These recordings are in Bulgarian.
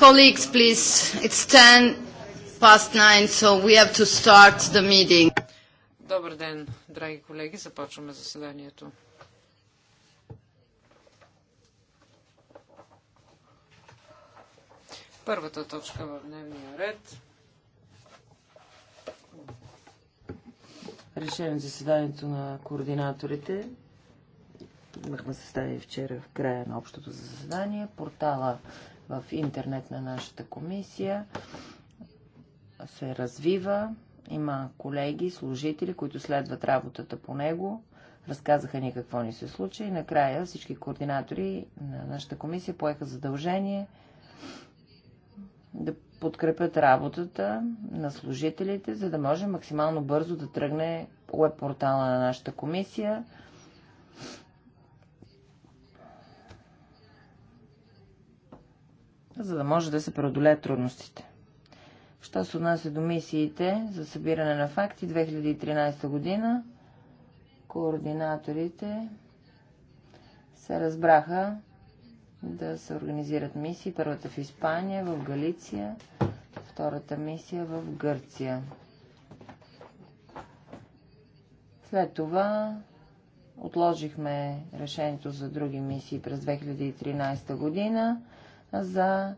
Colleagues, please, it's 10 past 9, so we have to start the meeting. Добър ден, драги колеги, започваме заседанието. Първата точка в дневния ред. Решение заседанието на координаторите имахме състави вчера в края на общото заседание. Портала в интернет на нашата комисия се развива. Има колеги, служители, които следват работата по него. Разказаха ни какво ни се случи и накрая всички координатори на нашата комисия поеха задължение да подкрепят работата на служителите, за да може максимално бързо да тръгне уеб портала на нашата комисия за да може да се преодолеят трудностите. Що се отнася до мисиите за събиране на факти 2013 година, координаторите се разбраха да се организират мисии. Първата в Испания, в Галиция, втората мисия в Гърция. След това отложихме решението за други мисии през 2013 година за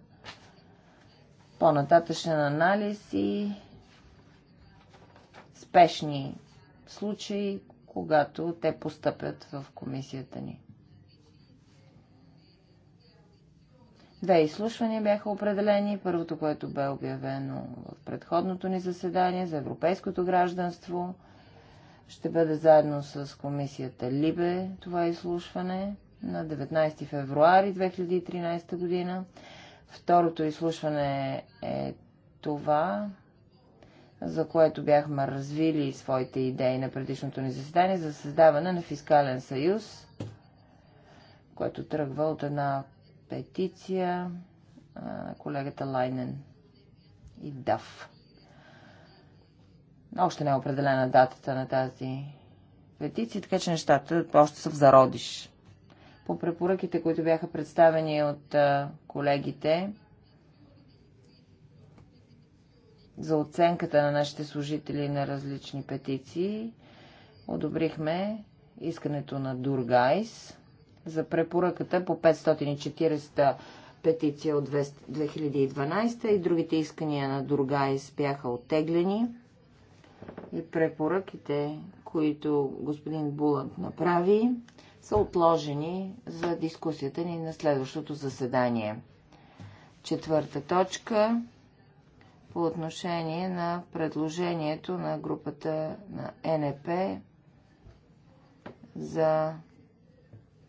по-нататъчен анализ и спешни случаи, когато те постъпят в комисията ни. Две изслушвания бяха определени. Първото, което бе обявено в предходното ни заседание за европейското гражданство, ще бъде заедно с комисията Либе това изслушване – на 19 февруари 2013 година. Второто изслушване е това, за което бяхме развили своите идеи на предишното ни заседание за създаване на фискален съюз, който тръгва от една петиция на колегата Лайнен и Дав. Още не е определена датата на тази петиция, така че нещата още са в зародиш. По препоръките, които бяха представени от колегите за оценката на нашите служители на различни петиции, одобрихме искането на Дургайс за препоръката по 540 петиция от 2012 и другите искания на Дургайс бяха оттеглени. И препоръките, които господин Булът направи, са отложени за дискусията ни на следващото заседание. Четвърта точка по отношение на предложението на групата на НП за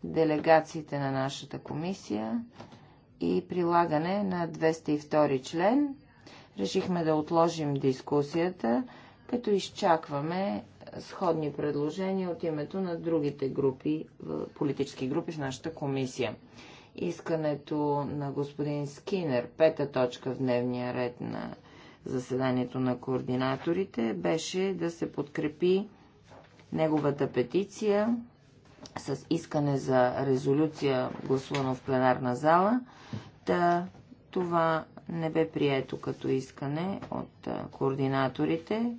делегациите на нашата комисия и прилагане на 202 член. Решихме да отложим дискусията, като изчакваме сходни предложения от името на другите групи, политически групи в нашата комисия. Искането на господин Скинер, пета точка в дневния ред на заседанието на координаторите, беше да се подкрепи неговата петиция с искане за резолюция, гласувано в пленарна зала. Та това не бе прието като искане от координаторите.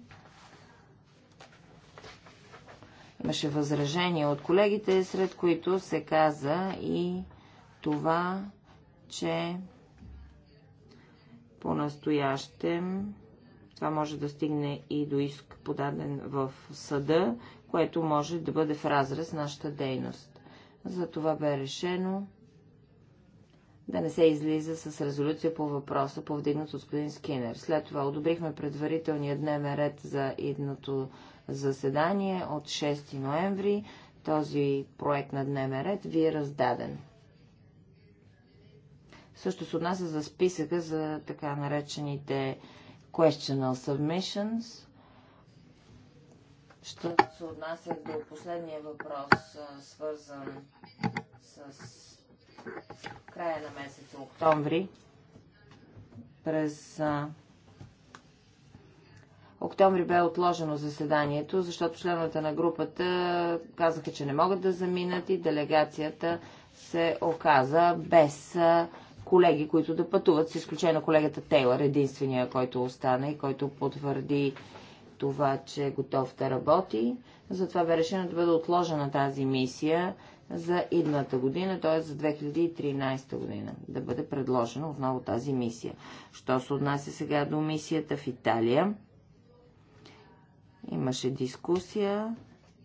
Имаше възражения от колегите, сред които се каза и това, че по-настоящем това може да стигне и до иск подаден в съда, което може да бъде в разрез нашата дейност. За това бе решено да не се излиза с резолюция по въпроса, повдигнат от господин Скинер. След това одобрихме предварителния дневен ред за едното заседание от 6 ноември. Този проект на дневен ред ви е раздаден. Също се отнася за списъка за така наречените questional submissions. Ще се отнася до последния въпрос, свързан с края на месеца октомври. През октомври бе отложено заседанието, защото членовете на групата казаха, че не могат да заминат и делегацията се оказа без колеги, които да пътуват, с изключение на колегата Тейлър, единствения, който остана и който потвърди това, че е готов да работи. Затова бе решено да бъде отложена тази мисия за идната година, т.е. за 2013 година, да бъде предложена отново тази мисия. Що се отнася сега до мисията в Италия? Имаше дискусия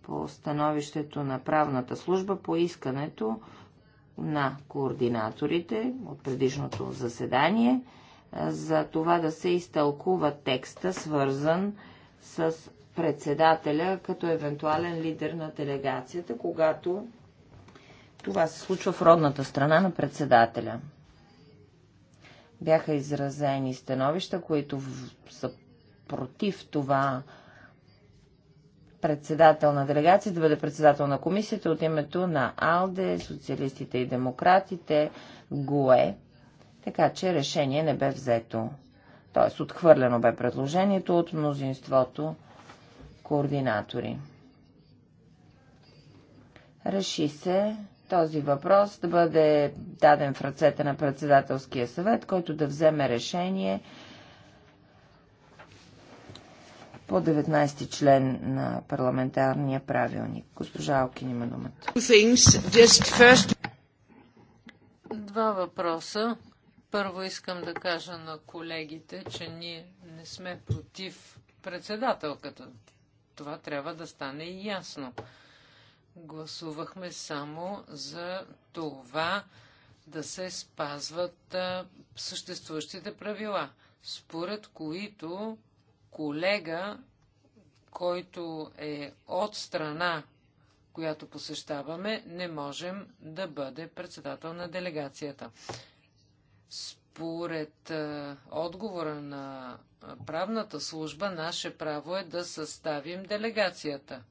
по становището на правната служба по искането на координаторите от предишното заседание за това да се изтълкува текста, свързан с председателя като евентуален лидер на делегацията, когато това се случва в родната страна на председателя. Бяха изразени становища, които са против това председател на делегация, да бъде председател на комисията от името на АЛДЕ, социалистите и демократите, ГУЕ. Така че решение не бе взето. Тоест отхвърлено бе предложението от мнозинството координатори. Реши се този въпрос да бъде даден в ръцете на председателския съвет, който да вземе решение – по 19 ти член на парламентарния правилник. Госпожа Алкин има думата. Два въпроса. Първо искам да кажа на колегите, че ние не сме против председателката. Това трябва да стане и ясно. Гласувахме само за това да се спазват съществуващите правила, според които колега, който е от страна, която посещаваме, не можем да бъде председател на делегацията. Според отговора на правната служба, наше право е да съставим делегацията.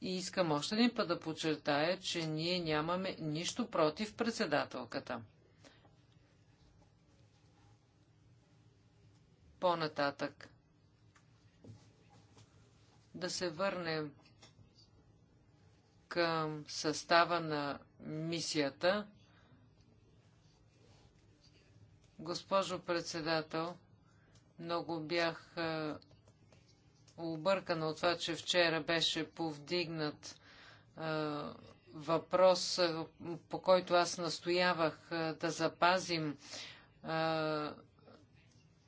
И искам още един път да подчертая, че ние нямаме нищо против председателката. По-нататък. Да се върнем към състава на мисията. Госпожо председател, много бях объркана от това, че вчера беше повдигнат въпрос, по който аз настоявах да запазим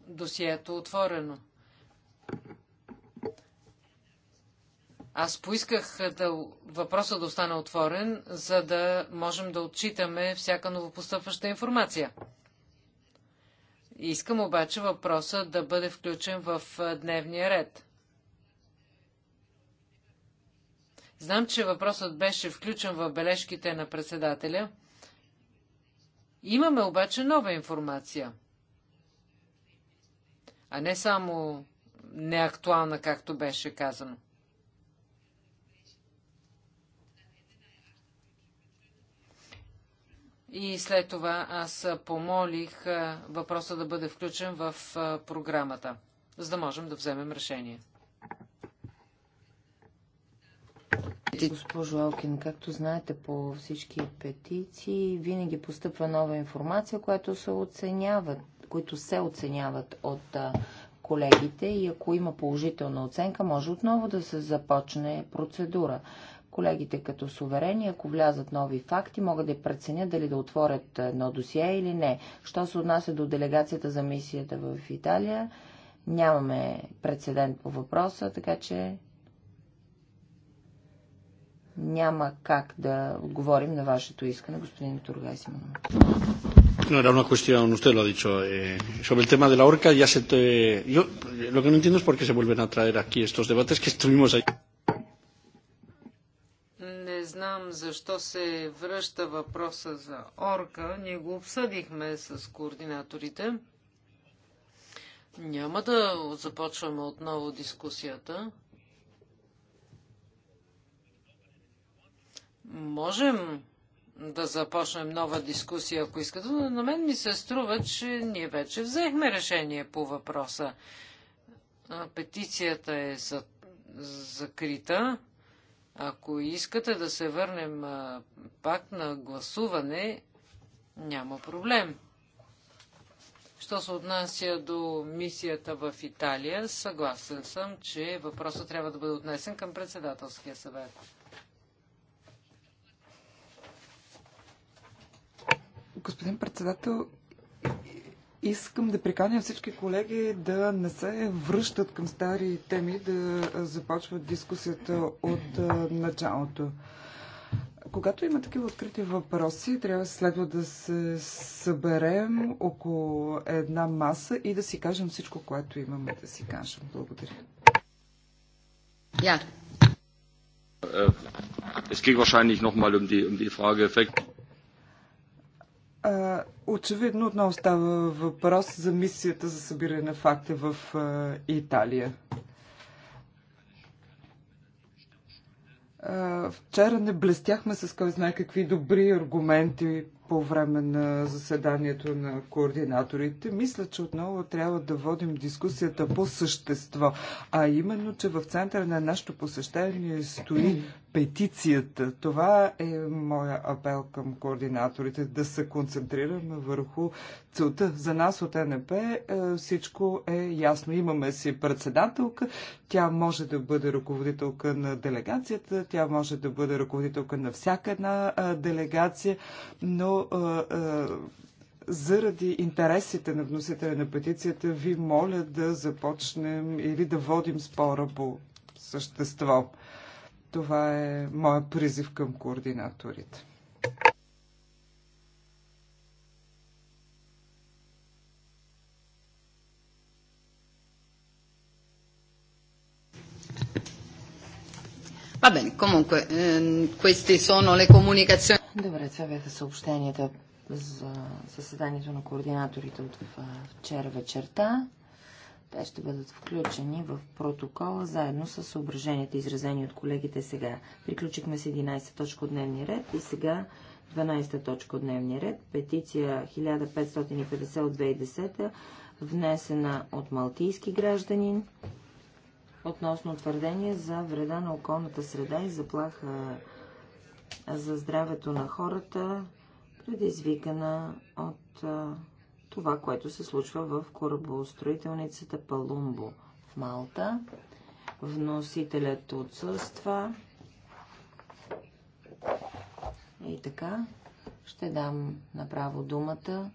досието отворено. Аз поисках да, въпроса да остане отворен, за да можем да отчитаме всяка новопостъпваща информация. Искам обаче въпроса да бъде включен в дневния ред. Знам, че въпросът беше включен в бележките на председателя. Имаме обаче нова информация – а не само неактуална, както беше казано. И след това аз помолих въпроса да бъде включен в програмата, за да можем да вземем решение. Госпожо Алкин, както знаете по всички петиции, винаги постъпва нова информация, която се оценява които се оценяват от колегите и ако има положителна оценка, може отново да се започне процедура. Колегите като суверени, ако влязат нови факти, могат да преценят дали да отворят едно досие или не. Що се отнася до делегацията за мисията в Италия, нямаме прецедент по въпроса, така че няма как да отговорим на вашето искане, господин Тургай Симонов. No, era una cuestión, usted lo ha dicho, eh, sobre el tema de la horca ya se... Te, yo lo que no entiendo es por qué se vuelven a traer aquí estos debates que estuvimos ahí. Не знам защо се връща въпроса за орка. Ние го обсъдихме с координаторите. Няма да започваме отново дискусията. Можем да започнем нова дискусия, ако искате, но на мен ми се струва, че ние вече взехме решение по въпроса. Петицията е за, закрита. Ако искате да се върнем а, пак на гласуване, няма проблем. Що се отнася до мисията в Италия, съгласен съм, че въпросът трябва да бъде отнесен към председателския съвет. Господин председател, искам да приканя всички колеги да не се връщат към стари теми, да започват дискусията от началото. Когато има такива открити въпроси, трябва следва да се съберем около една маса и да си кажем всичко, което имаме да си кажем. Благодаря. Yeah. Es ging wahrscheinlich nochmal um die, um die Frage Effekt очевидно отново става въпрос за мисията за събиране на факти в Италия. Вчера не блестяхме с кой знае какви добри аргументи по време на заседанието на координаторите. Мисля, че отново трябва да водим дискусията по същество, а именно, че в центъра на нашето посещение стои петицията. Това е моя апел към координаторите да се концентрираме върху целта. За нас от НП е, всичко е ясно. Имаме си председателка, тя може да бъде ръководителка на делегацията, тя може да бъде ръководителка на всяка една делегация, но заради интересите на вносителя на петицията ви моля да започнем или да водим спора по същество. Това е моя призив към координаторите. Va bene, comunque ehm, queste sono le comunicazioni. Добре, това бяха съобщенията за съседанието на координаторите от вчера вечерта. Те ще бъдат включени в протокола, заедно с съображенията, изразени от колегите сега. Приключихме с 11 точка от дневния ред и сега 12 точка от дневния ред. Петиция 1550 от 2010, внесена от малтийски гражданин относно твърдение за вреда на околната среда и заплаха за здравето на хората, предизвикана от това, което се случва в корабостроителницата Палумбо в Малта. Вносителят отсъства. И така, ще дам направо думата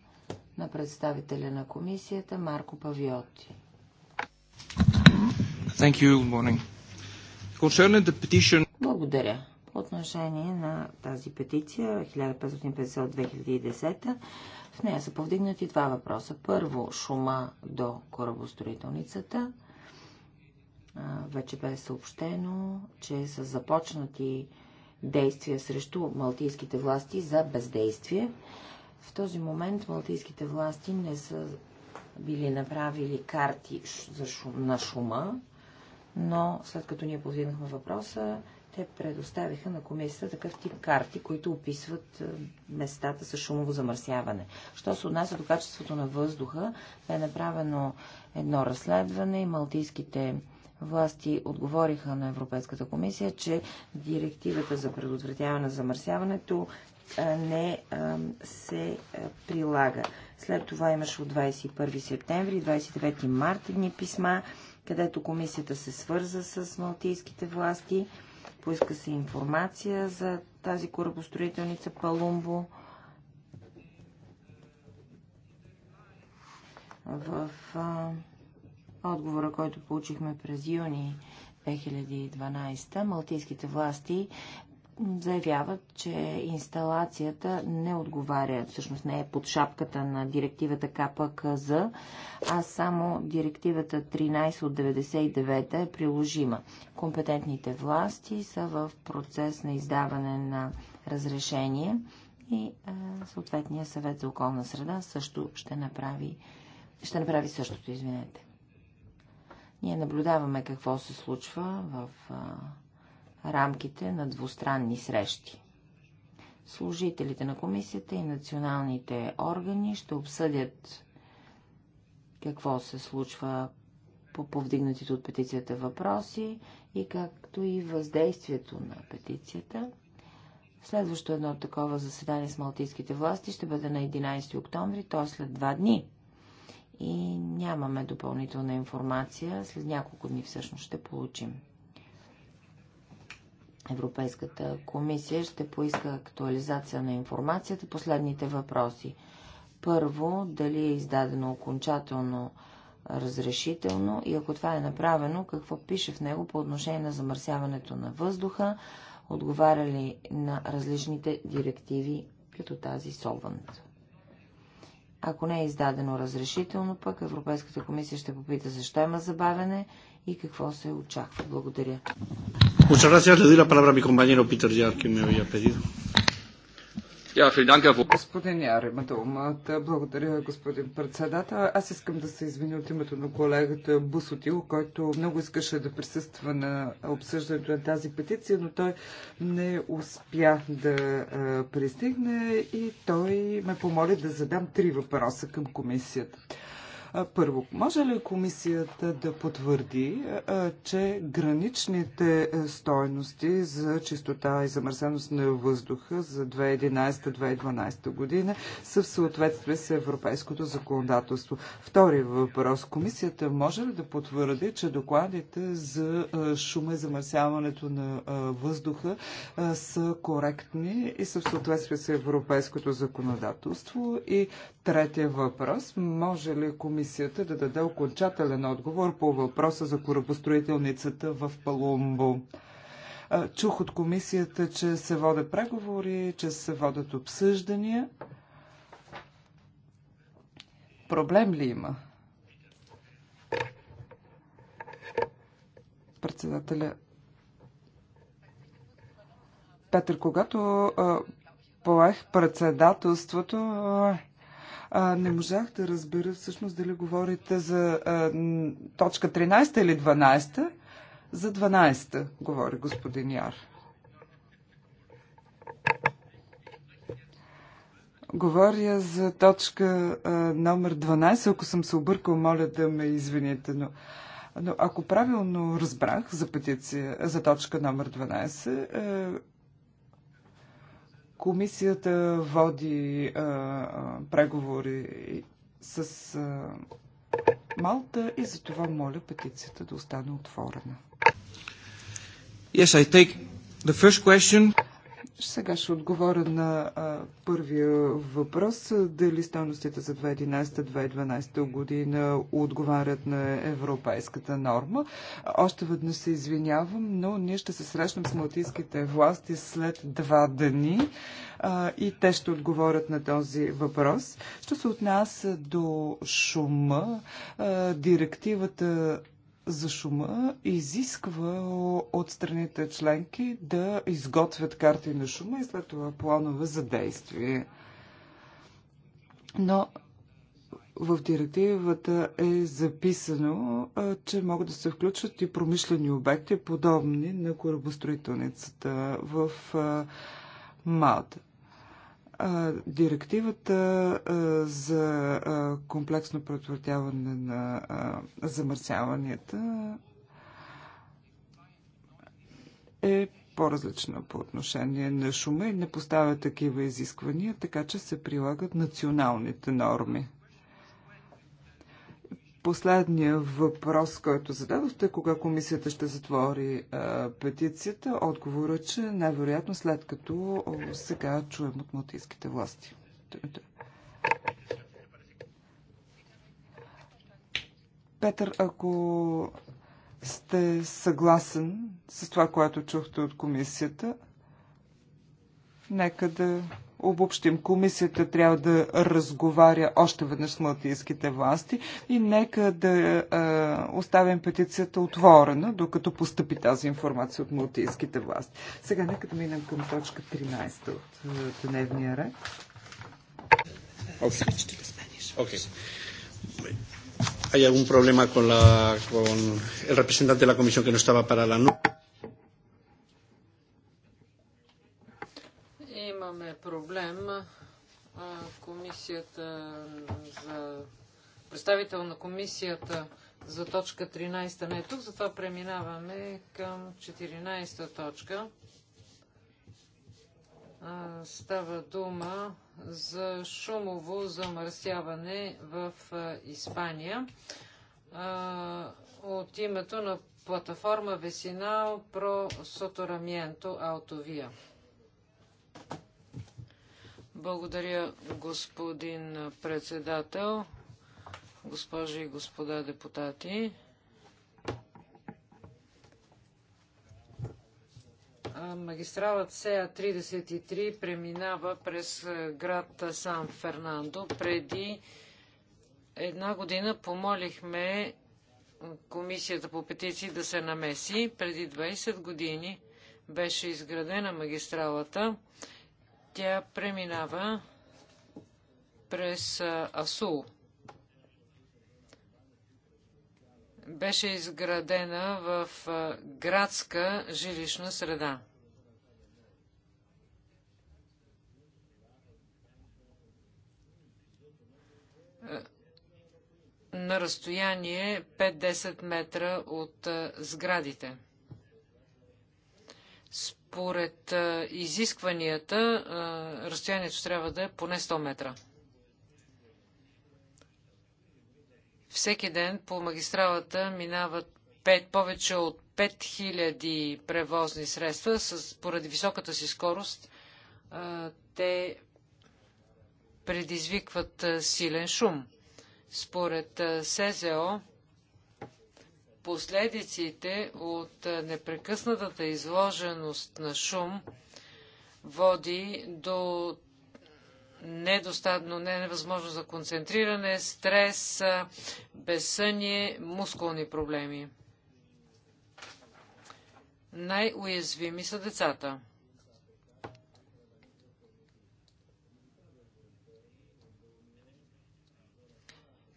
на представителя на комисията Марко Павиоти. Thank you. Good morning. Concerning the petition... Благодаря отношение на тази петиция 1550 от 2010. В нея са повдигнати два въпроса. Първо, шума до корабостроителницата. Вече бе съобщено, че са започнати действия срещу малтийските власти за бездействие. В този момент малтийските власти не са били направили карти на шума, но след като ние повдигнахме въпроса, те предоставиха на комисията такъв тип карти, които описват е, местата с шумово замърсяване. Що се отнася до качеството на въздуха, бе направено едно разследване и малтийските власти отговориха на Европейската комисия, че директивата за предотвратяване на замърсяването е, не е, се прилага. След това имаше от 21 септември и 29 марта едни писма, където комисията се свърза с малтийските власти Поиска се информация за тази корабостроителница Палумбо. В а, отговора, който получихме през юни 2012, малтийските власти заявяват, че инсталацията не отговаря, всъщност не е под шапката на директивата КПКЗ, а само директивата 13 от 99 е приложима. Компетентните власти са в процес на издаване на разрешение и е, съответния съвет за околна среда също ще направи, ще направи същото, извинете. Ние наблюдаваме какво се случва в е, рамките на двустранни срещи. Служителите на комисията и националните органи ще обсъдят какво се случва по повдигнатите от петицията въпроси и както и въздействието на петицията. Следващо едно такова заседание с малтийските власти ще бъде на 11 октомври, т.е. след два дни. И нямаме допълнителна информация. След няколко дни всъщност ще получим. Европейската комисия ще поиска актуализация на информацията. Последните въпроси. Първо, дали е издадено окончателно разрешително и ако това е направено, какво пише в него по отношение на замърсяването на въздуха, отговаря ли на различните директиви, като тази Солвант. Ако не е издадено разрешително, пък Европейската комисия ще попита защо има забавене и какво се очаква. Благодаря. Muchas gracias. Le doy la palabra a mi compañero Peter que me había pedido. Господин Яр има думата. Благодаря, господин председател. Аз искам да се извиня от името на колегата Бусотил, който много искаше да присъства на обсъждането на тази петиция, но той не успя да пристигне и той ме помоли да задам три въпроса към комисията. Първо, може ли комисията да потвърди, че граничните е, стойности за чистота и замърсеност на въздуха за 2011-2012 година са в съответствие с европейското законодателство? Втори въпрос. Комисията може ли да потвърди, че докладите за е, шума и замърсяването на е, въздуха са коректни и са в съответствие с европейското законодателство? И третия въпрос. Може ли комисията комисията да даде окончателен отговор по въпроса за корабостроителницата в Палумбо. Чух от комисията, че се водят преговори, че се водят обсъждания. Проблем ли има? Председателя. Петър, когато поех председателството, а, не можах да разбера всъщност дали говорите за а, точка 13 или 12. За 12 говори господин Яр. Говоря за точка а, номер 12. Ако съм се объркал, моля да ме извините, но... Но ако правилно разбрах за петиция, за точка номер 12, Комисията води а, а, преговори с а, Малта и за това моля петицията да остане отворена. Yes, I take the first question. Сега ще отговоря на а, първия въпрос. Дали стойностите за 2011-2012 година отговарят на европейската норма? Още веднъж се извинявам, но ние ще се срещнем с малтийските власти след два дни а, и те ще отговорят на този въпрос. Що се отнася до шума, а, директивата за шума изисква от страните членки да изготвят карти на шума и след това планове за действие. Но в директивата е записано, че могат да се включат и промишлени обекти, подобни на корабостроителницата в Малта. Директивата за комплексно предотвратяване на замърсяванията е по-различна по отношение на шума и не поставя такива изисквания, така че се прилагат националните норми последния въпрос, който зададохте, кога комисията ще затвори а, петицията, отговорът, че най-вероятно след като сега чуем от малтийските власти. Петър, ако сте съгласен с това, което чухте от комисията, нека да обобщим, комисията трябва да разговаря още веднъж с малтийските власти и нека да а, е, оставим петицията отворена, докато поступи тази информация от малтийските власти. Сега нека да минем към точка 13 от е, дневния ред. Okay. Hay algún problema con, la, con el representante de la comisión que no estaba para la. проблем комисията за представител на комисията за точка 13 не е тук, затова преминаваме към 14 точка. Става дума за шумово замърсяване в Испания. От името на платформа Весина про Сотораменто Аутовия. Благодаря, господин председател, госпожи и господа депутати. Магистралът СЕА-33 преминава през град Сан Фернандо. Преди една година помолихме Комисията по петиции да се намеси. Преди 20 години беше изградена магистралата тя преминава през Асул. Беше изградена в градска жилищна среда. на разстояние 5-10 метра от сградите според изискванията разстоянието трябва да е поне 100 метра. Всеки ден по магистралата минават 5, повече от 5000 превозни средства. С, поради високата си скорост те предизвикват силен шум. Според СЗО последиците от непрекъснатата изложеност на шум води до недостатно, не невъзможно за концентриране, стрес, безсъние, мускулни проблеми. Най-уязвими са децата.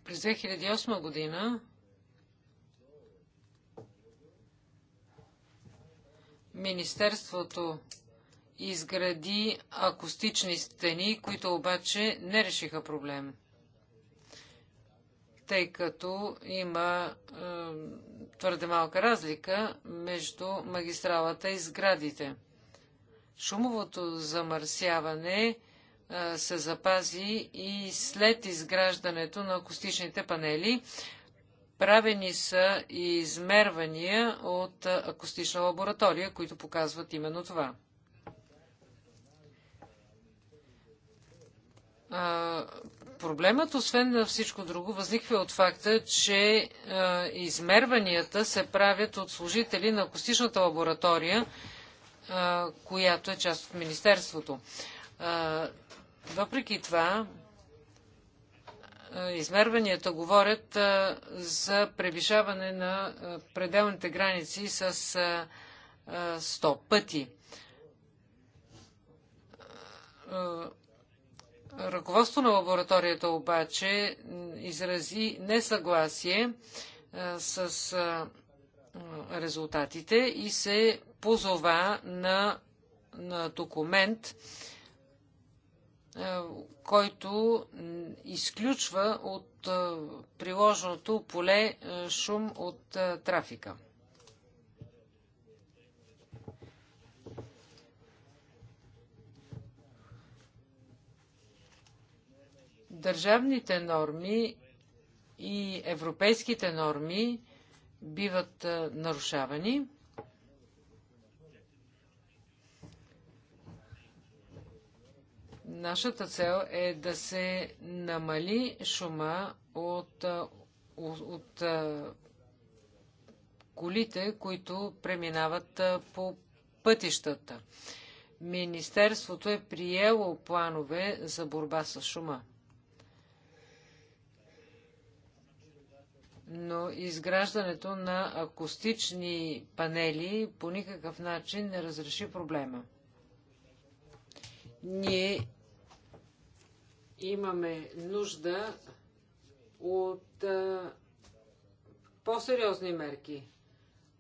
През 2008 година Министерството изгради акустични стени, които обаче не решиха проблем, тъй като има е, твърде малка разлика между магистралата и сградите. Шумовото замърсяване е, се запази и след изграждането на акустичните панели, Правени са и измервания от акустична лаборатория, които показват именно това. проблемът, освен на всичко друго, възниква от факта, че измерванията се правят от служители на акустичната лаборатория, която е част от Министерството. Въпреки това, измерванията говорят за превишаване на пределните граници с 100 пъти. Ръководство на лабораторията обаче изрази несъгласие с резултатите и се позова на, на документ, е, който изключва от е, приложеното поле е, шум от трафика. Държавните норми и европейските норми биват нарушавани. Нашата цел е да се намали шума от, от, от колите, които преминават по пътищата. Министерството е приело планове за борба с шума. но изграждането на акустични панели по никакъв начин не разреши проблема. Ние Имаме нужда от по-сериозни мерки.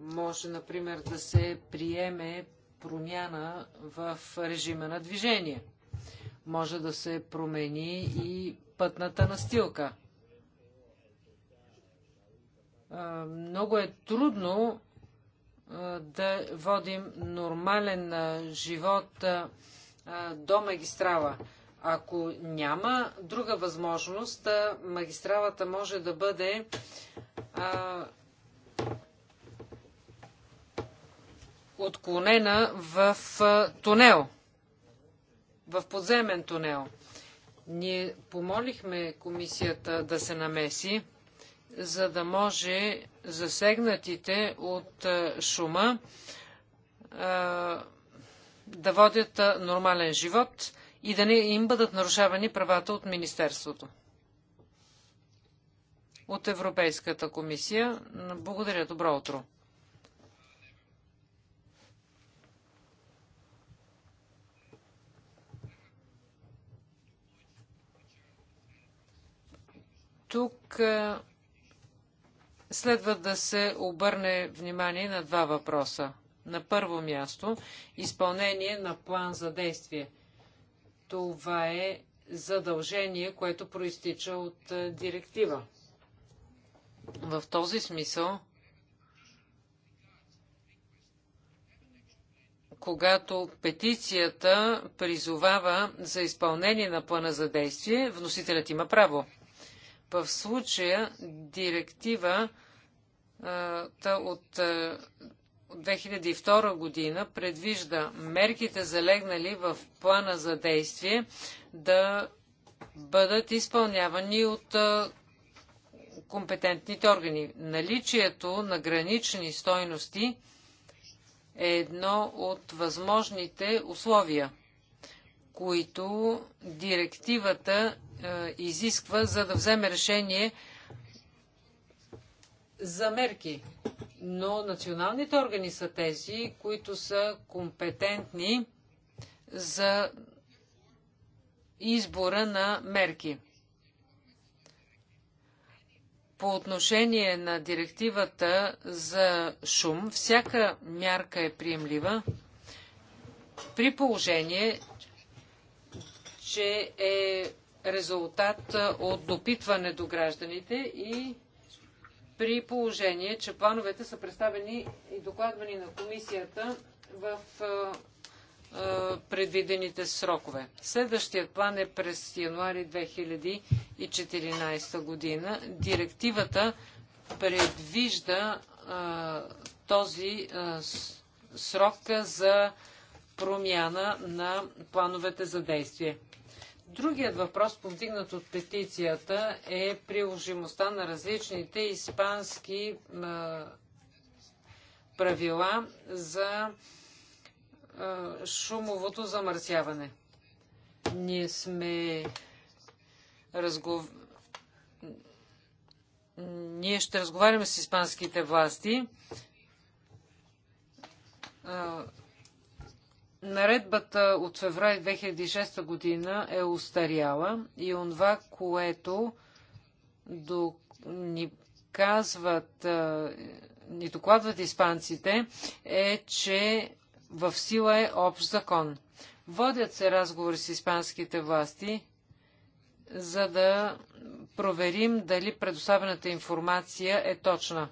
Може, например, да се приеме промяна в режима на движение. Може да се промени и пътната настилка. Много е трудно да водим нормален живот до магистрала. Ако няма друга възможност, магистралата може да бъде а, отклонена в тунел, в подземен тунел. Ние помолихме комисията да се намеси, за да може засегнатите от шума а, да водят нормален живот и да не им бъдат нарушавани правата от Министерството. От Европейската комисия. Благодаря. Добро утро. Тук е, следва да се обърне внимание на два въпроса. На първо място, изпълнение на план за действие – това е задължение, което проистича от е, директива. В този смисъл, когато петицията призовава за изпълнение на плана за действие, вносителят има право. В случая директивата е, от е, 2002 година предвижда мерките залегнали в плана за действие да бъдат изпълнявани от компетентните органи. Наличието на гранични стойности е едно от възможните условия, които директивата изисква, за да вземе решение за мерки, но националните органи са тези, които са компетентни за избора на мерки. По отношение на директивата за шум, всяка мярка е приемлива при положение, че е резултат от допитване до гражданите и при положение, че плановете са представени и докладвани на комисията в предвидените срокове. Следващият план е през януари 2014 година. Директивата предвижда този срок за промяна на плановете за действие. Другият въпрос, повдигнат от петицията, е приложимостта на различните испански правила за шумовото замърсяване. Ние сме разгов... Ние ще разговаряме с испанските власти. Наредбата от феврали 2006 година е устаряла и онова, което до, ни казват, ни докладват испанците, е, че в сила е общ закон. Водят се разговори с испанските власти, за да проверим дали предоставената информация е точна.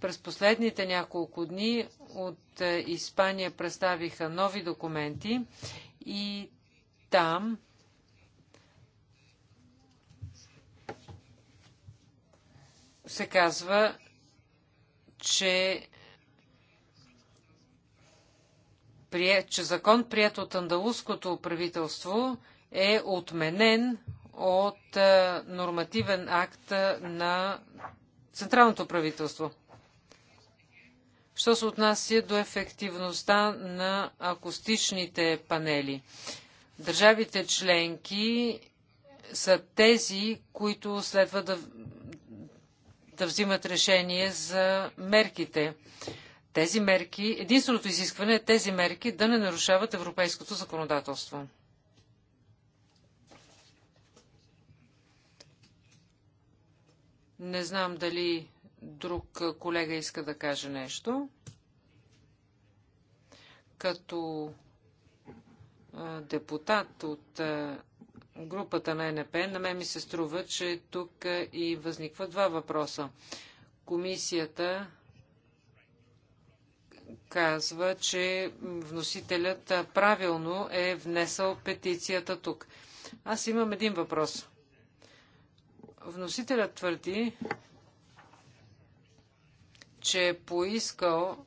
През последните няколко дни от е, Испания представиха нови документи и там се казва, че, че закон, прият от андалуското правителство, е отменен от е, нормативен акт е, на Централното правителство. Що се отнася до ефективността на акустичните панели? Държавите членки са тези, които следва да, да взимат решение за мерките. Тези мерки, единственото изискване е тези мерки да не нарушават европейското законодателство. Не знам дали Друг колега иска да каже нещо. Като депутат от групата на НП, на мен ми се струва, че тук и възниква два въпроса. Комисията казва, че вносителят правилно е внесъл петицията тук. Аз имам един въпрос. Вносителят твърди, че е поискал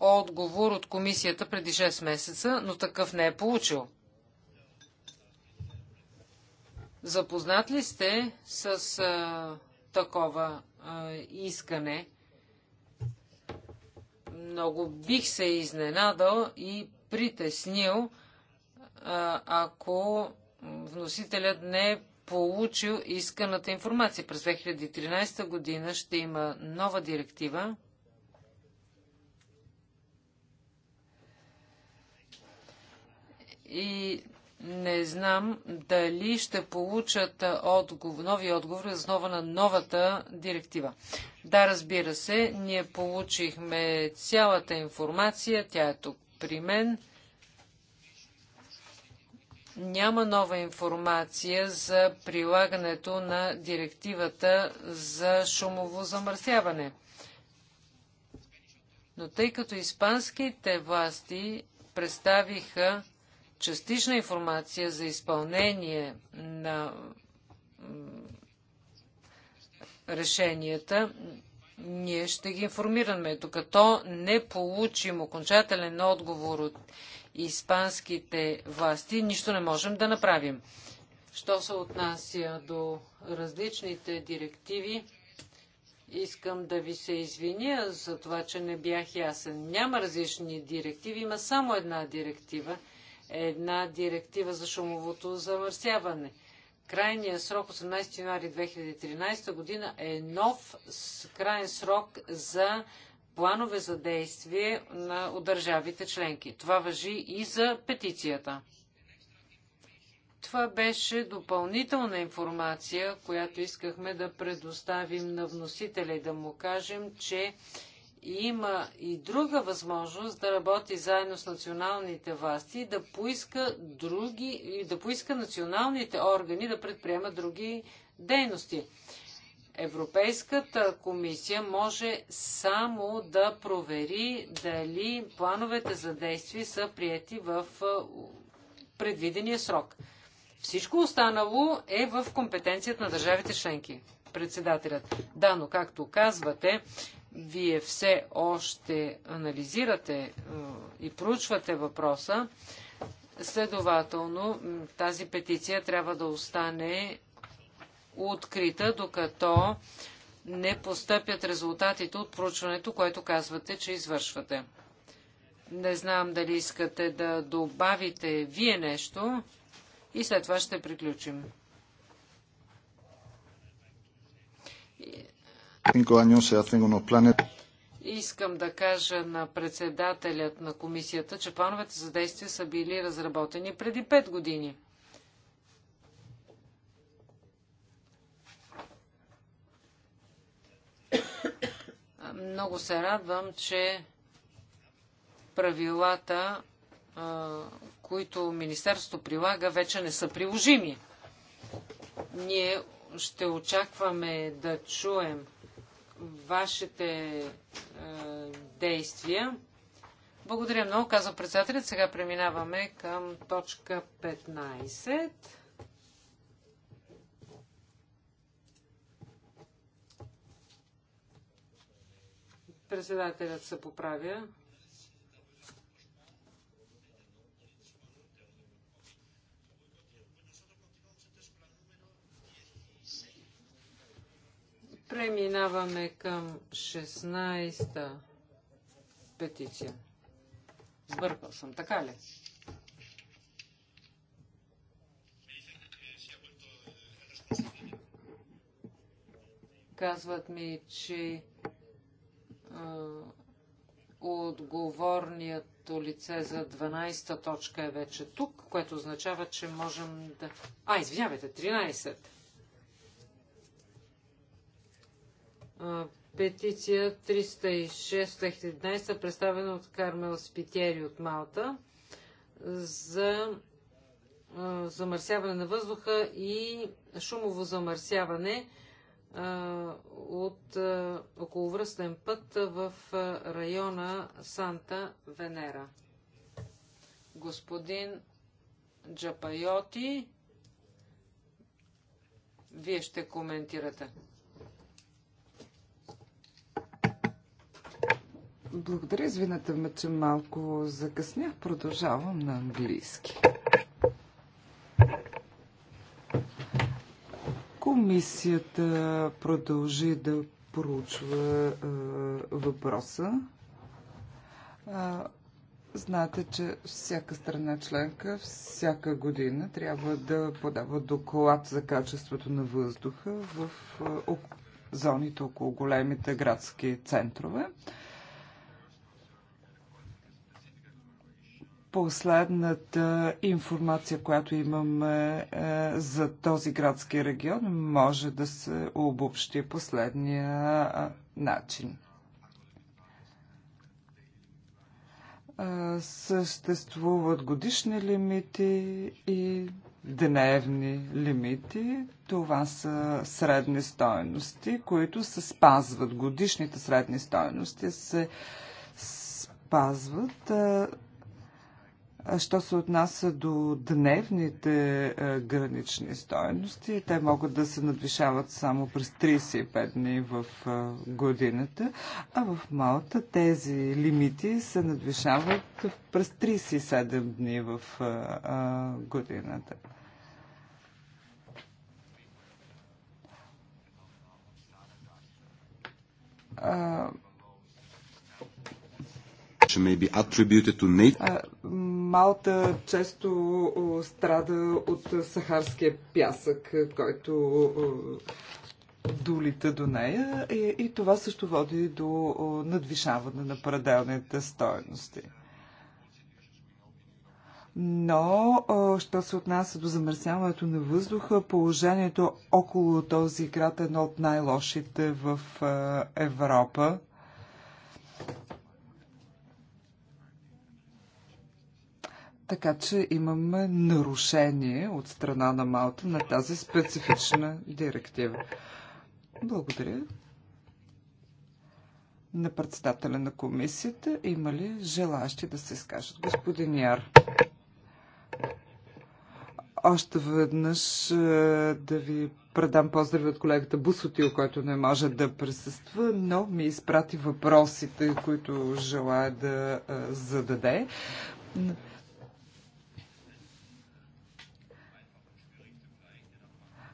отговор от комисията преди 6 месеца, но такъв не е получил. Запознат ли сте с а, такова а, искане? Много бих се изненадал и притеснил, а, ако вносителят не е получил исканата информация. През 2013 година ще има нова директива, и не знам дали ще получат отговор, нови отговори основа на новата директива. Да, разбира се, ние получихме цялата информация, тя е тук при мен. Няма нова информация за прилагането на директивата за шумово замърсяване. Но тъй като испанските власти представиха частична информация за изпълнение на решенията, ние ще ги информираме. Докато не получим окончателен отговор от испанските власти, нищо не можем да направим. Що се отнася до различните директиви, искам да ви се извиня за това, че не бях ясен. Няма различни директиви, има само една директива. Една директива за шумовото замърсяване. Крайният срок 18 януари 2013 година е нов крайен срок за планове за действие на, от държавите членки. Това въжи и за петицията. Това беше допълнителна информация, която искахме да предоставим на вносителя и да му кажем, че има и друга възможност да работи заедно с националните власти и да поиска, други, и да поиска националните органи да предприемат други дейности. Европейската комисия може само да провери дали плановете за действие са прияти в предвидения срок. Всичко останало е в компетенцията на държавите членки. Председателят. Да, но както казвате, вие все още анализирате и проучвате въпроса. Следователно, тази петиция трябва да остане открита, докато не постъпят резултатите от проучването, което казвате, че извършвате. Не знам дали искате да добавите вие нещо и след това ще приключим. Искам да кажа на председателят на комисията, че плановете за действие са били разработени преди 5 години. много се радвам, че правилата, които Министерството прилага, вече не са приложими. Ние ще очакваме да чуем вашите действия. Благодаря много, казва председателят. Сега преминаваме към точка 15. Председателят се поправя. Преминаваме към 16-та петиция. Сбъркал съм, така ли? Казват ми, че е, отговорнието лице за 12-та точка е вече тук, което означава, че можем да... А, извинявайте, 13. Е, петиция 306-2011, представена от Кармел Спитери от Малта, за е, замърсяване на въздуха и шумово замърсяване – от околовръстен път в района Санта Венера. Господин Джапайоти, вие ще коментирате. Благодаря, извинете ме, че малко закъснях. Продължавам на английски. Комисията продължи да проучва е, въпроса. А, знаете, че всяка страна членка всяка година трябва да подава доклад за качеството на въздуха в е, зоните около големите градски центрове. Последната информация, която имаме е, за този градски регион, може да се обобщи последния е, начин. Е, съществуват годишни лимити и дневни лимити. Това са средни стоености, които се спазват. Годишните средни стоености се спазват. Що се отнася до дневните е, гранични стоености, те могат да се надвишават само през 35 дни в е, годината, а в Малта тези лимити се надвишават през 37 дни в е, годината. А, Малта често страда от сахарския пясък, който долита до нея и, и това също води до надвишаване на пределните стоености. Но, що се отнася до замърсяването на въздуха, положението около този град е едно от най-лошите в е, Европа. Така че имаме нарушение от страна на Малта на тази специфична директива. Благодаря. На председателя на комисията има ли желащи да се изкажат? Господин Яр. Още веднъж е, да ви предам поздрави от колегата Бусотил, който не може да присъства, но ми изпрати въпросите, които желая да е, зададе.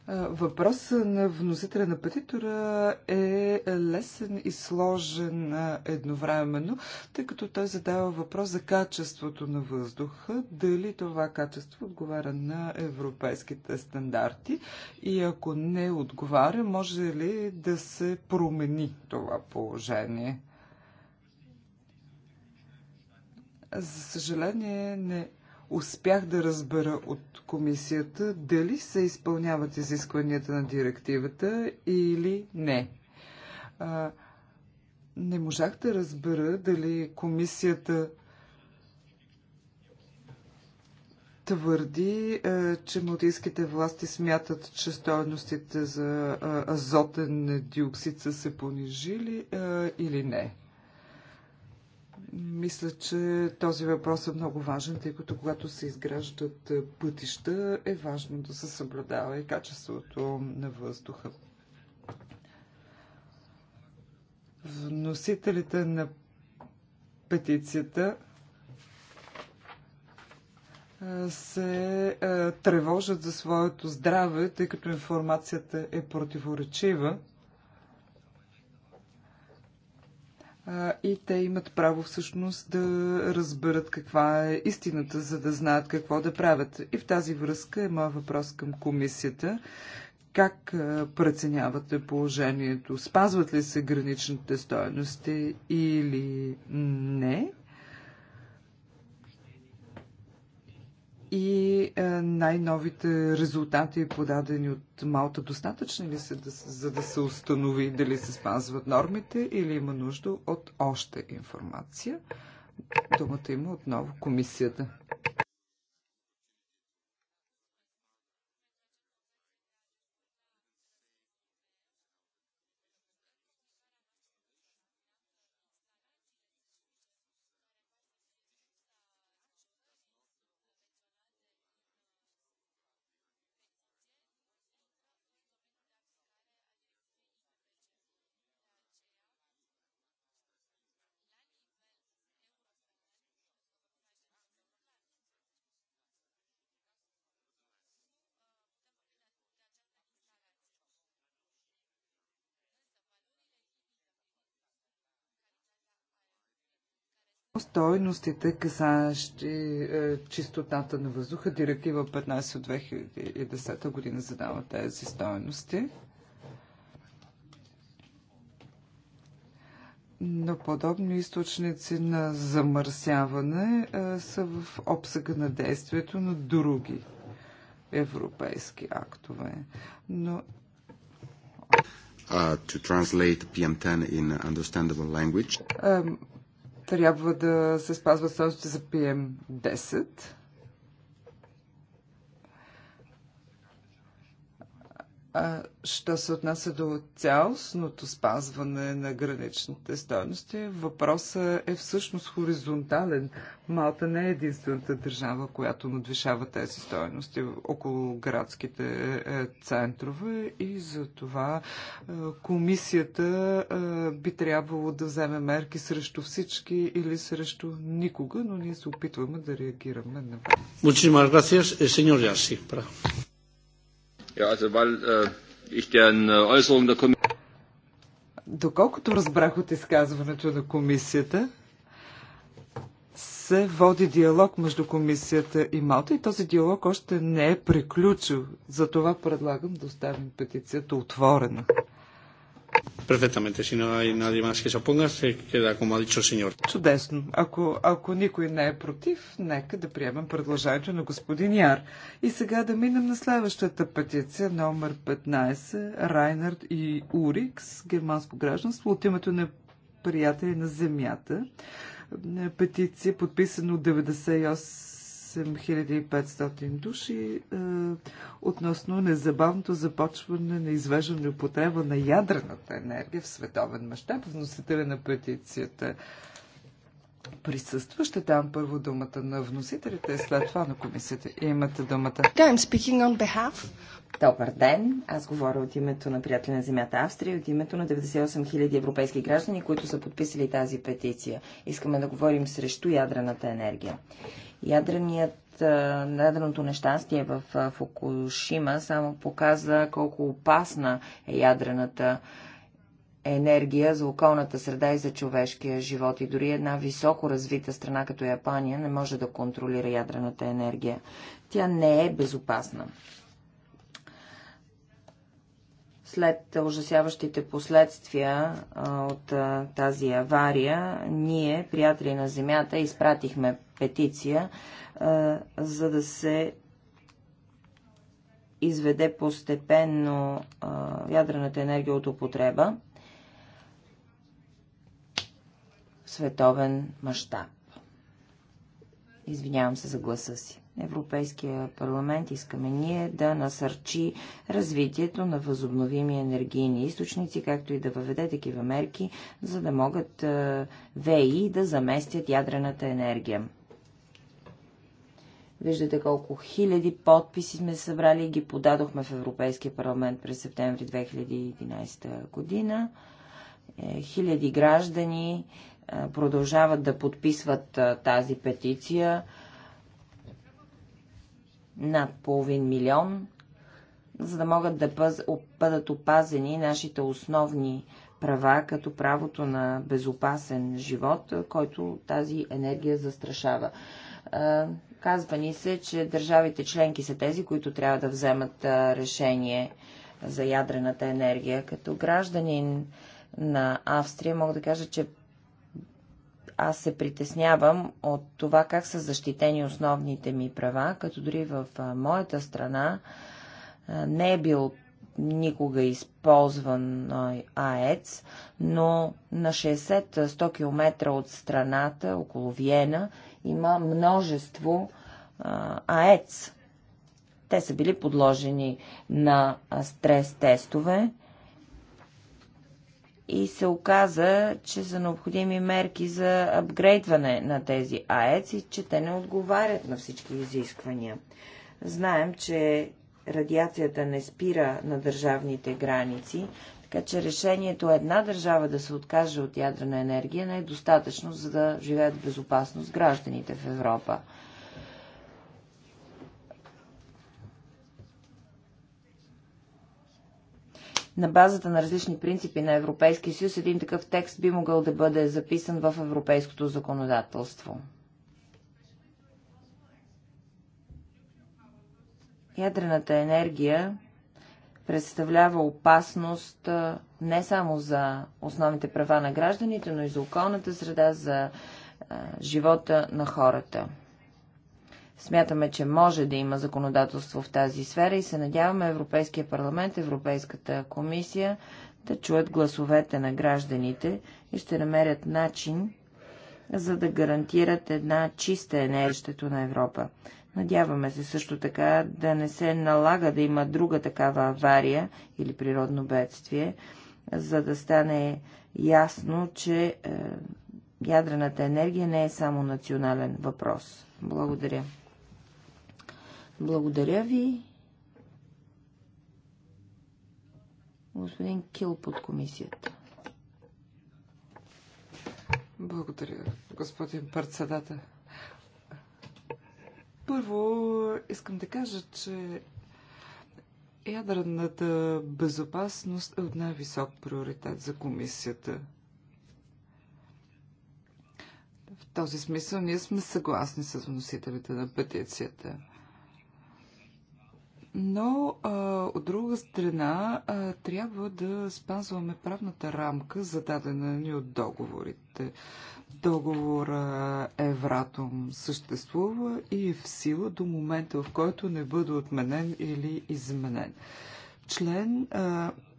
Въпрос на вносителя на петитора е лесен и сложен едновременно, тъй като той задава въпрос за качеството на въздуха, дали това качество отговаря на европейските стандарти и ако не отговаря, може ли да се промени това положение? За съжаление, не успях да разбера от комисията дали се изпълняват изискванията на директивата или не. А, не можах да разбера дали комисията твърди, че малтийските власти смятат, че стоеностите за азотен диоксид са се понижили или не. Мисля, че този въпрос е много важен, тъй като когато се изграждат е, пътища, е важно да се съблюдава и качеството на въздуха. Вносителите на петицията е, се е, тревожат за своето здраве, тъй като информацията е противоречива. и те имат право всъщност да разберат каква е истината, за да знаят какво да правят. И в тази връзка е моят въпрос към комисията. Как преценявате положението? Спазват ли се граничните стоености или не? и е, най-новите резултати, подадени от Малта, достатъчни ли са, да, за да се установи дали се спазват нормите или има нужда от още информация? Думата има отново комисията. стойностите, касаещи е, чистотата на въздуха. Директива 15 от 2010 година задава тези стойности. Но подобни източници на замърсяване е, са в обсъга на действието на други европейски актове. Но uh, to translate PM10 in understandable language. Um, трябва да се спазват стойности за PM10. А, що се отнася до цялостното спазване на граничните стойности, въпросът е всъщност хоризонтален. Малта не е единствената държава, която надвишава тези стойности около градските е, центрове и за това е, комисията е, би трябвало да вземе мерки срещу всички или срещу никога, но ние се опитваме да реагираме на вас. Ja, also, weil, äh, ich den äh, Äußerungen der Kommission доколкото разбрах от изказването на комисията, се води диалог между комисията и Малта и този диалог още не е приключил. Затова предлагам да оставим петицията отворена. Перфектаменте, си на Нади Маски се опонга, се кеда, ако ма дичо сеньор. Чудесно. Ако, ако никой не е против, нека да приемем предложението на господин Яр. И сега да минем на следващата петиция, номер 15, Райнард и Урикс, германско гражданство, от името на приятели на земята. Петиция, подписана от 98 8500 души е, относно незабавното започване на извеждане употреба на ядрената енергия в световен мащаб, вносителя на петицията присъства. Ще дам първо думата на вносителите и след това на комисията. Имате думата. I'm speaking on behalf. Добър ден! Аз говоря от името на приятели на земята Австрия, от името на 98 000 европейски граждани, които са подписали тази петиция. Искаме да говорим срещу ядрената енергия. Ядреният, ядреното нещастие в Фукушима само показа колко опасна е ядрената енергия за околната среда и за човешкия живот. И дори една високо развита страна като Япония не може да контролира ядрената енергия. Тя не е безопасна. След ужасяващите последствия от тази авария, ние, приятели на Земята, изпратихме петиция, за да се изведе постепенно ядрената енергия от употреба в световен мащаб. Извинявам се за гласа си. Европейския парламент искаме ние да насърчи развитието на възобновими енергийни източници, както и да въведе такива мерки, за да могат ВИ да заместят ядрената енергия. Виждате колко хиляди подписи сме събрали и ги подадохме в Европейския парламент през септември 2011 година. Е, хиляди граждани е, продължават да подписват е, тази петиция. Над половин милион, за да могат да бъдат опазени нашите основни права, като правото на безопасен живот, който тази енергия застрашава. Казва ни се, че държавите членки са тези, които трябва да вземат решение за ядрената енергия. Като гражданин на Австрия мога да кажа, че аз се притеснявам от това как са защитени основните ми права, като дори в моята страна не е бил никога използван АЕЦ, но на 60-100 км от страната, около Виена, има множество а, АЕЦ. Те са били подложени на стрес тестове и се оказа, че са необходими мерки за апгрейдване на тези АЕЦ и че те не отговарят на всички изисквания. Знаем, че радиацията не спира на държавните граници, така че решението е една държава да се откаже от ядрена енергия не е достатъчно, за да живеят в безопасност гражданите в Европа. на базата на различни принципи на Европейския съюз, един такъв текст би могъл да бъде записан в европейското законодателство. Ядрената енергия представлява опасност не само за основните права на гражданите, но и за околната среда, за живота на хората. Смятаме, че може да има законодателство в тази сфера и се надяваме Европейския парламент, Европейската комисия да чуят гласовете на гражданите и ще намерят начин за да гарантират една чиста енергия на Европа. Надяваме се също така да не се налага да има друга такава авария или природно бедствие, за да стане ясно, че е, ядрената енергия не е само национален въпрос. Благодаря. Благодаря ви. Господин Кил под комисията. Благодаря, господин председател. Първо искам да кажа, че ядрената безопасност е от най-висок приоритет за комисията. В този смисъл ние сме съгласни с вносителите на петицията. Но а, от друга страна а, трябва да спазваме правната рамка, зададена ни от договорите. Договор Евратом съществува и е в сила до момента, в който не бъде отменен или изменен. Член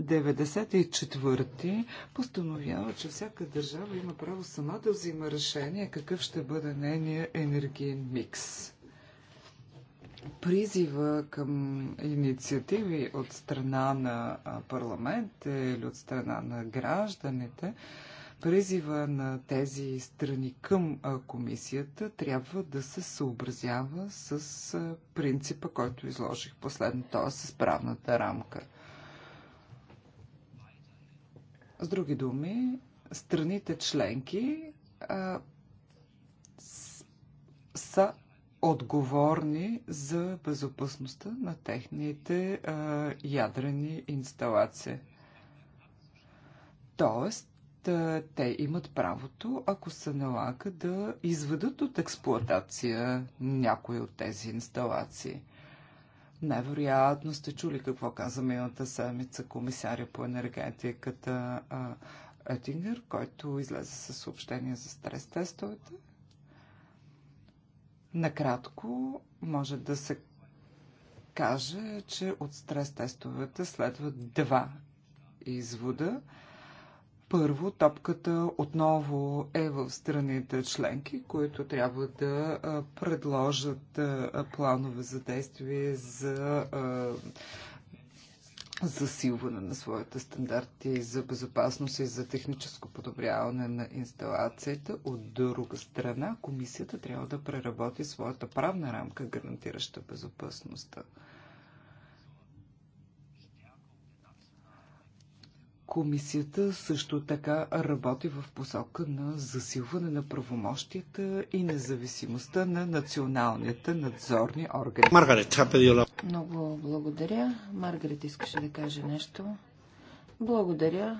94 постановява, че всяка държава има право сама да взима решение какъв ще бъде нейния енергиен микс призива към инициативи от страна на парламент или от страна на гражданите Призива на тези страни към комисията трябва да се съобразява с принципа, който изложих последно, т.е. с правната рамка. С други думи, страните членки а, с, са отговорни за безопасността на техните а, ядрени инсталации. Тоест, е, те имат правото, ако се налага, да изведат от експлоатация някои от тези инсталации. Най-вероятно сте чули какво каза миналата седмица комисаря по енергетиката Етингер, който излезе със съобщение за стрес-тестовете. Накратко може да се каже, че от стрес-тестовете следват два извода – първо, топката отново е в страните членки, които трябва да предложат планове за действие за засилване на своите стандарти за безопасност и за техническо подобряване на инсталацията. От друга страна, комисията трябва да преработи своята правна рамка, гарантираща безопасността. Комисията също така работи в посока на засилване на правомощията и независимостта на националните надзорни органи. Маргарет, Много благодаря. Маргарет искаше да каже нещо. Благодаря.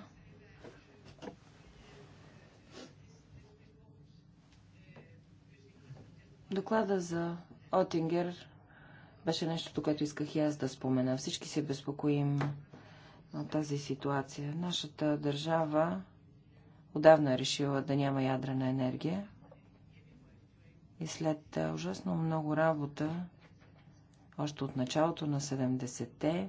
Доклада за Отингер беше нещото, което исках и аз да спомена. Всички се безпокоим на тази ситуация. Нашата държава отдавна е решила да няма ядрена енергия и след ужасно много работа, още от началото на 70-те,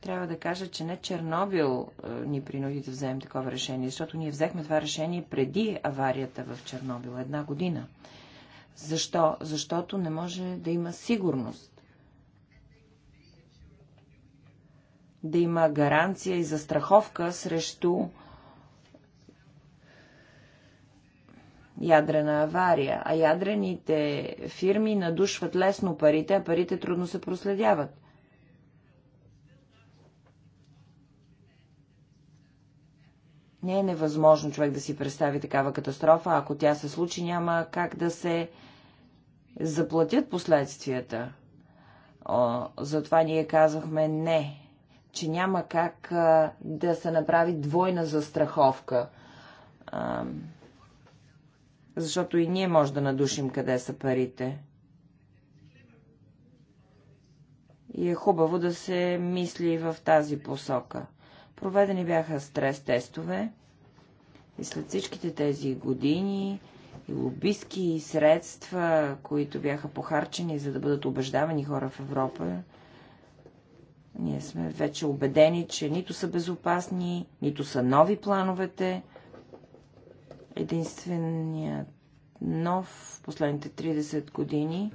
трябва да кажа, че не Чернобил ни принуди да вземем такова решение, защото ние взехме това решение преди аварията в Чернобил, една година. Защо? Защото не може да има сигурност. да има гаранция и застраховка срещу ядрена авария, а ядрените фирми надушват лесно парите, а парите трудно се проследяват. Не е невъзможно човек да си представи такава катастрофа. Ако тя се случи, няма как да се заплатят последствията. О, затова ние казахме не че няма как а, да се направи двойна застраховка. А, защото и ние може да надушим къде са парите. И е хубаво да се мисли в тази посока. Проведени бяха стрес тестове и след всичките тези години и лобистки и средства, които бяха похарчени, за да бъдат убеждавани хора в Европа, ние сме вече убедени, че нито са безопасни, нито са нови плановете. Единственият нов в последните 30 години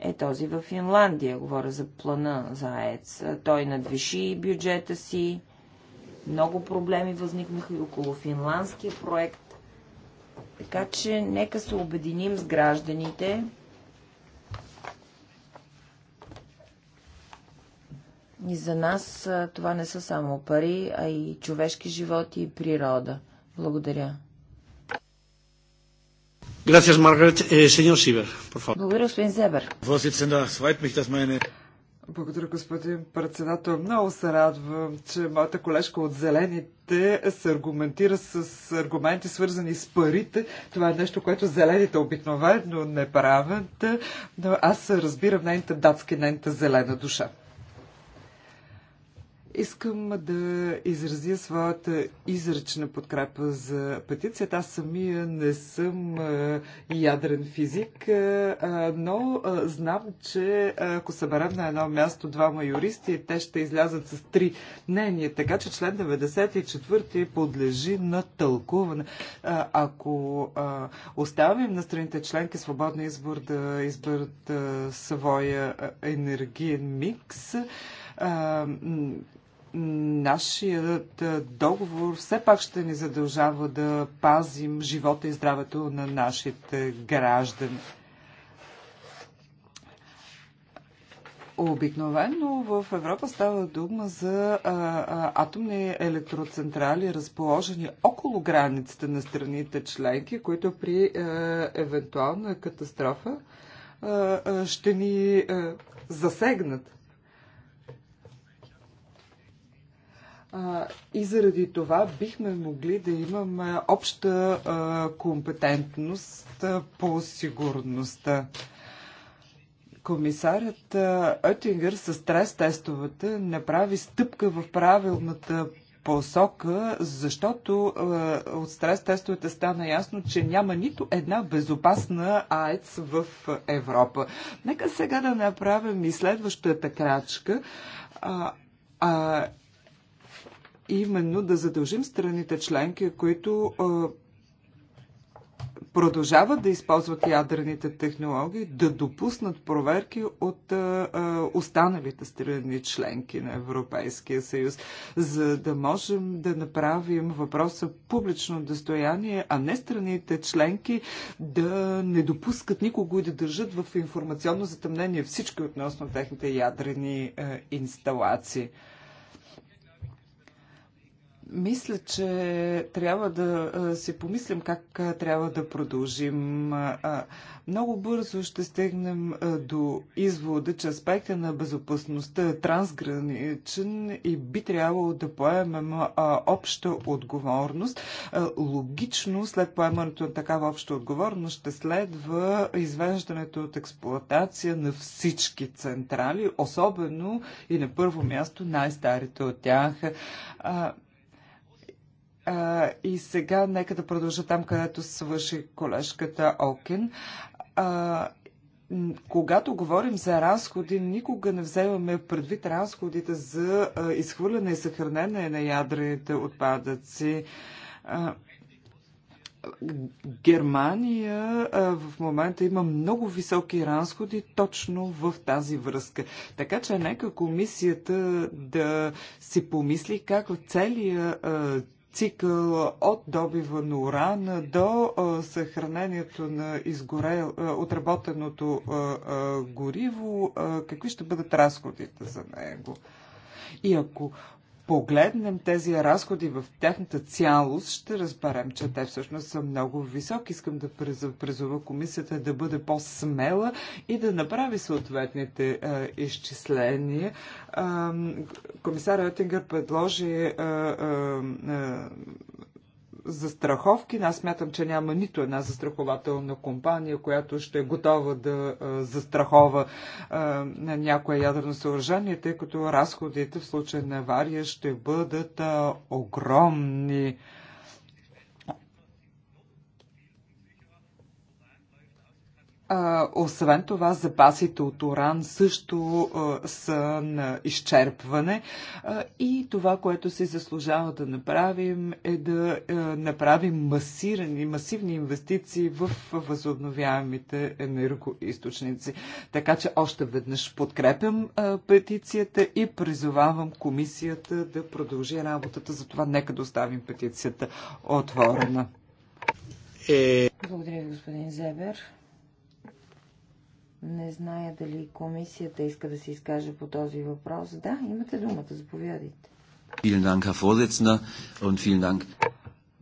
е този в Финландия. Говоря за плана за АЕЦ. Той надвиши бюджета си. Много проблеми възникнаха и около финландския проект. Така че нека се обединим с гражданите И за нас това не са само пари, а и човешки животи и природа. Благодаря. Gracias, Margaret. Eh, señor Sieber, por favor. Благодаря, господин Зебер. Благодаря, господин председател. Много се радвам, че моята колежка от Зелените се аргументира с аргументи, свързани с парите. Това е нещо, което Зелените обикновено не правят, но аз разбирам нейната датски, нейната зелена душа. Искам да изразя своята изречна подкрепа за петицията. Аз самия не съм ядрен физик, но знам, че ако съберем на едно място двама юристи, те ще излязат с три мнения. Така че член 94 подлежи на тълкуване. Ако оставим на страните членки свободна избор да изберат своя енергиен микс, нашият договор все пак ще ни задължава да пазим живота и здравето на нашите граждани. Обикновено в Европа става дума за а, а, атомни електроцентрали, разположени около границите на страните членки, които при а, евентуална катастрофа а, а, ще ни а, засегнат. и заради това бихме могли да имаме обща компетентност по сигурността. Комисарят Оттингър с стрес-тестовете направи стъпка в правилната посока, защото от стрес-тестовете стана ясно, че няма нито една безопасна АЕЦ в Европа. Нека сега да направим и следващата крачка. А, а именно да задължим страните членки, които продължават да използват ядрените технологии, да допуснат проверки от останалите страни членки на Европейския съюз, за да можем да направим въпроса публично достояние, а не страните членки да не допускат никого и да държат в информационно затъмнение всички относно техните ядрени инсталации. Мисля, че трябва да си помислим как трябва да продължим. Много бързо ще стигнем до извода, че аспекта на безопасността е трансграничен и би трябвало да поемем обща отговорност. Логично, след поемането на такава обща отговорност, ще следва извеждането от експлоатация на всички централи, особено и на първо място най-старите от тях. А, и сега нека да продължа там, където свърши колежката Окин. А, когато говорим за разходи, никога не вземаме предвид разходите за а, изхвърляне и съхранение на ядрените отпадъци. А, Германия а, в момента има много високи разходи точно в тази връзка. Така че нека комисията да си помисли как целият целия цикъл от добива на уран до съхранението на изгорел, отработеното гориво, какви ще бъдат разходите за него. И ако погледнем тези разходи в тяхната цялост, ще разберем, че те всъщност са много високи. Искам да призова комисията да бъде по-смела и да направи съответните а, изчисления. А, комисар Ротингър предложи а, а, а, застраховки. Аз смятам, че няма нито една застрахователна компания, която ще е готова да застрахова на някое ядрено съоръжение, тъй като разходите в случай на авария ще бъдат огромни. А, освен това, запасите от уран също а, са на изчерпване. А, и това, което си заслужава да направим, е да а, направим масирани, масивни инвестиции в възобновяемите енергоисточници. Така че още веднъж подкрепям а, петицията и призовавам комисията да продължи работата. Затова нека да оставим петицията отворена. Е. Благодаря ви, господин Зебер. Не зная дали комисията иска да се изкаже по този въпрос. Да, имате думата, заповядайте.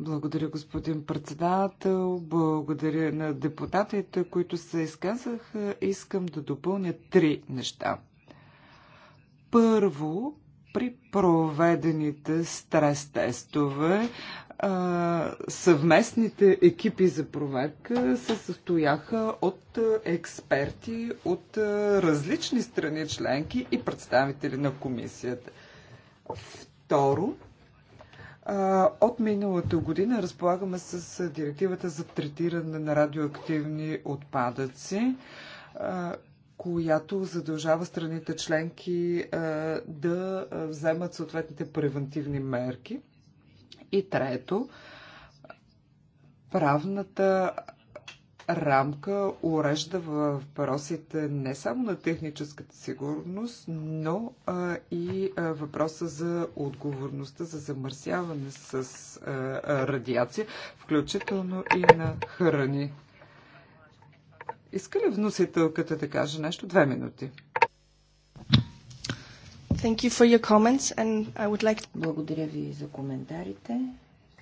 Благодаря, господин председател. Благодаря на депутатите, които се изказаха. Искам да допълня три неща. Първо, при проведените стрес-тестове съвместните екипи за проверка се състояха от експерти от различни страни членки и представители на комисията. Второ, от миналата година разполагаме с директивата за третиране на радиоактивни отпадъци, която задължава страните членки да вземат съответните превентивни мерки. И трето, правната рамка урежда въпросите не само на техническата сигурност, но а, и а, въпроса за отговорността за замърсяване с а, а, радиация, включително и на храни. Иска ли вносителката да каже нещо? Две минути. Thank you for your comments and I would like Благодаря ви за коментарите.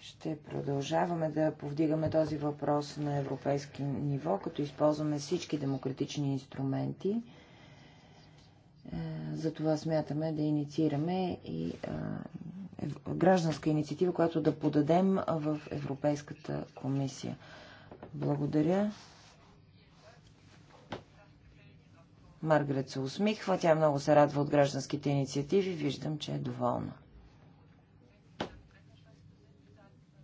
Ще продължаваме да повдигаме този въпрос на европейски ниво, като използваме всички демократични инструменти. Е, за това смятаме да инициираме и гражданска инициатива, която да подадем в Европейската комисия. Благодаря. Маргарет се усмихва, тя много се радва от гражданските инициативи, виждам, че е доволна.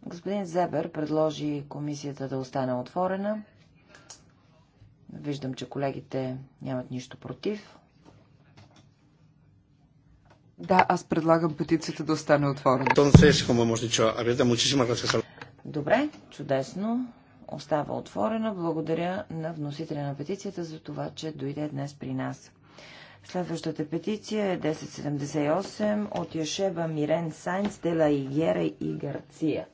Господин Зебер предложи комисията да остане отворена. Виждам, че колегите нямат нищо против. Да, аз предлагам петицията да остане отворена. Е, Добре, чудесно остава отворена. Благодаря на вносителя на петицията за това, че дойде днес при нас. Следващата петиция е 1078 от Яшеба Мирен Сайнц де ла Игера и Гарция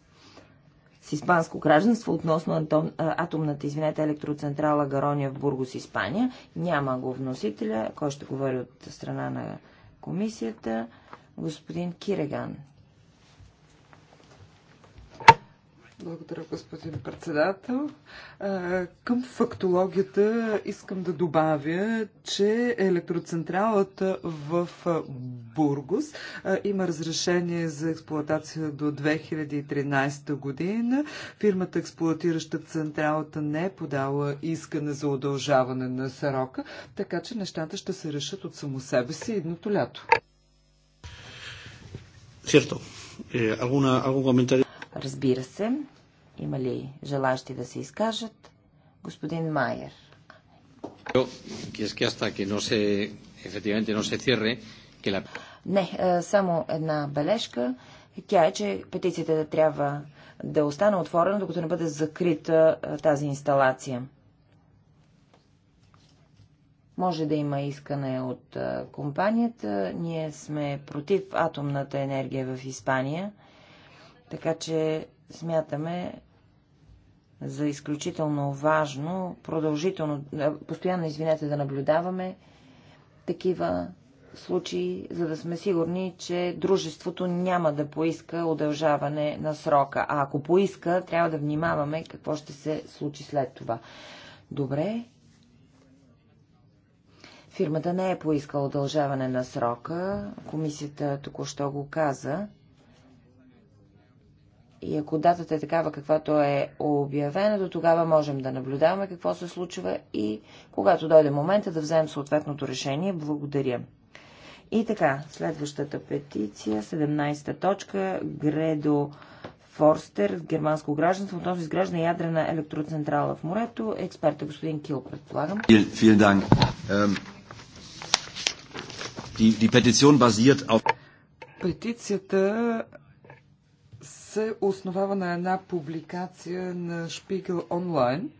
с испанско гражданство относно а, атомната извинете, електроцентрала Гарония в Бургос, Испания. Няма го вносителя, кой ще говори от страна на комисията. Господин Киреган Благодаря, господин председател. Към фактологията искам да добавя, че електроцентралата в Бургус има разрешение за експлуатация до 2013 година. Фирмата, експлуатираща централата, не е подала искане за удължаване на срока, така че нещата ще се решат от само себе си едното лято. Cierto. Eh, alguna, algún comentario? Разбира се. Има ли желащи да се изкажат? Господин Майер. Не, само една бележка. Тя е, че петицията да трябва да остане отворена, докато не бъде закрита тази инсталация. Може да има искане от компанията. Ние сме против атомната енергия в Испания така че смятаме за изключително важно, продължително, постоянно, извинете, да наблюдаваме такива случаи, за да сме сигурни, че дружеството няма да поиска удължаване на срока. А ако поиска, трябва да внимаваме какво ще се случи след това. Добре. Фирмата не е поискала удължаване на срока. Комисията току-що го каза. И ако датата е такава, каквато е обявена, до тогава можем да наблюдаваме какво се случва и когато дойде момента да вземем съответното решение. Благодаря. И така, следващата петиция, 17-та точка, Гредо Форстер, германско гражданство, относно изграждане ядрена електроцентрала в морето. Експерта господин Кил, предполагам. Петицията се основава на една публикация на Шпигел онлайн.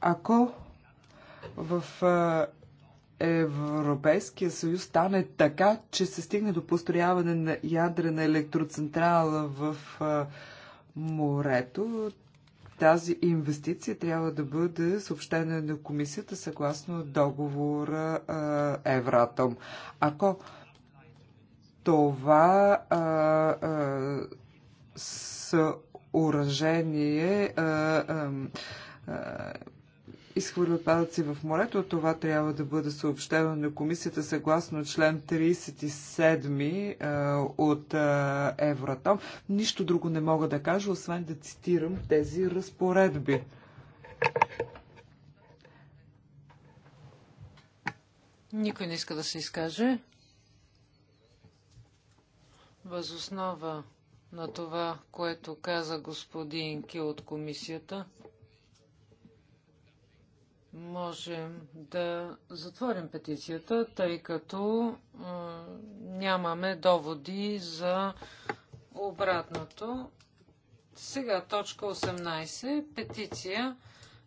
Ако в Европейския съюз стане така, че се стигне до построяване на ядрена електроцентрала в морето, тази инвестиция трябва да бъде съобщена на комисията съгласно договора Евратом. Ако това а, а, съоръжение а, изхвърля отпадъци в морето. Това трябва да бъде съобщено на комисията съгласно член 37 а, от а, Евротом. Нищо друго не мога да кажа, освен да цитирам тези разпоредби. Никой не иска да се изкаже. Възоснова на това, което каза господин Ки от комисията, можем да затворим петицията, тъй като нямаме доводи за обратното. Сега точка 18. Петиция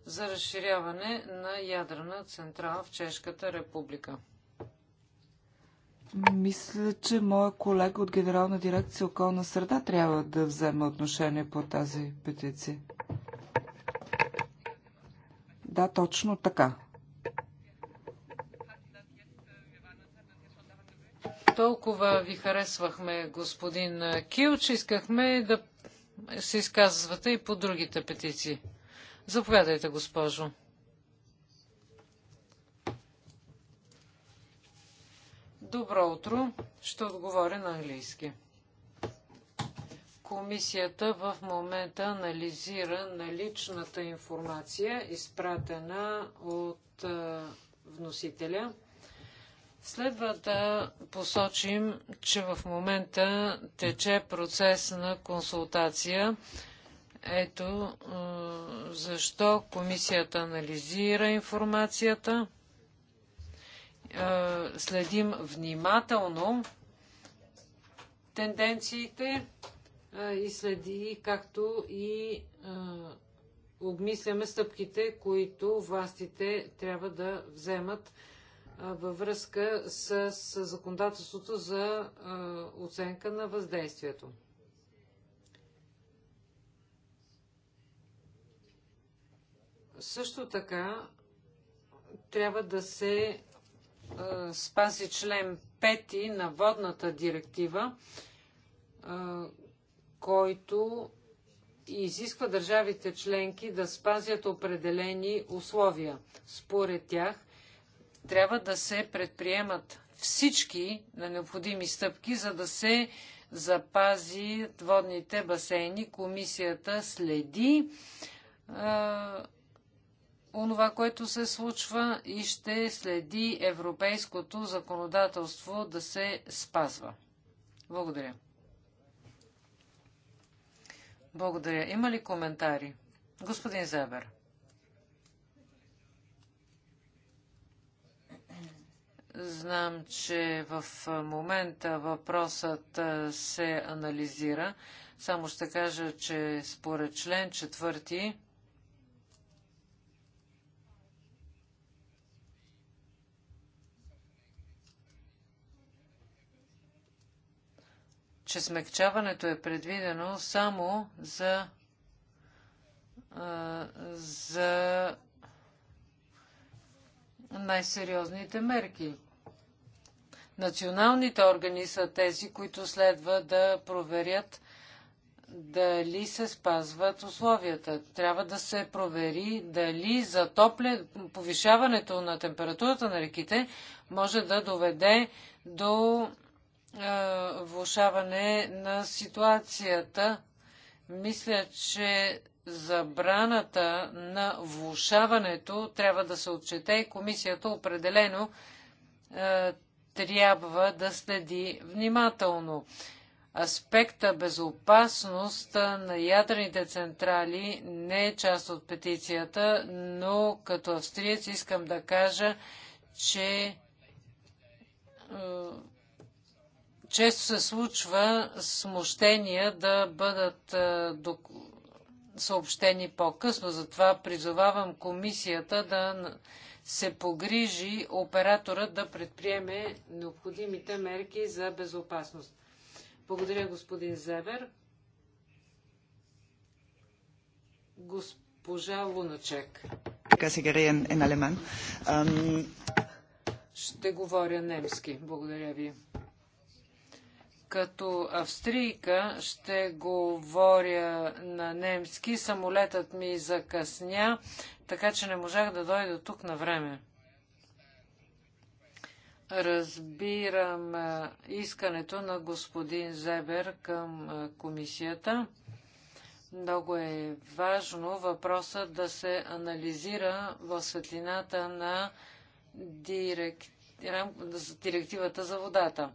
за разширяване на ядрена централа в Чешката република. Мисля, че моя колега от Генерална дирекция околна среда трябва да вземе отношение по тази петиция. Да, точно така. Толкова ви харесвахме, господин Кил, че искахме да се изказвате и по другите петиции. Заповядайте, госпожо. Добро утро. Ще отговоря на английски. Комисията в момента анализира наличната информация, изпратена от вносителя. Следва да посочим, че в момента тече процес на консултация. Ето защо комисията анализира информацията е, следим внимателно тенденциите е, и следи, както и е, обмисляме стъпките, които властите трябва да вземат във връзка с законодателството за оценка на въздействието. Също така трябва да се е, спази член 5 на водната директива, е, който изисква държавите членки да спазят определени условия. Според тях трябва да се предприемат всички на необходими стъпки, за да се запази водните басейни. Комисията следи е, онова, което се случва и ще следи европейското законодателство да се спазва. Благодаря. Благодаря. Има ли коментари? Господин Зебер. Знам, че в момента въпросът се анализира. Само ще кажа, че според член четвърти че смягчаването е предвидено само за, а, за най-сериозните мерки. Националните органи са тези, които следва да проверят дали се спазват условията. Трябва да се провери дали затопля, повишаването на температурата на реките може да доведе до влушаване на ситуацията. Мисля, че забраната на влушаването трябва да се отчете и комисията определено трябва да следи внимателно. Аспекта безопасност на ядрените централи не е част от петицията, но като австриец искам да кажа, че често се случва смущения да бъдат е, съобщени по-късно. Затова призовавам комисията да се погрижи оператора да предприеме необходимите мерки за безопасност. Благодаря, господин Зевер. Госпожа Луначек. Ще говоря немски. Благодаря ви. Като австрийка ще говоря на немски. Самолетът ми закъсня, така че не можах да дойда тук на време. Разбирам искането на господин Зебер към комисията. Много е важно въпросът да се анализира в светлината на директ... директивата за водата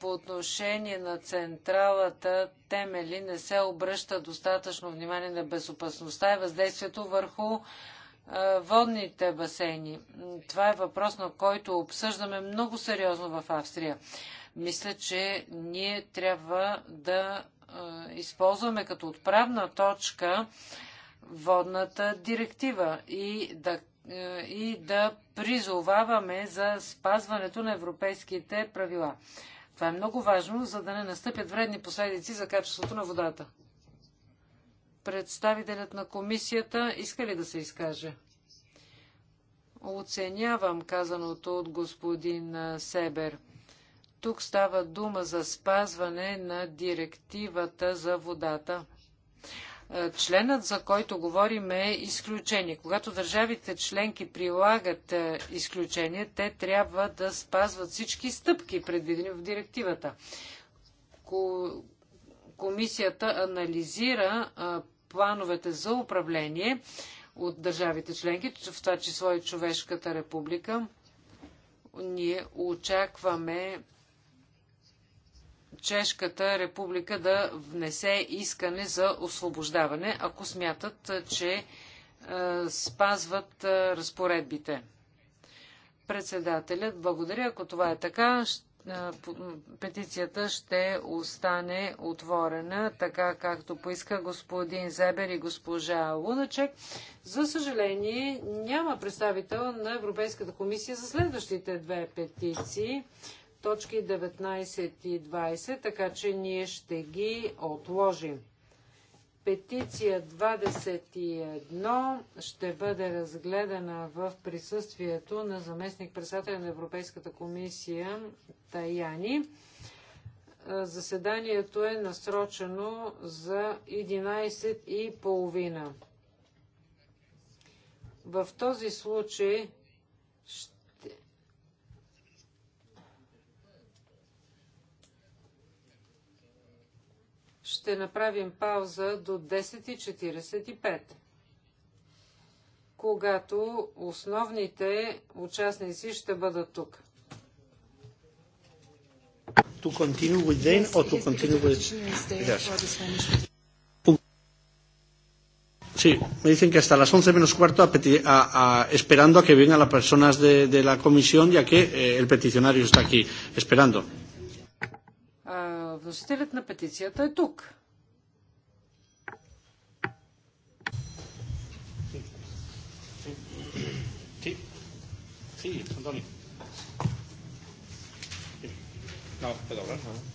по отношение на централата Темели не се обръща достатъчно внимание на безопасността и въздействието върху водните басейни. Това е въпрос, на който обсъждаме много сериозно в Австрия. Мисля, че ние трябва да използваме като отправна точка водната директива и да, и да призоваваме за спазването на европейските правила. Това е много важно, за да не настъпят вредни последици за качеството на водата. Представителят на комисията иска ли да се изкаже? Оценявам казаното от господин Себер. Тук става дума за спазване на директивата за водата. Е, членът, за който говорим, е изключение. Когато държавите членки прилагат е, изключение, те трябва да спазват всички стъпки, предвидени в директивата. Комисията анализира е, плановете за управление от държавите членки, в това число и Човешката република. Ние очакваме Чешката република да внесе искане за освобождаване, ако смятат, че спазват разпоредбите. Председателят, благодаря. Ако това е така, петицията ще остане отворена, така както поиска господин Зебер и госпожа Луначек. За съжаление, няма представител на Европейската комисия за следващите две петиции точки 19 и 20, така че ние ще ги отложим. Петиция 21 ще бъде разгледана в присъствието на заместник председателя на Европейската комисия Таяни. Заседанието е насрочено за 11.30. В този случай ще ще направим пауза до 10.45, когато основните участници ще бъдат тук. To continue with them yes, or to continue with... Yes. Sí, me dicen que hasta las 11 menos cuarto, a, a, a, esperando a que vengan las personas de, de la comisión, ya que eh, el peticionario está aquí esperando. Вносителят на петицията е тук. Sí, Antonio. No, pero -huh.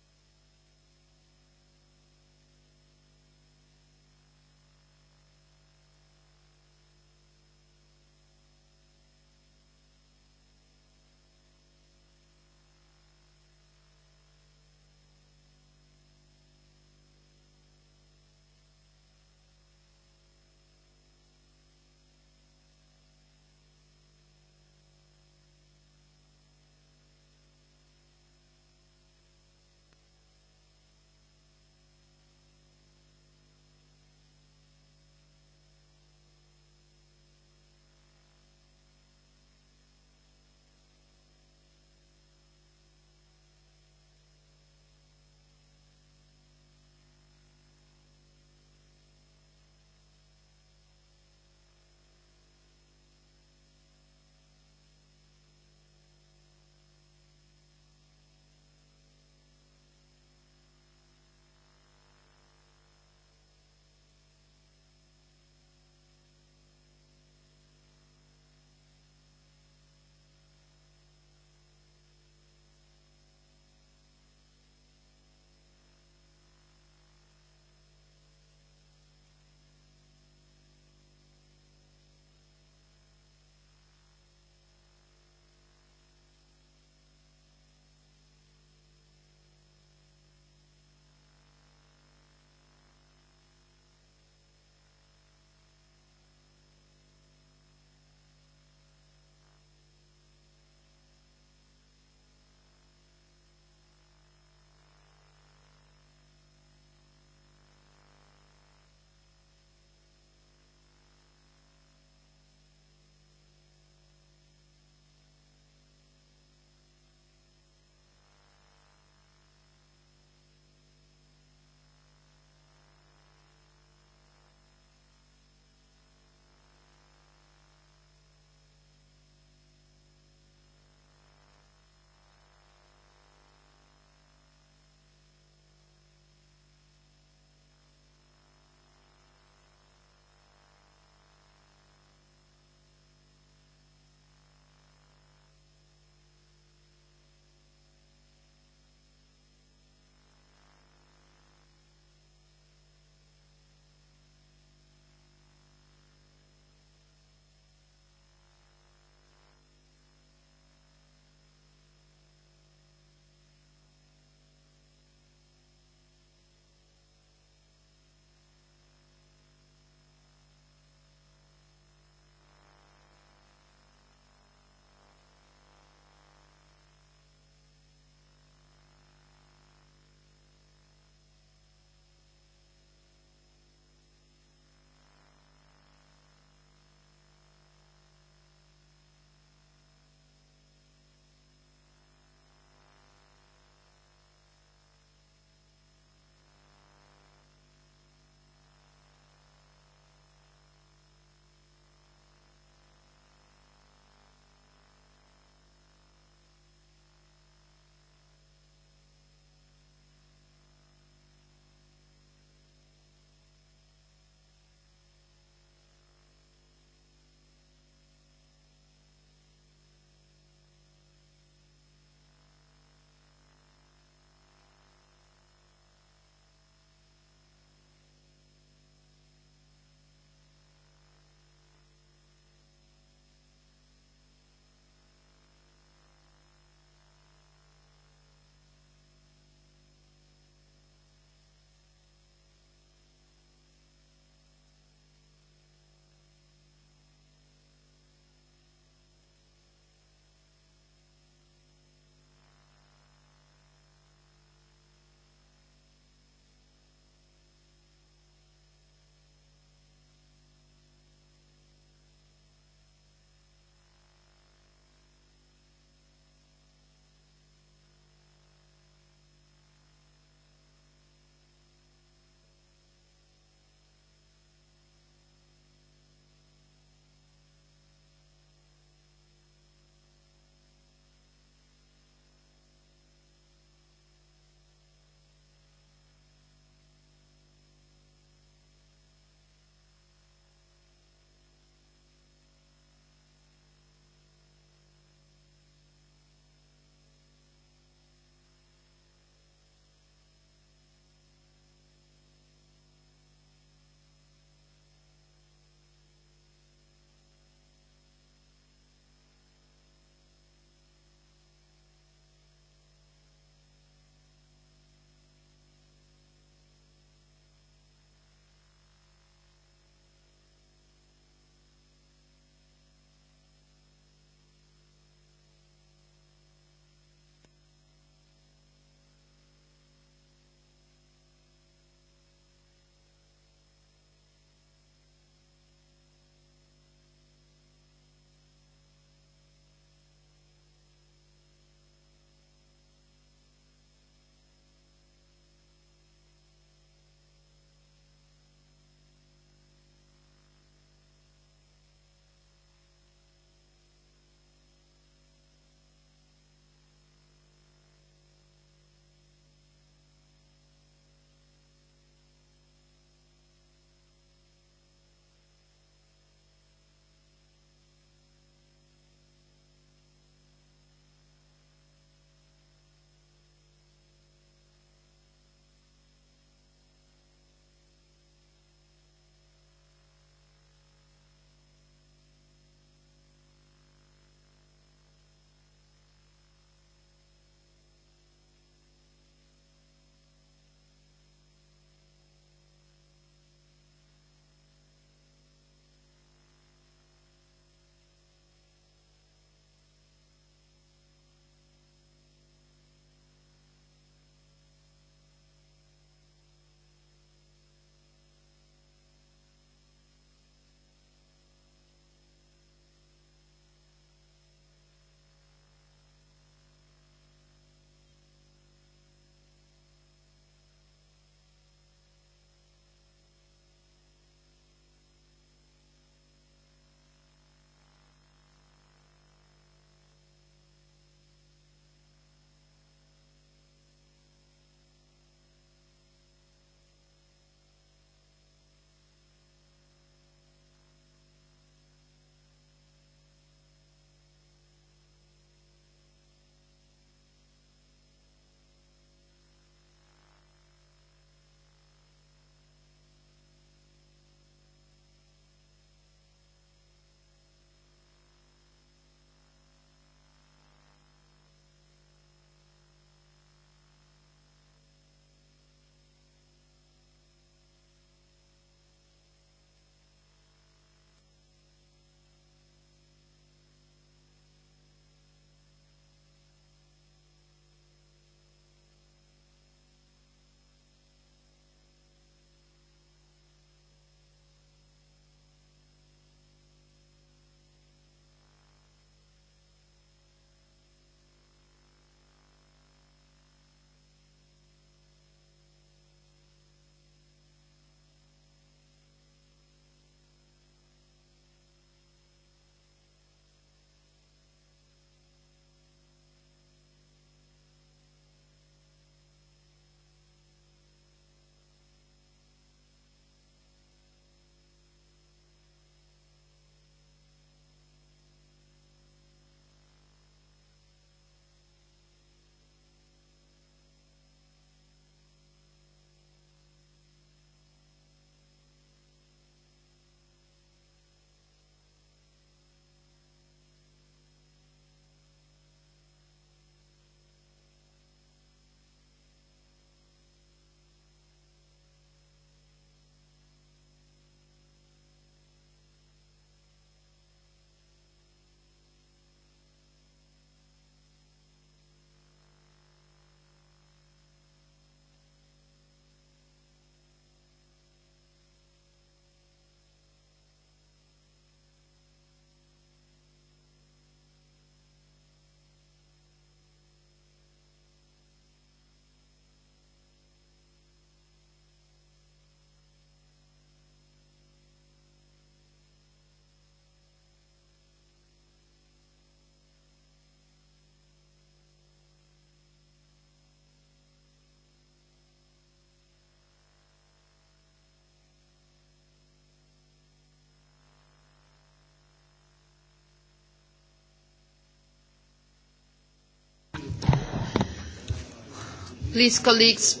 Please, colleagues,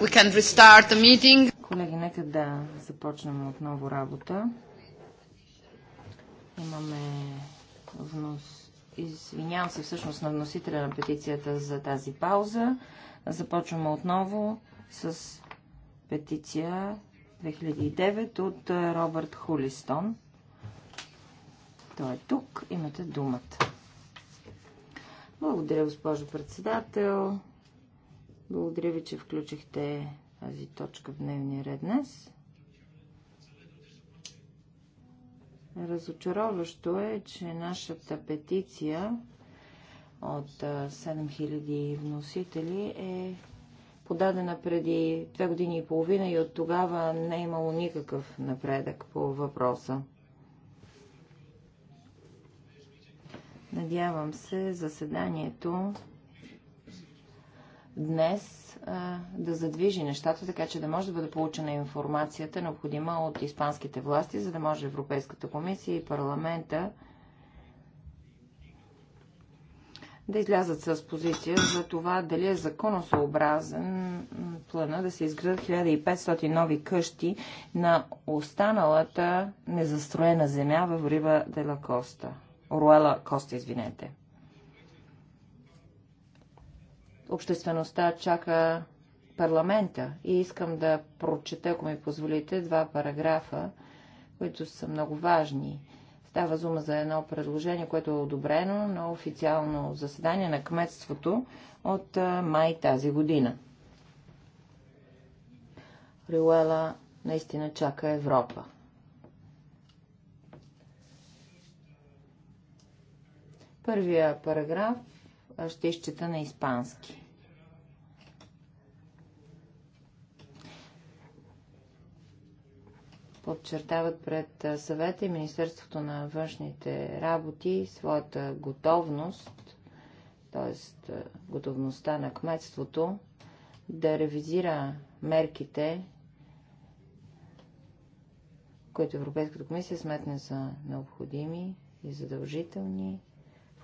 we can restart the meeting. Колеги, нека да започнем отново работа. Имаме внос... Извинявам се всъщност на вносителя на петицията за тази пауза. Започваме отново с петиция 2009 от Робърт Хулистон. Той е тук. Имате думата. Благодаря, госпожо председател. Благодаря ви, че включихте тази точка в дневния ред днес. Разочароващо е, че нашата петиция от 7000 вносители е подадена преди две години и половина и от тогава не е имало никакъв напредък по въпроса. Надявам се заседанието днес а, да задвижи нещата, така че да може да бъде получена информацията, необходима от испанските власти, за да може Европейската комисия и парламента да излязат с позиция за това дали е законосъобразен плана да се изградат 1500 нови къщи на останалата незастроена земя в Рива Дела Коста. Руела Коста, извинете. Обществеността чака парламента и искам да прочета, ако ми позволите, два параграфа, които са много важни. Става зума за едно предложение, което е одобрено на официално заседание на кметството от май тази година. Рюела наистина чака Европа. Първия параграф е, ще изчета на испански. подчертават пред е, съвета и Министерството на външните работи своята готовност, т.е. готовността на кметството да ревизира мерките, които Европейската комисия сметне за необходими и задължителни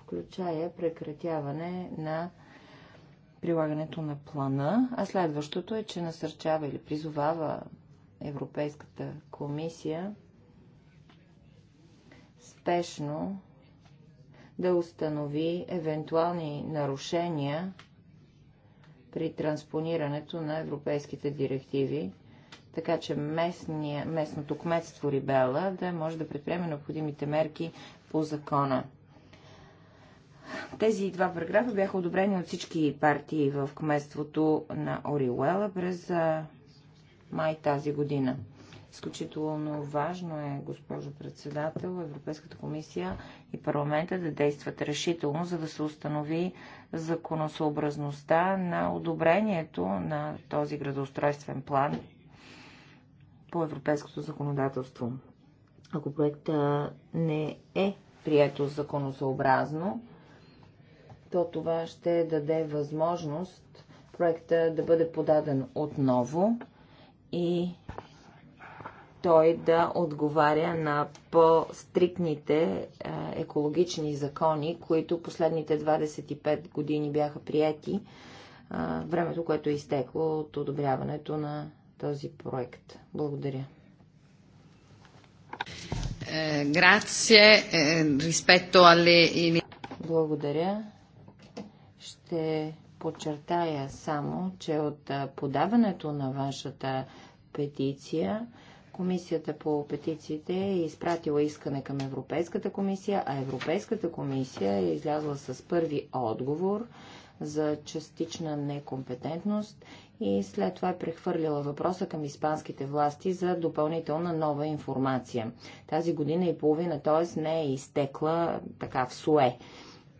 включая прекратяване на прилагането на плана, а следващото е, че насърчава или призовава Европейската комисия спешно да установи евентуални нарушения при транспонирането на европейските директиви, така че местния, местното кметство Рибела да може да предприеме необходимите мерки по закона. Тези два параграфа бяха одобрени от всички партии в кметството на Ориуела през май тази година. Изключително важно е, госпожо председател, Европейската комисия и парламента да действат решително, за да се установи законосъобразността на одобрението на този градоустройствен план по европейското законодателство. Ако проекта не е прието законосъобразно, то това ще даде възможност проекта да бъде подаден отново и той да отговаря на по-стрикните е, екологични закони, които последните 25 години бяха прияти, е, времето, което е изтекло от одобряването на този проект. Благодаря. Е, Благодаря. Ще подчертая само, че от подаването на вашата петиция Комисията по петициите е изпратила искане към Европейската комисия, а Европейската комисия е излязла с първи отговор за частична некомпетентност и след това е прехвърлила въпроса към испанските власти за допълнителна нова информация. Тази година и половина, т.е. не е изтекла така в суе.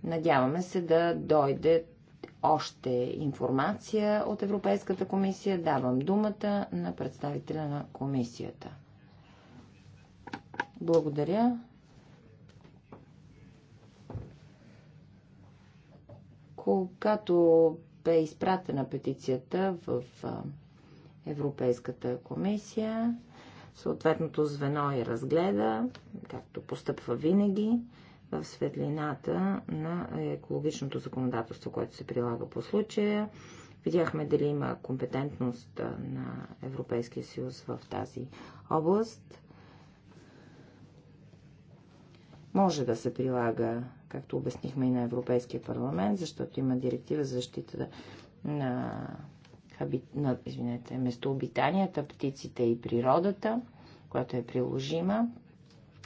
Надяваме се да дойде още информация от Европейската комисия, давам думата на представителя на комисията. Благодаря. Когато бе изпратена петицията в Европейската комисия, съответното звено я разгледа, както постъпва винаги в светлината на екологичното законодателство, което се прилага по случая. Видяхме дали има компетентност на Европейския съюз в тази област. Може да се прилага, както обяснихме и на Европейския парламент, защото има директива за защита на, на извинете, местообитанията, птиците и природата, която е приложима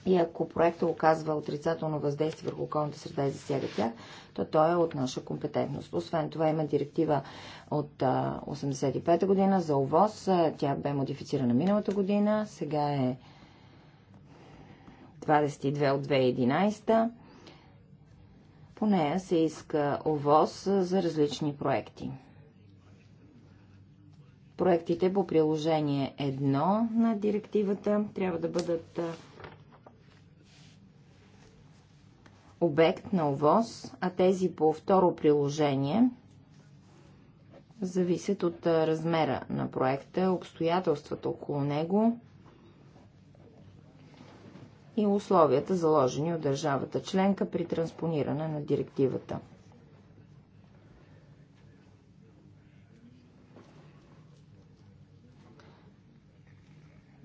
и ако проекта оказва отрицателно въздействие върху околната среда и засяга тях, то той е от наша компетентност. Освен това има директива от 1985 година за ОВОз. Тя бе модифицирана миналата година. Сега е 22 от 2011. По нея се иска ОВОз за различни проекти. Проектите по приложение 1 на директивата трябва да бъдат обект на ОВОз, а тези по второ приложение зависят от размера на проекта, обстоятелствата около него и условията, заложени от държавата членка при транспониране на директивата.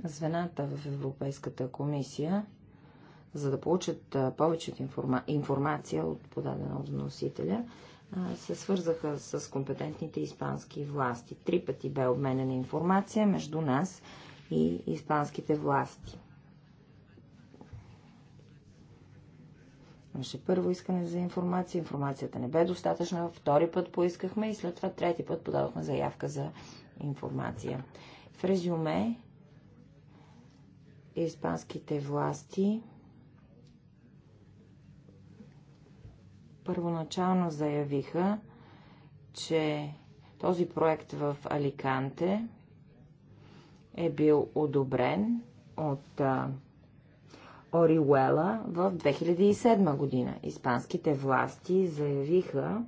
Звената в Европейската комисия – за да получат повече информа... информация от подадена от вносителя, се свързаха с компетентните испански власти. Три пъти бе обменена информация между нас и испанските власти. Имаше първо искане за информация, информацията не бе достатъчна, втори път поискахме и след това трети път подадохме заявка за информация. В резюме, испанските власти първоначално заявиха, че този проект в Аликанте е бил одобрен от а, Ориуела в 2007 година. Испанските власти заявиха,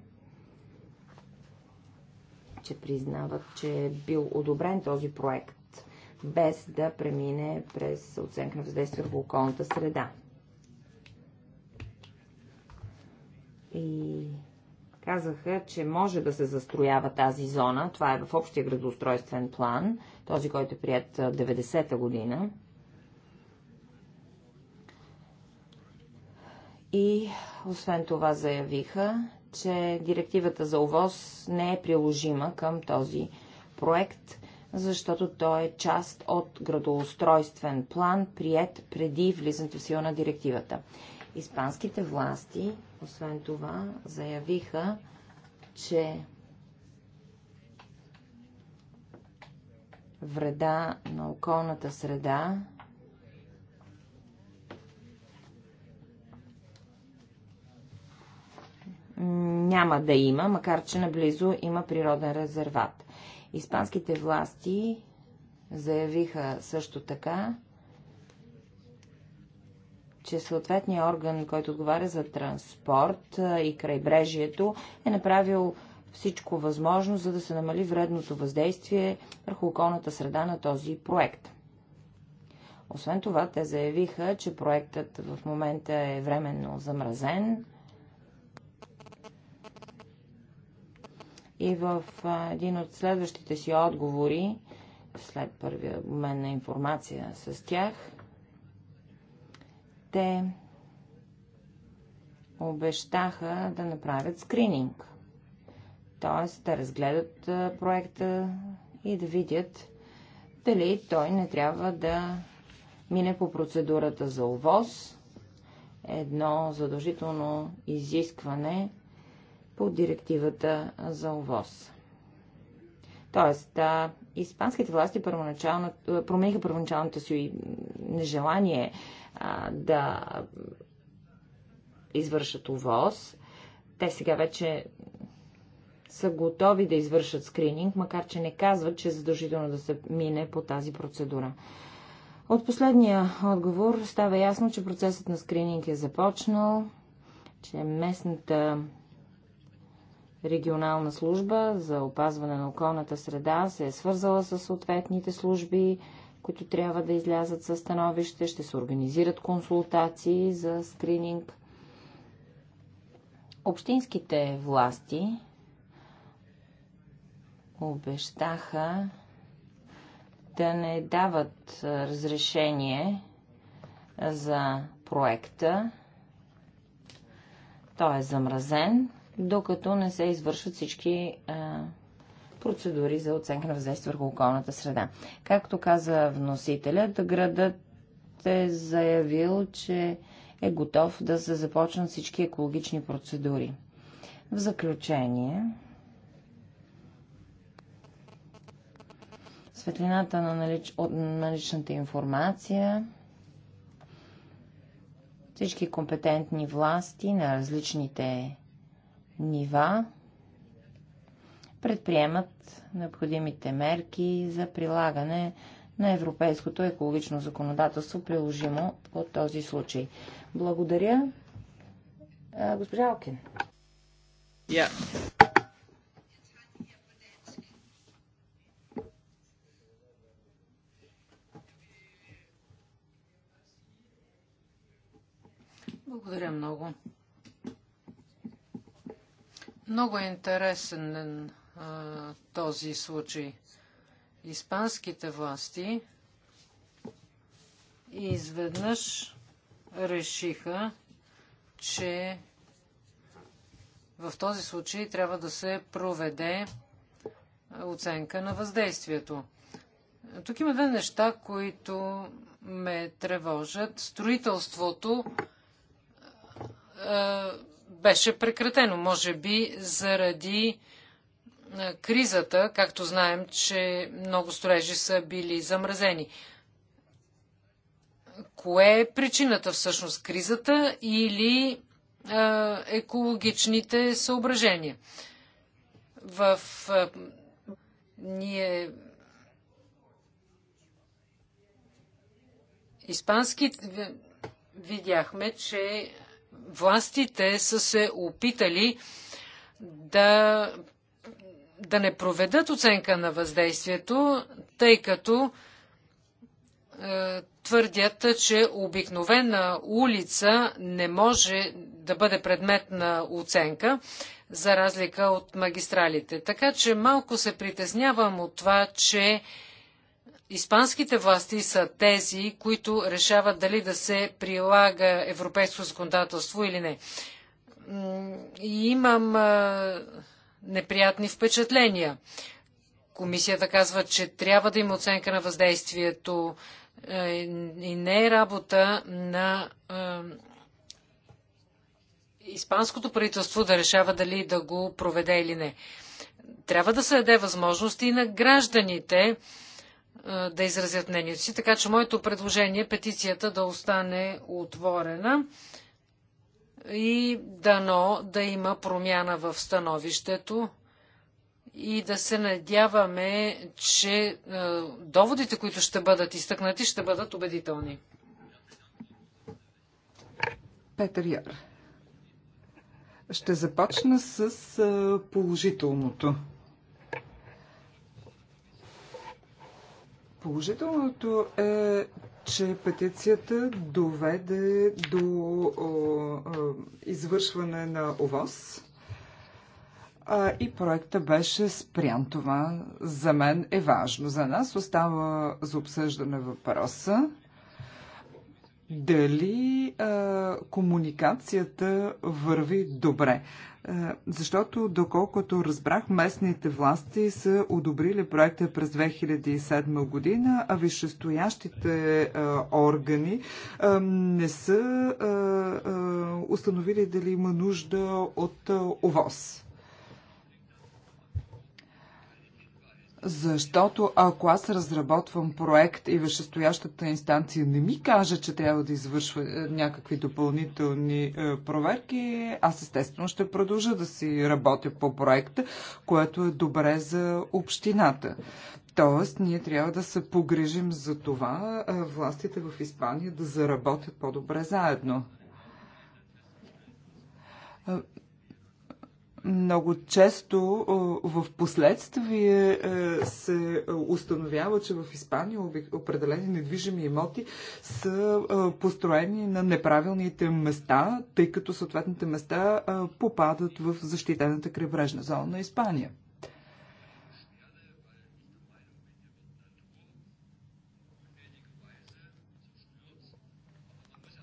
че признават, че е бил одобрен този проект, без да премине през оценка на въздействие в околната среда. и казаха, че може да се застроява тази зона. Това е в общия градоустройствен план, този, който е прият 90-та година. И освен това заявиха, че директивата за ОВОз не е приложима към този проект, защото той е част от градоустройствен план, прият преди влизането в сила на директивата. Испанските власти, освен това, заявиха, че вреда на околната среда няма да има, макар че наблизо има природен резерват. Испанските власти заявиха също така, че съответният орган, който отговаря за транспорт и крайбрежието, е направил всичко възможно, за да се намали вредното въздействие върху околната среда на този проект. Освен това, те заявиха, че проектът в момента е временно замразен и в един от следващите си отговори, след първия обмен на информация с тях, те обещаха да направят скрининг, т.е. да разгледат проекта и да видят дали той не трябва да мине по процедурата за ОВОз, едно задължително изискване по директивата за ОВОз. Тоест, а, испанските власти първоначално, промениха първоначалното си нежелание а, да извършат увоз. Те сега вече са готови да извършат скрининг, макар че не казват, че е задължително да се мине по тази процедура. От последния отговор става ясно, че процесът на скрининг е започнал, че местната регионална служба за опазване на околната среда се е свързала с съответните служби, които трябва да излязат със становище, ще се организират консултации за скрининг. Общинските власти обещаха да не дават разрешение за проекта. Той е замразен, докато не се извършат всички процедури за оценка на въздействие върху околната среда. Както каза вносителят, градът е заявил, че е готов да се започнат всички екологични процедури. В заключение, светлината на, налич... на личната информация, всички компетентни власти на различните нива предприемат необходимите мерки за прилагане на европейското екологично законодателство, приложимо по този случай. Благодаря. Госпожа Алкин. Yeah. Благодаря много. Много интересен а, този случай. Испанските власти изведнъж решиха, че в този случай трябва да се проведе оценка на въздействието. Тук има две неща, които ме тревожат. Строителството е, беше прекратено, може би заради е, кризата, както знаем, че много строежи са били замразени. Кое е причината всъщност? Кризата или а, е, екологичните съображения? В а, е, ние испански видяхме, че властите са се опитали да да не проведат оценка на въздействието, тъй като е, твърдят, че обикновена улица не може да бъде предмет на оценка, за разлика от магистралите. Така че малко се притеснявам от това, че Испанските власти са тези, които решават дали да се прилага европейско законодателство или не. И имам е, неприятни впечатления. Комисията казва, че трябва да има оценка на въздействието е, и не е работа на е, испанското правителство да решава дали да го проведе или не. Трябва да се даде възможност и на гражданите е, да изразят мнението си, така че моето предложение е петицията да остане отворена и дано да има промяна в становището и да се надяваме, че е, доводите, които ще бъдат изтъкнати, ще бъдат убедителни. Петър Яр. Ще започна с е, положителното. Положителното е, че петицията доведе до о, о, извършване на ОВОС а, и проекта беше спрян. Това за мен е важно. За нас остава за обсъждане въпроса дали а, комуникацията върви добре. Е, защото, доколкото разбрах, местните власти са одобрили проекта през 2007 година, а висшестоящите е, органи е, не са установили дали има нужда от ОВОС. Защото ако аз разработвам проект и вещестоящата инстанция не ми каже, че трябва да извършва е, някакви допълнителни е, проверки, аз естествено ще продължа да си работя по проекта, което е добре за общината. Тоест, ние трябва да се погрижим за това е, властите в Испания да заработят по-добре заедно много често в последствие се установява, че в Испания определени недвижими имоти са построени на неправилните места, тъй като съответните места попадат в защитената крайбрежна зона на Испания.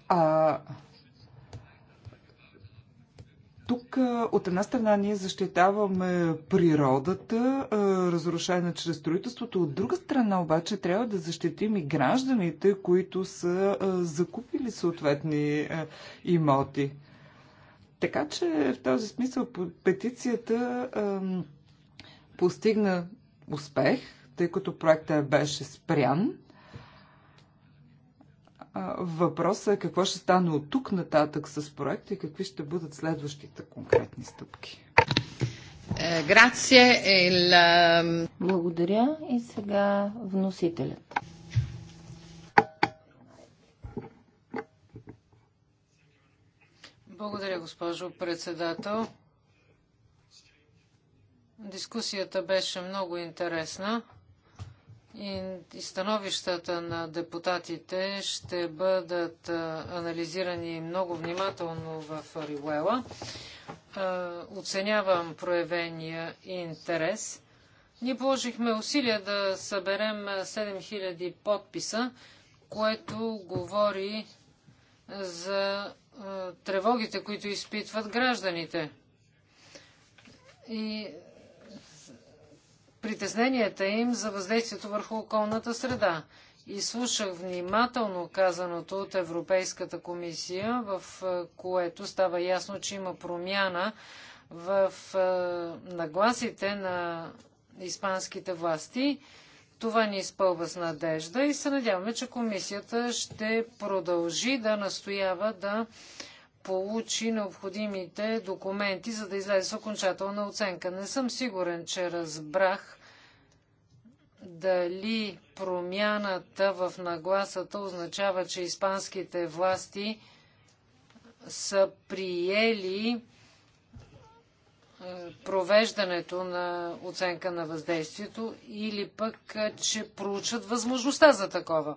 А тук от една страна ние защитаваме природата, разрушена чрез строителството, от друга страна обаче трябва да защитим и гражданите, които са закупили съответни имоти. Така че в този смисъл петицията постигна успех, тъй като проектът беше спрян Въпросът е какво ще стане от тук нататък с проекта и какви ще бъдат следващите конкретни стъпки. Е, Благодаря и сега вносителят. Благодаря, госпожо председател. Дискусията беше много интересна и становищата на депутатите ще бъдат анализирани много внимателно в Ариуела. Оценявам проявения интерес. Ние положихме усилия да съберем 7000 подписа, което говори за тревогите, които изпитват гражданите. И притесненията им за въздействието върху околната среда. И слушах внимателно казаното от Европейската комисия, в е, което става ясно, че има промяна в е, нагласите на испанските власти. Това ни изпълва с надежда и се надяваме, че комисията ще продължи да настоява да получи необходимите документи, за да излезе с окончателна оценка. Не съм сигурен, че разбрах дали промяната в нагласата означава, че испанските власти са приели е, провеждането на оценка на въздействието или пък, е, че проучат възможността за такова.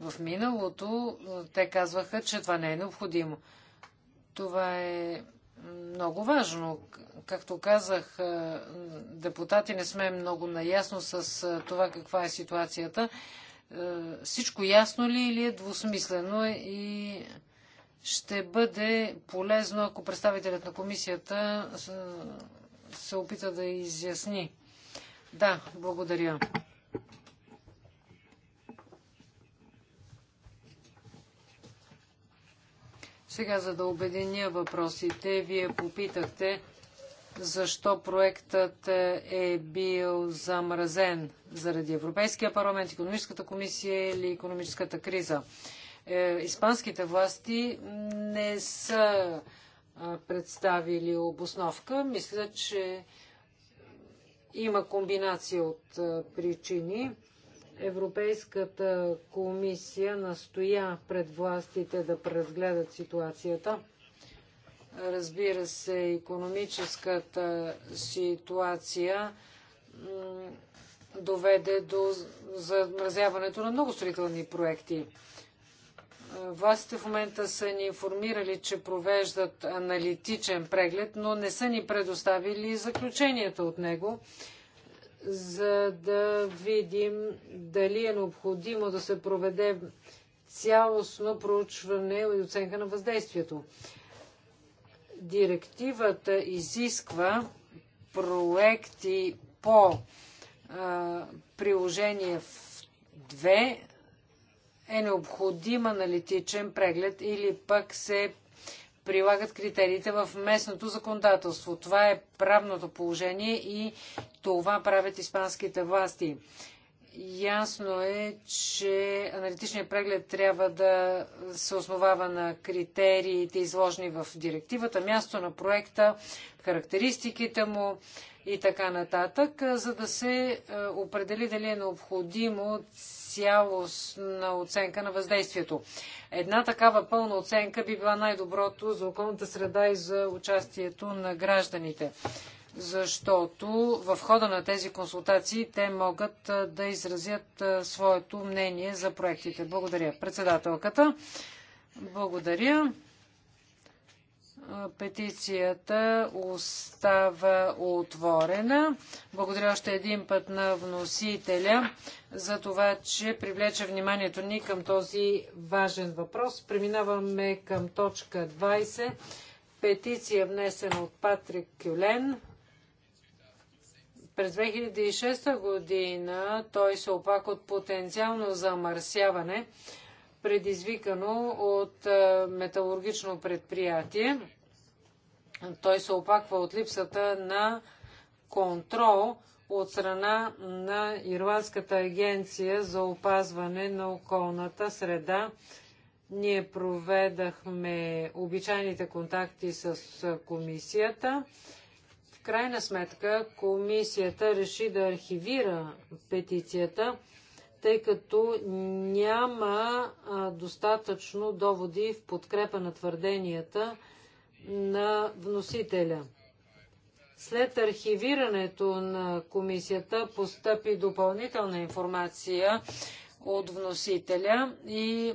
В миналото е, те казваха, че това не е необходимо. Това е много важно. Както казах, е, депутати не сме много наясно с е, това каква е ситуацията. Е, всичко ясно ли или е двусмислено и ще бъде полезно, ако представителят на комисията се опита да изясни. Да, благодаря. Сега, за да обединя въпросите, вие попитахте защо проектът е бил замразен заради Европейския парламент, економическата комисия или економическата криза. Е, испанските власти не са представили обосновка. Мисля, че има комбинация от причини. Европейската комисия настоя пред властите да преразгледат ситуацията. Разбира се, економическата ситуация доведе до замразяването на много строителни проекти. Властите в момента са ни информирали, че провеждат аналитичен преглед, но не са ни предоставили заключенията от него за да видим дали е необходимо да се проведе цялостно проучване и оценка на въздействието. Директивата изисква проекти по а, приложение 2 е необходим аналитичен преглед или пък се прилагат критериите в местното законодателство. Това е правното положение и това правят испанските власти. Ясно е, че аналитичният преглед трябва да се основава на критериите, изложени в директивата, място на проекта, характеристиките му и така нататък, за да се е, определи дали е необходимо цялостна оценка на въздействието. Една такава пълна оценка би била най-доброто за околната среда и за участието на гражданите защото в хода на тези консултации те могат да изразят своето мнение за проектите. Благодаря. Председателката, благодаря петицията остава отворена. Благодаря още един път на вносителя за това, че привлече вниманието ни към този важен въпрос. Преминаваме към точка 20. Петиция внесена от Патрик Кюлен. През 2006 година той се опак от потенциално замърсяване предизвикано от е, металургично предприятие. Той се опаква от липсата на контрол от страна на Ирландската агенция за опазване на околната среда. Ние проведахме обичайните контакти с комисията. В крайна сметка комисията реши да архивира петицията, тъй като няма достатъчно доводи в подкрепа на твърденията, на вносителя. След архивирането на комисията постъпи допълнителна информация от вносителя и е,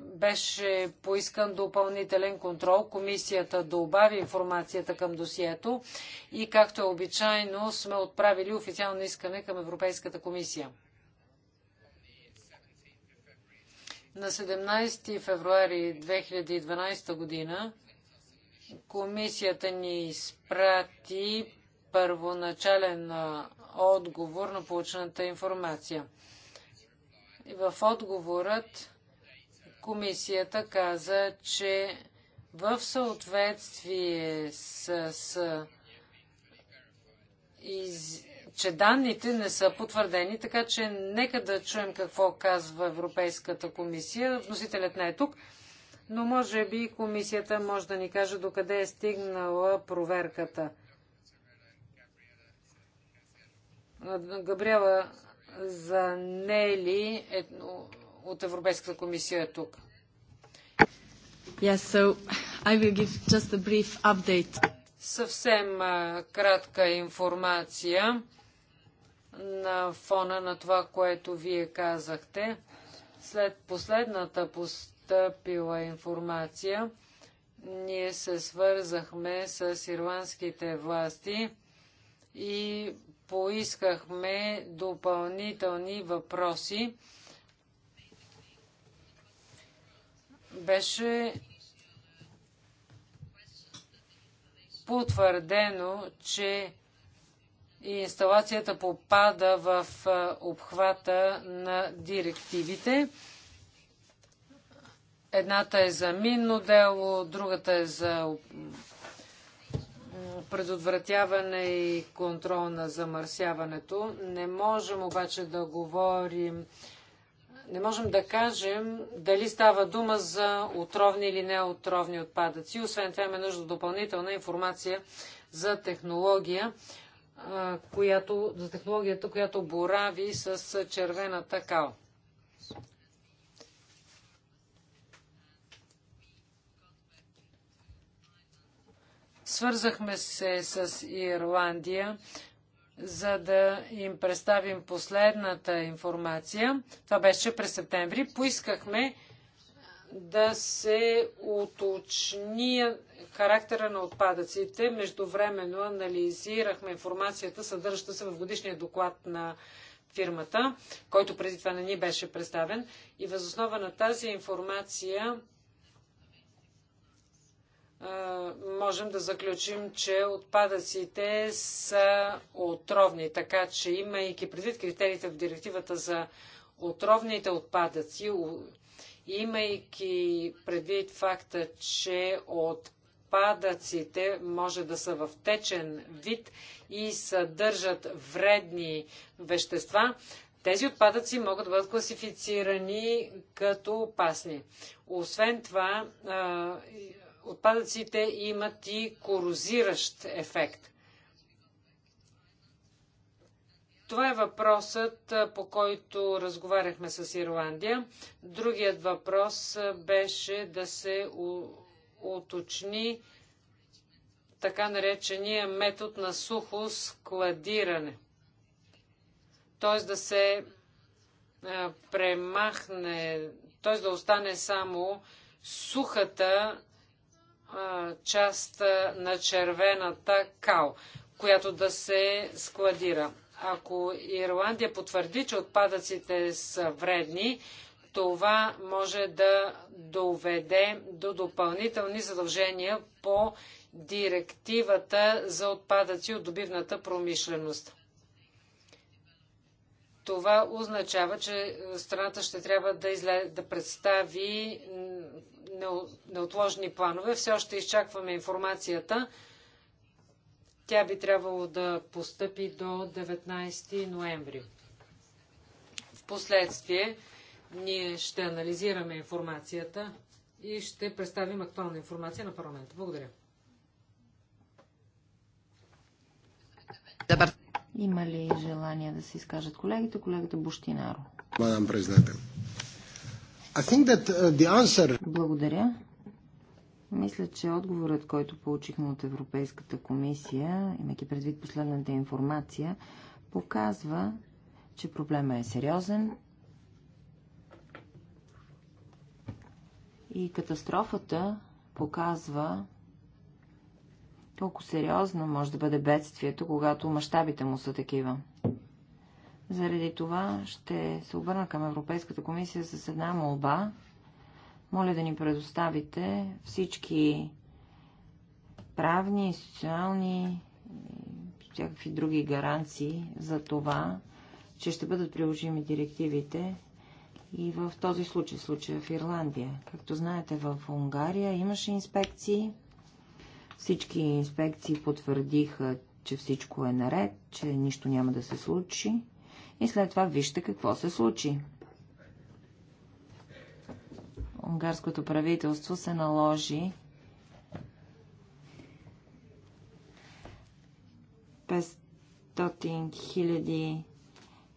беше поискан допълнителен контрол. Комисията добави информацията към досието и, както е обичайно, сме отправили официално искане към Европейската комисия. На 17 февруари 2012 година Комисията ни изпрати първоначален отговор на получената информация. В отговорът комисията каза, че в съответствие с, с из, че данните не са потвърдени, така че нека да чуем какво казва Европейската комисия. Вносителят не е тук но може би комисията може да ни каже докъде е стигнала проверката. Габриела Занели е, е, от Европейската комисия е тук. Yes, so I will give just a brief update. Съвсем а, кратка информация на фона на това, което вие казахте. След последната пост постъпила информация, ние се свързахме с ирландските власти и поискахме допълнителни въпроси. Беше потвърдено, че инсталацията попада в обхвата на директивите. Едната е за минно дело, другата е за предотвратяване и контрол на замърсяването. Не можем обаче да говорим, не можем да кажем дали става дума за отровни или неотровни отпадъци. Освен това имаме нужда допълнителна информация за технология, която, за технологията, която борави с червената кал. Свързахме се с Ирландия, за да им представим последната информация. Това беше през септември. Поискахме да се уточни характера на отпадъците. Междувременно анализирахме информацията, съдържаща се в годишния доклад на фирмата, който преди това не ни беше представен. И възоснова на тази информация можем да заключим, че отпадъците са отровни, така че имайки предвид критериите в директивата за отровните отпадъци, имайки предвид факта, че отпадъците може да са в течен вид и съдържат вредни вещества, тези отпадъци могат да бъдат класифицирани като опасни. Освен това, Отпадъците имат и корозиращ ефект. Това е въпросът, по който разговаряхме с Ирландия. Другият въпрос беше да се уточни така наречения метод на сухо складиране. Т.е. да се премахне, т.е. да остане само сухата част на червената кал, която да се складира. Ако Ирландия потвърди, че отпадъците са вредни, това може да доведе до допълнителни задължения по директивата за отпадъци от добивната промишленост. Това означава, че страната ще трябва да, изле... да представи неотложни планове. Все още изчакваме информацията. Тя би трябвало да постъпи до 19 ноември. Впоследствие ние ще анализираме информацията и ще представим актуална информация на парламента. Благодаря. Има ли желание да се изкажат колегите? Колегата Буштинаро. Мадам президентен. I think that uh, the answer... Благодаря. Мисля, че отговорът, който получихме от Европейската комисия, имайки предвид последната информация, показва, че проблема е сериозен и катастрофата показва колко сериозно може да бъде бедствието, когато мащабите му са такива. Заради това ще се обърна към Европейската комисия с една молба. Моля да ни предоставите всички правни, институционални и всякакви други гаранции за това, че ще бъдат приложими директивите и в този случай, случая в Ирландия. Както знаете, в Унгария имаше инспекции. Всички инспекции потвърдиха, че всичко е наред, че нищо няма да се случи и след това вижте какво се случи. Унгарското правителство се наложи 500 000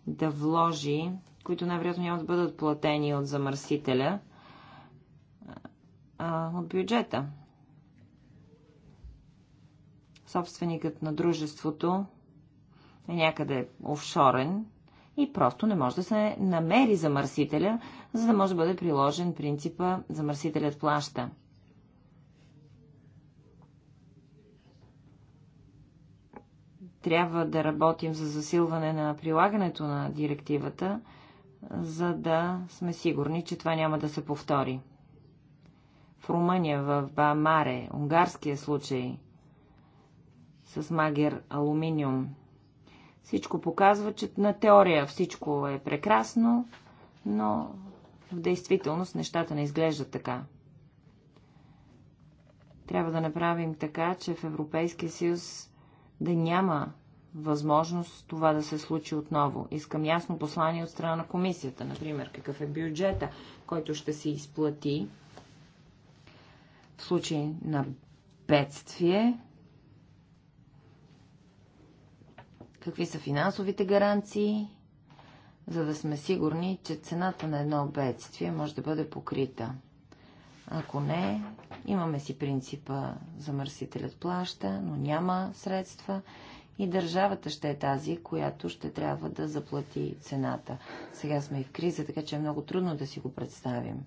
да вложи, които най-вероятно няма да бъдат платени от замърсителя, а, от бюджета. Собственикът на дружеството е някъде офшорен и просто не може да се намери замърсителя, за да може да бъде приложен принципа замърсителят плаща. Трябва да работим за засилване на прилагането на директивата, за да сме сигурни, че това няма да се повтори. В Румъния, в Бамаре, унгарския случай с магер алуминиум – всичко показва, че на теория всичко е прекрасно, но в действителност нещата не изглеждат така. Трябва да направим така, че в Европейския съюз да няма възможност това да се случи отново. Искам ясно послание от страна на комисията, например, какъв е бюджета, който ще се изплати в случай на бедствие, Какви са финансовите гаранции, за да сме сигурни, че цената на едно бедствие може да бъде покрита? Ако не, имаме си принципа замърсителят плаща, но няма средства и държавата ще е тази, която ще трябва да заплати цената. Сега сме и в криза, така че е много трудно да си го представим.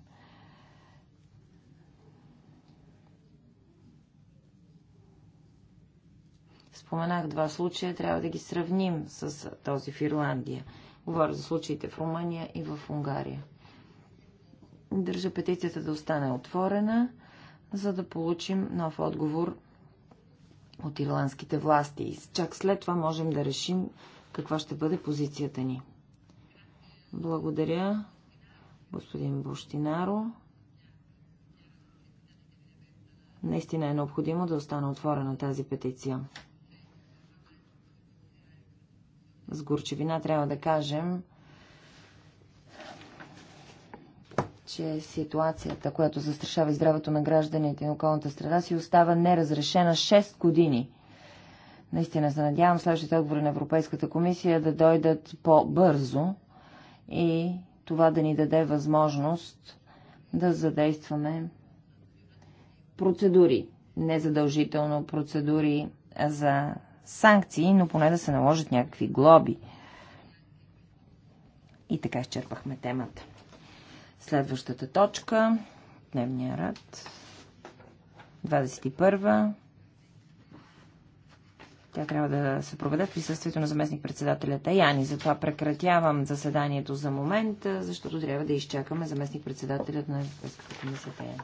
Споменах два случая, трябва да ги сравним с този в Ирландия. Говоря за случаите в Румъния и в Унгария. Държа петицията да остане отворена, за да получим нов отговор от ирландските власти. И чак след това можем да решим каква ще бъде позицията ни. Благодаря, господин Бощинаро. Наистина е необходимо да остане отворена тази петиция с горчевина трябва да кажем, че ситуацията, която застрашава здравето на гражданите и околната среда, си остава неразрешена 6 години. Наистина се надявам следващите отговори на Европейската комисия да дойдат по-бързо и това да ни даде възможност да задействаме процедури, незадължително процедури за санкции, но поне да се наложат някакви глоби. И така изчерпахме темата. Следващата точка, дневния ред, 21 тя трябва да се проведе в присъствието на заместник-председателя Таяни. Затова прекратявам заседанието за момент, защото трябва да изчакаме заместник-председателят на Европейската комисия Таяни.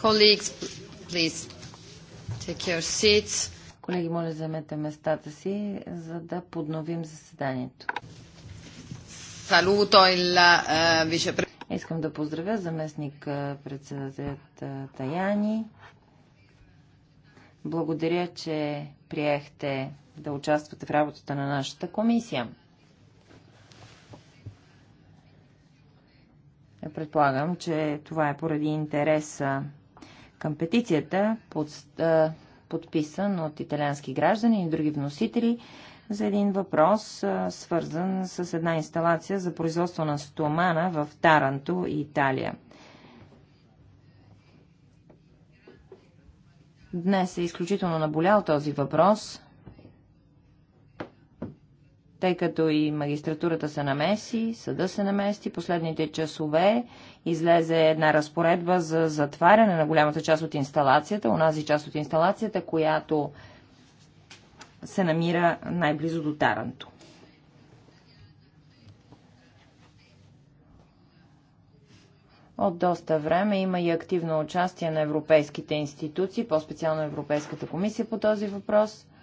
Colleagues, please take your seats. Колеги, моля, вземете местата си, за да подновим заседанието. Saluto il eh, Искам да поздравя заместник е, председателят е, Таяни. Благодаря, че приехте да участвате в работата на нашата комисия. Предполагам, че това е поради интереса към петицията, под, а, подписан от италиански граждани и други вносители, за един въпрос, а, свързан с една инсталация за производство на стомана в Таранто, Италия. Днес е изключително наболял този въпрос – тъй като и магистратурата се намеси, съда се намести, последните часове излезе една разпоредба за затваряне на голямата част от инсталацията, онази част от инсталацията, която се намира най-близо до Таранто. От доста време има и активно участие на европейските институции, по-специално Европейската комисия по този въпрос –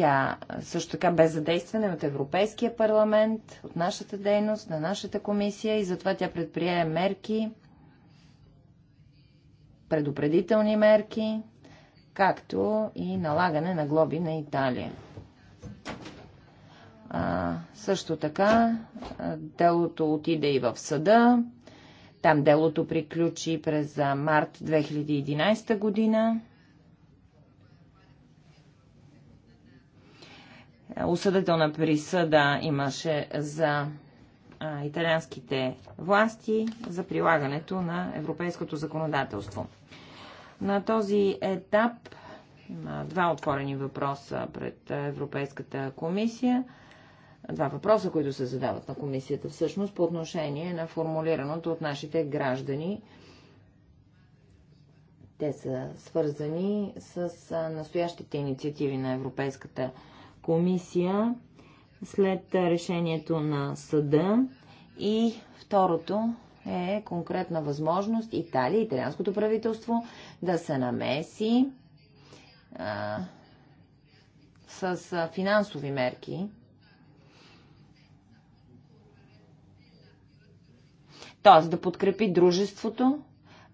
Тя също така бе задействана от Европейския парламент, от нашата дейност, на нашата комисия и затова тя предприе мерки, предупредителни мерки, както и налагане на глоби на Италия. А, също така, делото отиде и в съда. Там делото приключи през март 2011 година. осъдителна присъда имаше за италианските власти за прилагането на европейското законодателство. На този етап има два отворени въпроса пред Европейската комисия. Два въпроса, които се задават на комисията всъщност по отношение на формулираното от нашите граждани. Те са свързани с настоящите инициативи на Европейската комисия комисия след решението на съда. И второто е конкретна възможност Италия, италианското правителство да се намеси а, с финансови мерки. Т.е. да подкрепи дружеството,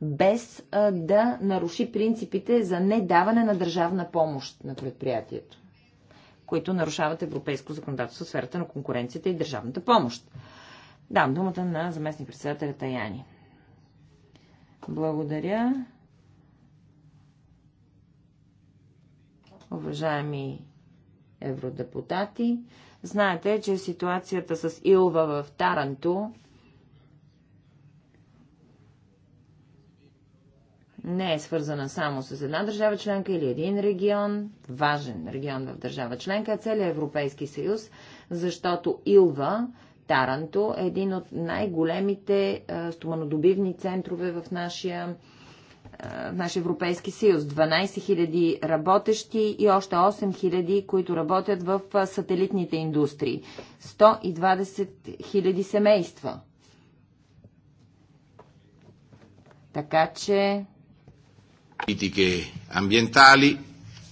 без а, да наруши принципите за недаване на държавна помощ на предприятието които нарушават европейско законодателство в сферата на конкуренцията и държавната помощ. Дам думата на заместник председателя Таяни. Благодаря. Уважаеми евродепутати, знаете, че ситуацията с Илва в Таранто не е свързана само с една държава членка или един регион, важен регион в държава членка, а е целият Европейски съюз, защото Илва, Таранто е един от най-големите стоманодобивни центрове в нашия в нашия Европейски съюз. 12 000 работещи и още 8 000, които работят в сателитните индустрии. 120 000 семейства. Така че Политики амбиентали,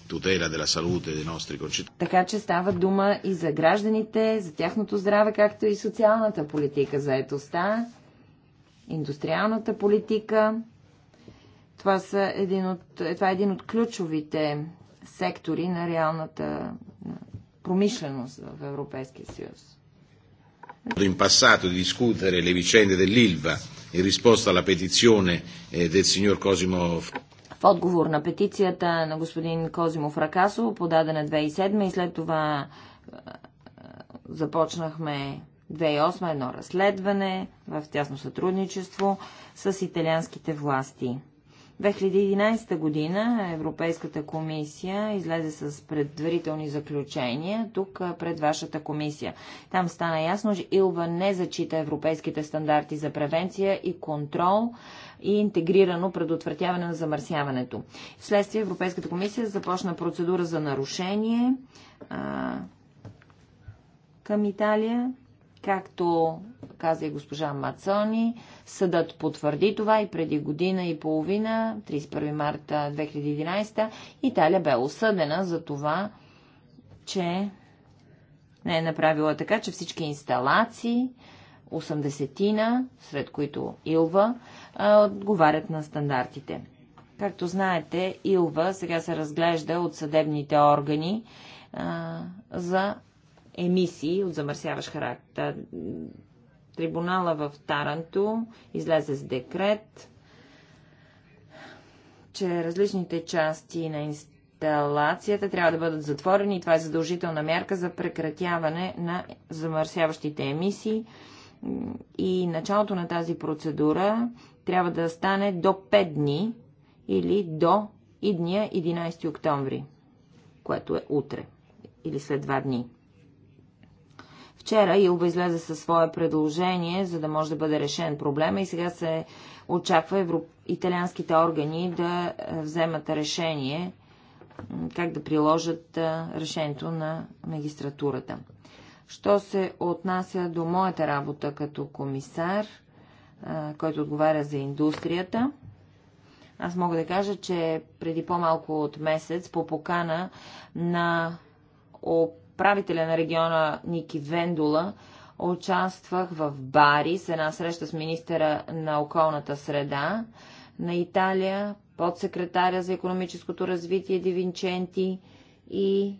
tutela della salute dei nostri concittadini. Така че става дума и за гражданите, за тяхното здраве, както и социалната политика, заетостта, индустриалната политика. Това, са един от, това е един от ключовите сектори на реалната промишленост в Европейския съюз. In passato di discutere le vicende dell'Ilva in risposta alla petizione eh, del signor Cosimo отговор на петицията на господин Козимов Ракасо, подадена 2007 и след това е, започнахме 2008 едно разследване в тясно сътрудничество с италианските власти. 2011 година Европейската комисия излезе с предварителни заключения тук е, пред вашата комисия. Там стана ясно, че Илва не зачита европейските стандарти за превенция и контрол и интегрирано предотвратяване на замърсяването. Вследствие Европейската комисия започна процедура за нарушение а, към Италия. Както каза и госпожа Мацони, съдът потвърди това и преди година и половина, 31 марта 2011, Италия бе осъдена за това, че не е направила така, че всички инсталации, 80-тина, сред които Илва, отговарят на стандартите. Както знаете, Илва сега се разглежда от съдебните органи за емисии от замърсяващ характер. Трибунала в Таранто излезе с декрет, че различните части на инсталацията трябва да бъдат затворени и това е задължителна мярка за прекратяване на замърсяващите емисии и началото на тази процедура трябва да стане до 5 дни или до идния 11 октомври, което е утре или след 2 дни. Вчера Илва излезе със свое предложение, за да може да бъде решен проблема и сега се очаква европ... италианските органи да е, вземат решение как да приложат е, решението на магистратурата. Що се отнася до моята работа като комисар, който отговаря за индустрията, аз мога да кажа, че преди по-малко от месец по покана на управителя на региона Ники Вендула участвах в Бари с една среща с министъра на околната среда на Италия, подсекретаря за економическото развитие Дивинченти и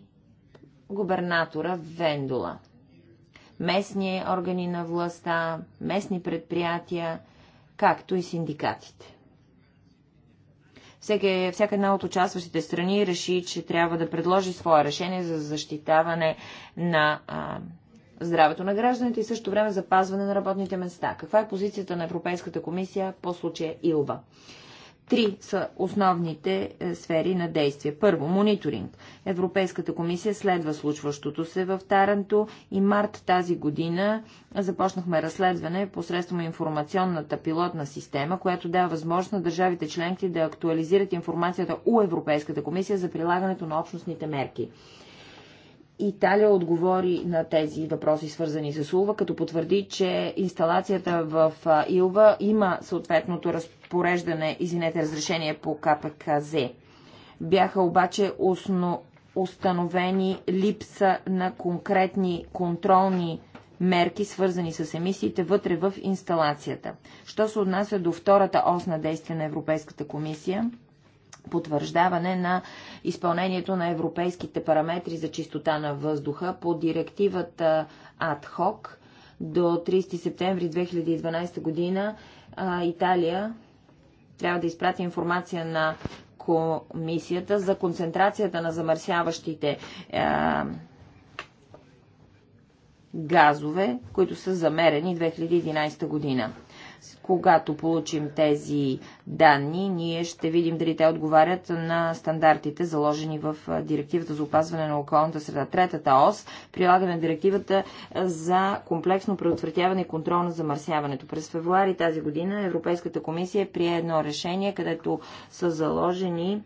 губернатора Вендула местни органи на властта, местни предприятия, както и синдикатите. Всеки, всяка една от участващите страни реши, че трябва да предложи свое решение за защитаване на а, здравето на гражданите и също време запазване на работните места. Каква е позицията на Европейската комисия по случая ИЛВА? Три са основните е, сфери на действие. Първо, мониторинг. Европейската комисия следва случващото се в Таранто и март тази година започнахме разследване посредством информационната пилотна система, която дава възможност на държавите членки да актуализират информацията у Европейската комисия за прилагането на общностните мерки. Италия отговори на тези въпроси, свързани с Улва, като потвърди, че инсталацията в Илва има съответното разпределение разпореждане, извинете, разрешение по КПКЗ. Бяха обаче основ... установени липса на конкретни контролни мерки, свързани с емисиите вътре в инсталацията. Що се отнася до втората ос на действие на Европейската комисия, потвърждаване на изпълнението на европейските параметри за чистота на въздуха по директивата АДХОК до 30 септември 2012 година Италия трябва да изпрати информация на комисията за концентрацията на замърсяващите е, газове, които са замерени 2011 година когато получим тези данни, ние ще видим дали те отговарят на стандартите, заложени в Директивата за опазване на околната среда. Третата ОС прилагаме Директивата за комплексно предотвратяване и контрол на замърсяването. През февруари тази година Европейската комисия прие едно решение, където са заложени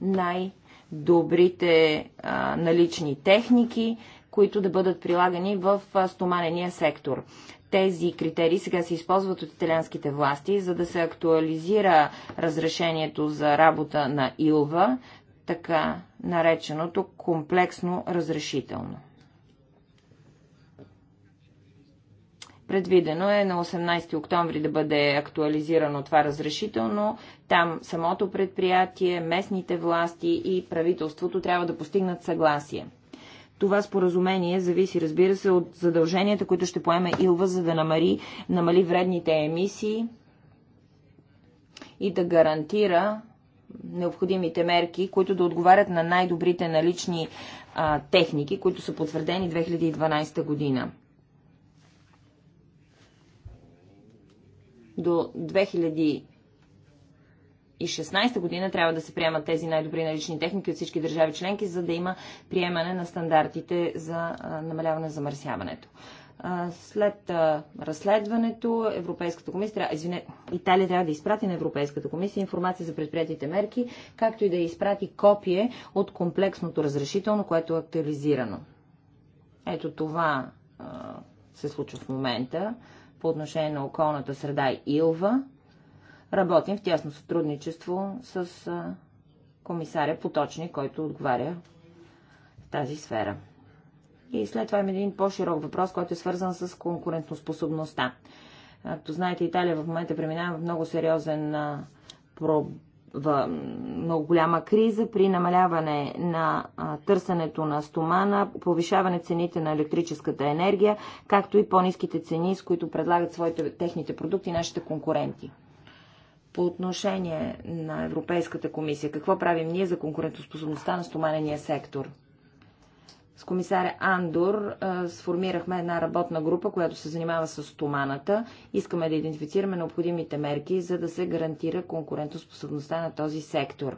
най-добрите налични техники, които да бъдат прилагани в стоманения сектор. Тези критерии сега се използват от италианските власти, за да се актуализира разрешението за работа на Илва, така нареченото комплексно разрешително. Предвидено е на 18 октомври да бъде актуализирано това разрешително. Там самото предприятие, местните власти и правителството трябва да постигнат съгласие. Това споразумение зависи, разбира се, от задълженията, които ще поеме Илва, за да намали, намали вредните емисии и да гарантира необходимите мерки, които да отговарят на най-добрите налични а, техники, които са потвърдени 2012 година. До 2016 година трябва да се приемат тези най-добри налични техники от всички държави членки, за да има приемане на стандартите за намаляване на замърсяването. След разследването Европейската комисия, извине, Италия трябва да изпрати на Европейската комисия информация за предприятите мерки, както и да изпрати копие от комплексното разрешително, което е актуализирано. Ето това се случва в момента по отношение на околната среда и Илва. Работим в тясно сътрудничество с комисаря Поточни, който отговаря в тази сфера. И след това има един по-широк въпрос, който е свързан с конкурентоспособността. Както знаете, Италия в момента преминава в много сериозен про... в много голяма криза при намаляване на търсенето на стомана, повишаване цените на електрическата енергия, както и по-низките цени, с които предлагат своите техните продукти нашите конкуренти по отношение на Европейската комисия? Какво правим ние за конкурентоспособността на стоманения сектор? С комисаря Андор а, сформирахме една работна група, която се занимава с стоманата. Искаме да идентифицираме необходимите мерки, за да се гарантира конкурентоспособността на този сектор.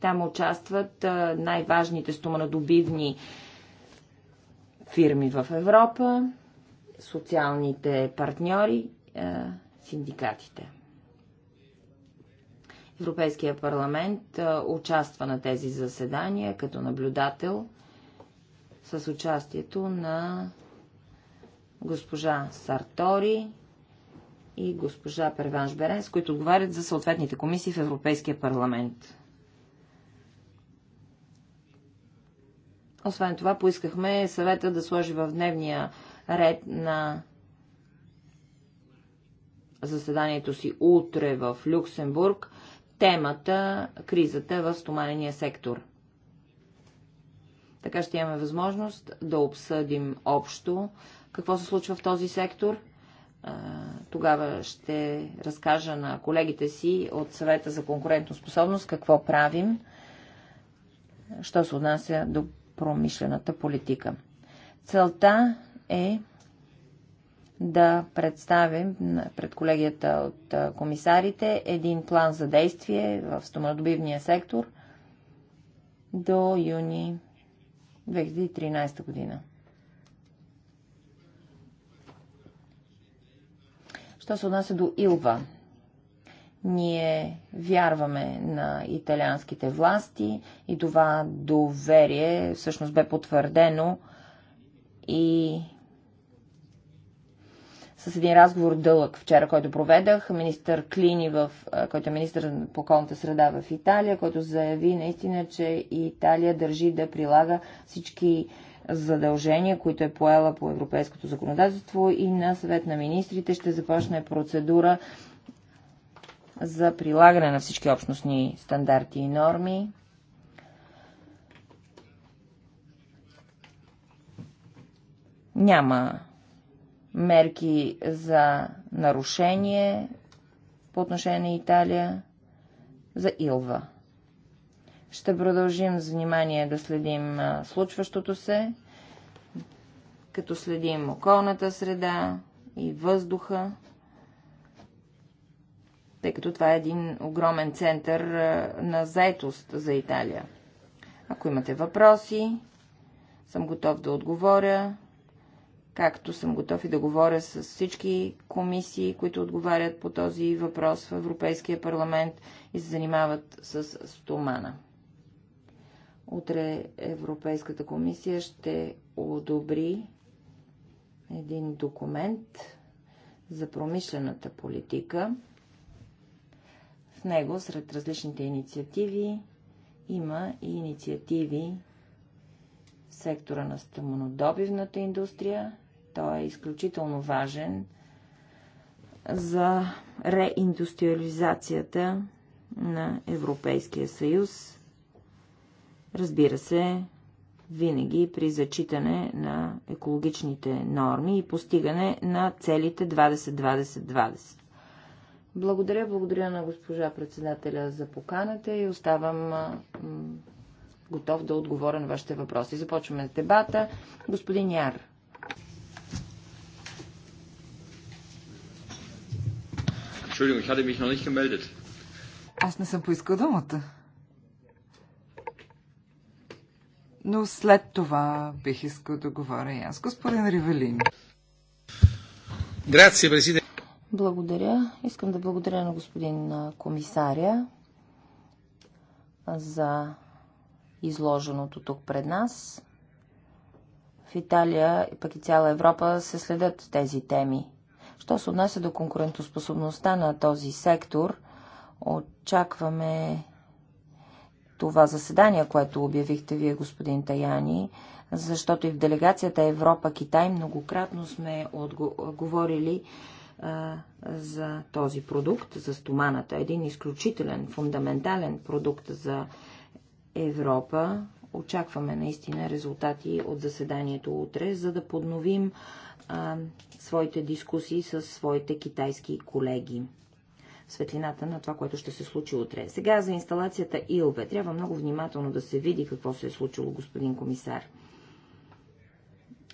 Там участват най-важните стоманодобивни фирми в Европа, социалните партньори, синдикатите. Европейския парламент участва на тези заседания като наблюдател с участието на госпожа Сартори и госпожа Перванш Беренс, които отговарят за съответните комисии в Европейския парламент. Освен това, поискахме съвета да сложи в дневния ред на заседанието си утре в Люксембург темата кризата в стоманения сектор. Така ще имаме възможност да обсъдим общо какво се случва в този сектор. Тогава ще разкажа на колегите си от съвета за конкурентоспособност какво правим, що се отнася до промишлената политика. Целта е да представим пред колегията от комисарите един план за действие в стомадобивния сектор до юни 2013 година. Що се отнася до Илва? Ние вярваме на италианските власти и това доверие всъщност бе потвърдено и с един разговор дълъг вчера, който проведах. Министър Клини, в, който е министър по околната среда в Италия, който заяви наистина, че Италия държи да прилага всички задължения, които е поела по европейското законодателство и на съвет на министрите ще започне процедура за прилагане на всички общностни стандарти и норми. Няма мерки за нарушение по отношение на Италия за Илва. Ще продължим с внимание да следим случващото се, като следим околната среда и въздуха, тъй като това е един огромен център на заетост за Италия. Ако имате въпроси, съм готов да отговоря както съм готов и да говоря с всички комисии, които отговарят по този въпрос в Европейския парламент и се занимават с стомана. Утре Европейската комисия ще одобри един документ за промишлената политика. В него, сред различните инициативи, има и инициативи в сектора на стъмонодобивната индустрия той е изключително важен за реиндустриализацията на Европейския съюз. Разбира се, винаги при зачитане на екологичните норми и постигане на целите 20-20-20. Благодаря, благодаря на госпожа председателя за поканата и оставам готов да отговоря на вашите въпроси. Започваме дебата. Господин Яр. Entschuldigung, ich hatte mich noch nicht gemeldet. Аз не съм поискал думата. Но след това бих искал да говоря и аз. Господин Ривелин. Грация, президент. Благодаря. Искам да благодаря на господин комисаря за изложеното тук пред нас. В Италия, и пък и цяла Европа се следят тези теми. Що се отнася до конкурентоспособността на този сектор, очакваме това заседание, което обявихте вие, господин Таяни, защото и в делегацията Европа-Китай многократно сме говорили за този продукт, за стоманата. Един изключителен, фундаментален продукт за Европа. Очакваме наистина резултати от заседанието утре, за да подновим а, своите дискусии с своите китайски колеги. светлината на това, което ще се случи утре. Сега за инсталацията Илве. Трябва много внимателно да се види какво се е случило, господин комисар.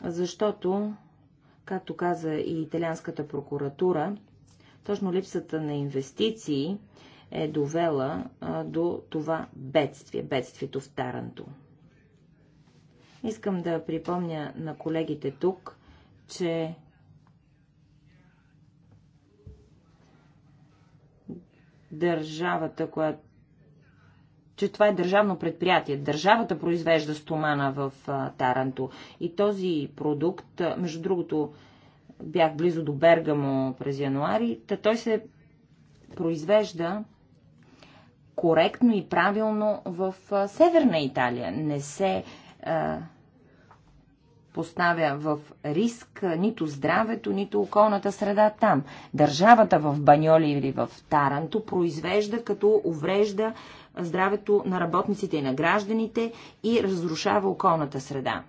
Защото, както каза и италианската прокуратура, точно липсата на инвестиции е довела а, до това бедствие, бедствието в Таранто. Искам да припомня на колегите тук, че държавата, която че това е държавно предприятие. Държавата произвежда стомана в Таранто. И този продукт, между другото, бях близо до Бергамо през януари, та той се произвежда коректно и правилно в Северна Италия. Не се а, поставя в риск нито здравето, нито околната среда там. Държавата в Баньоли или в Таранто произвежда като уврежда здравето на работниците и на гражданите и разрушава околната среда.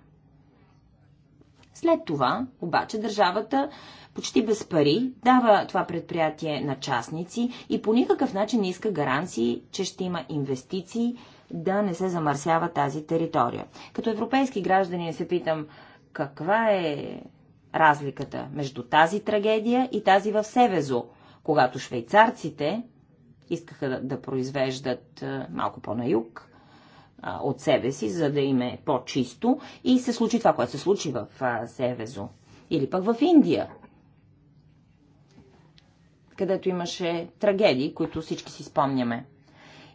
След това, обаче, държавата почти без пари дава това предприятие на частници и по никакъв начин не иска гаранции, че ще има инвестиции да не се замърсява тази територия. Като европейски граждани се питам, каква е разликата между тази трагедия и тази в Севезо, когато швейцарците искаха да, да произвеждат малко по-на юг от себе си, за да им е по-чисто и се случи това, което се случи в Севезо. Или пък в Индия, където имаше трагедии, които всички си спомняме.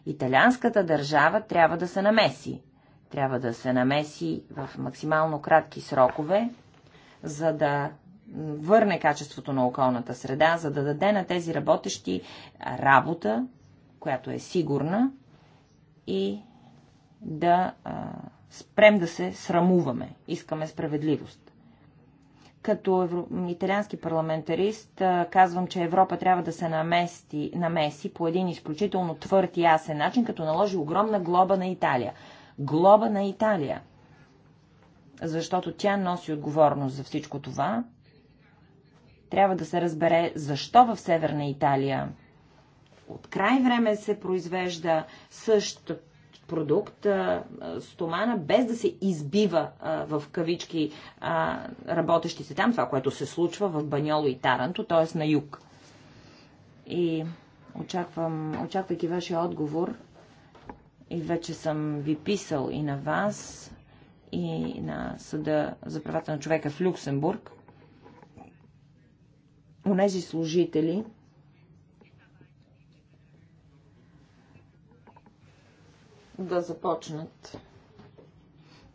Италианската държава трябва да се намеси трябва да се намеси в максимално кратки срокове, за да върне качеството на околната среда, за да даде на тези работещи работа, която е сигурна и да а, спрем да се срамуваме. Искаме справедливост. Като евро... италиански парламентарист а, казвам, че Европа трябва да се намести, намеси по един изключително твърд и ясен начин, като наложи огромна глоба на Италия глоба на Италия. Защото тя носи отговорност за всичко това. Трябва да се разбере защо в Северна Италия от край време се произвежда същ продукт, стомана, без да се избива в кавички работещи се там, това, което се случва в Баньоло и Таранто, т.е. на юг. И очаквам, очаквайки вашия отговор, и вече съм ви писал и на вас, и на Съда за правата на човека в Люксембург. Онези служители, да започнат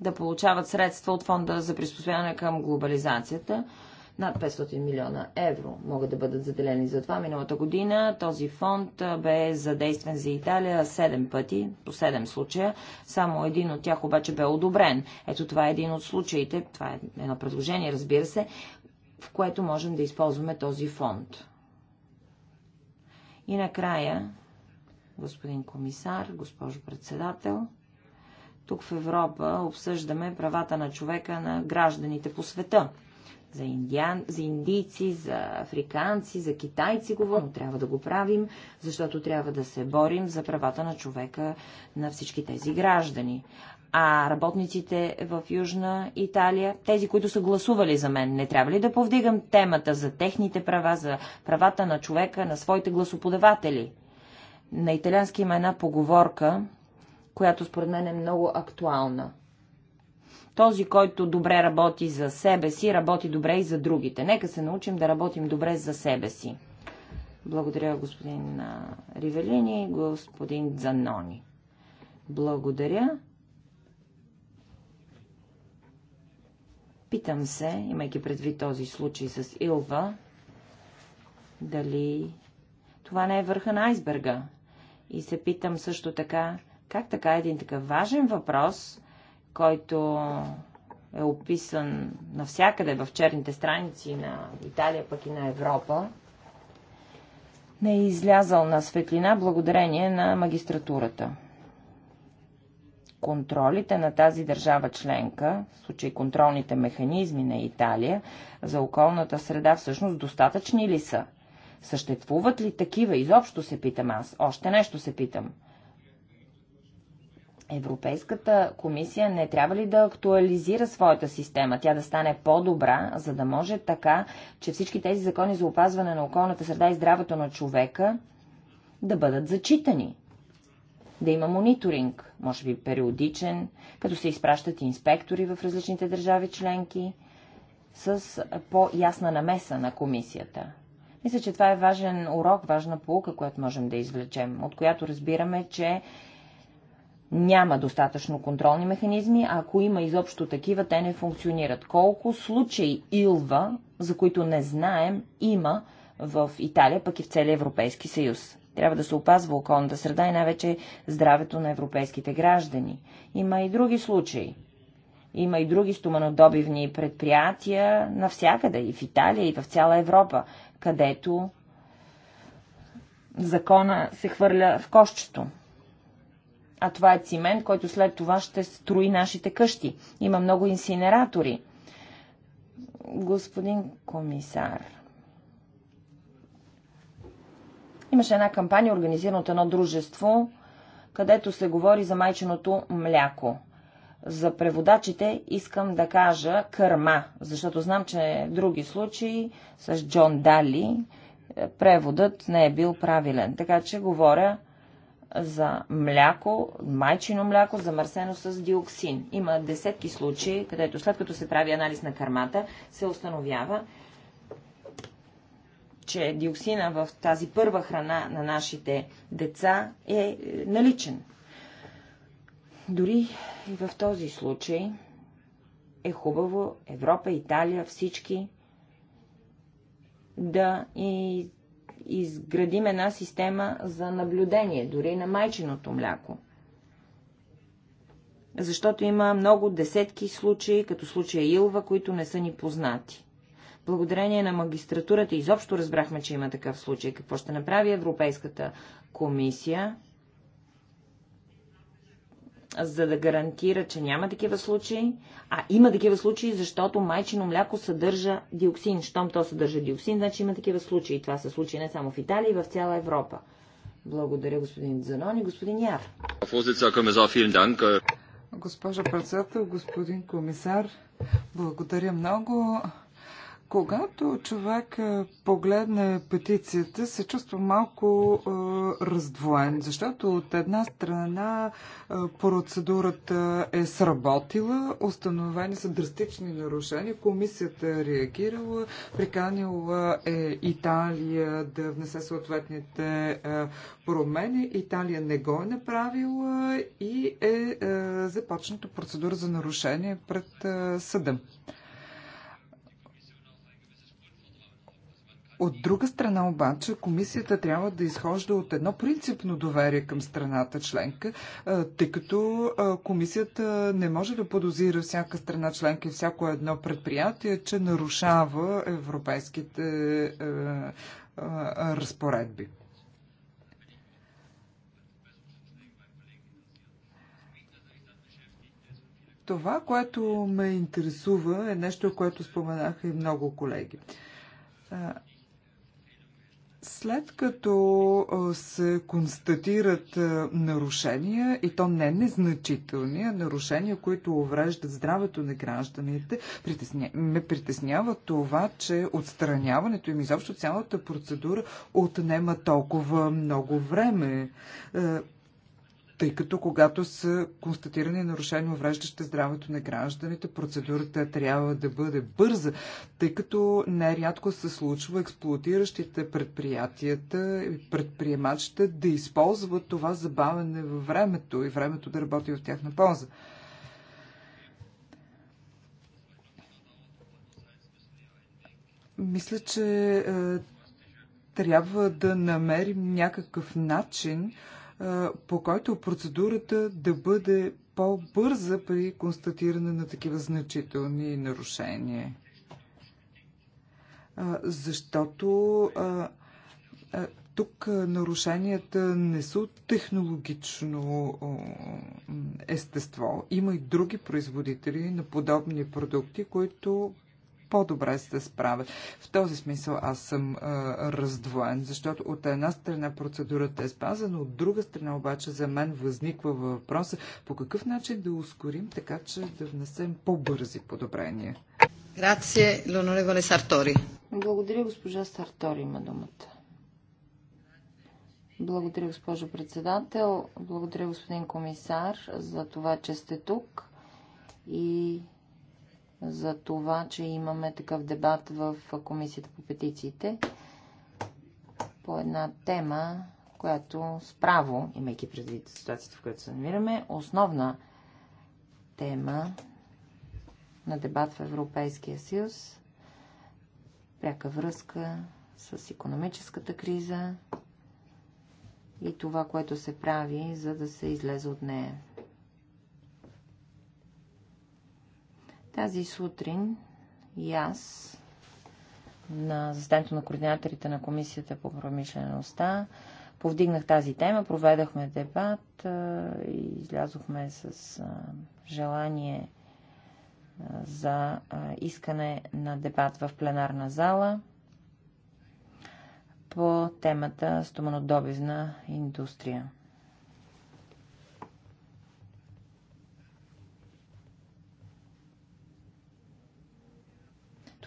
да получават средства от фонда за приспособяване към глобализацията, над 500 милиона евро могат да бъдат заделени за това. Миналата година този фонд бе задействан за Италия 7 пъти, по 7 случая. Само един от тях обаче бе одобрен. Ето това е един от случаите, това е едно предложение, разбира се, в което можем да използваме този фонд. И накрая, господин комисар, госпожо председател, тук в Европа обсъждаме правата на човека на гражданите по света за, индиан, за индийци, за африканци, за китайци говорим. Трябва да го правим, защото трябва да се борим за правата на човека на всички тези граждани. А работниците в Южна Италия, тези, които са гласували за мен, не трябва ли да повдигам темата за техните права, за правата на човека, на своите гласоподаватели? На италиански има една поговорка, която според мен е много актуална – този, който добре работи за себе си, работи добре и за другите. Нека се научим да работим добре за себе си. Благодаря, господин Ривелини и господин Занони. Благодаря. Питам се, имайки предвид този случай с Илва, дали това не е върха на айсберга. И се питам също така, как така един такъв важен въпрос който е описан навсякъде в черните страници на Италия, пък и на Европа, не е излязал на светлина благодарение на магистратурата. Контролите на тази държава членка, в случай контролните механизми на Италия, за околната среда всъщност достатъчни ли са? Съществуват ли такива? Изобщо се питам аз. Още нещо се питам – Европейската комисия не трябва ли да актуализира своята система, тя да стане по-добра, за да може така, че всички тези закони за опазване на околната среда и здравето на човека да бъдат зачитани? Да има мониторинг, може би периодичен, като се изпращат инспектори в различните държави членки, с по-ясна намеса на комисията. Мисля, че това е важен урок, важна полука, която можем да извлечем, от която разбираме, че няма достатъчно контролни механизми, а ако има изобщо такива, те не функционират. Колко случаи Илва, за които не знаем, има в Италия, пък и в целия Европейски съюз. Трябва да се опазва околната среда и най-вече здравето на европейските граждани. Има и други случаи. Има и други стоманодобивни предприятия навсякъде, и в Италия, и в цяла Европа, където закона се хвърля в кошчето. А това е цимент, който след това ще строи нашите къщи. Има много инсинератори. Господин комисар, имаше една кампания, организирана от едно дружество, където се говори за майченото мляко. За преводачите искам да кажа кърма, защото знам, че в други случаи с Джон Дали преводът не е бил правилен. Така че говоря за мляко, майчино мляко, замърсено с диоксин. Има десетки случаи, където след като се прави анализ на кармата, се установява, че диоксина в тази първа храна на нашите деца е, е наличен. Дори и в този случай е хубаво Европа, Италия, всички да и изградим една система за наблюдение, дори на майчиното мляко. Защото има много десетки случаи, като случая Илва, които не са ни познати. Благодарение на магистратурата изобщо разбрахме, че има такъв случай. Какво ще направи Европейската комисия? за да гарантира, че няма такива случаи, а има такива случаи, защото майчино мляко съдържа диоксин. Щом то съдържа диоксин, значи има такива случаи. Това са случаи не само в Италия, и в цяла Европа. Благодаря, господин и Господин Яр. Госпожа председател, господин комисар, благодаря много. Когато човек е, погледне петицията, се чувства малко е, раздвоен, защото от една страна е, процедурата е сработила, установени са драстични нарушения, комисията е реагирала, приканила е Италия да внесе съответните е, промени, Италия не го е направила и е, е започната процедура за нарушение пред е, съда. От друга страна обаче, комисията трябва да изхожда от едно принципно доверие към страната членка, тъй като комисията не може да подозира всяка страна членка и всяко едно предприятие, че нарушава европейските разпоредби. Това, което ме интересува, е нещо, което споменаха и много колеги. След като се констатират нарушения, и то не незначителни, а нарушения, които увреждат здравето на гражданите, притесня... ме притеснява това, че отстраняването им изобщо цялата процедура отнема толкова много време тъй като когато са констатирани нарушения, увреждащи здравето на гражданите, процедурата трябва да бъде бърза, тъй като нерядко се случва експлуатиращите предприятията и предприемачите да използват това забавене във времето и времето да работи в тяхна полза. Мисля, че е, трябва да намерим някакъв начин, е, по който процедурата да бъде по-бърза при констатиране на такива значителни нарушения. Защото тук нарушенията не са от технологично естество. Има и други производители на подобни продукти, които по-добре се справят. В този смисъл аз съм а, раздвоен, защото от една страна процедурата е спазена, от друга страна обаче за мен възниква въпроса по какъв начин да ускорим, така че да внесем по-бързи подобрения. Грация, лонореволе Сартори. Благодаря, госпожа Сартори има думата. Благодаря, госпожо председател. Благодаря, господин комисар, за това, че сте тук и за това, че имаме такъв дебат в Комисията по петициите по една тема, която справо, имайки предвид ситуацията, в която се намираме, основна тема на дебат в Европейския съюз, пряка връзка с економическата криза и това, което се прави, за да се излезе от нея. Тази сутрин и аз на заседанието на координаторите на Комисията по промишлеността повдигнах тази тема, проведахме дебат и излязохме с желание за искане на дебат в пленарна зала по темата стоманодобивна индустрия.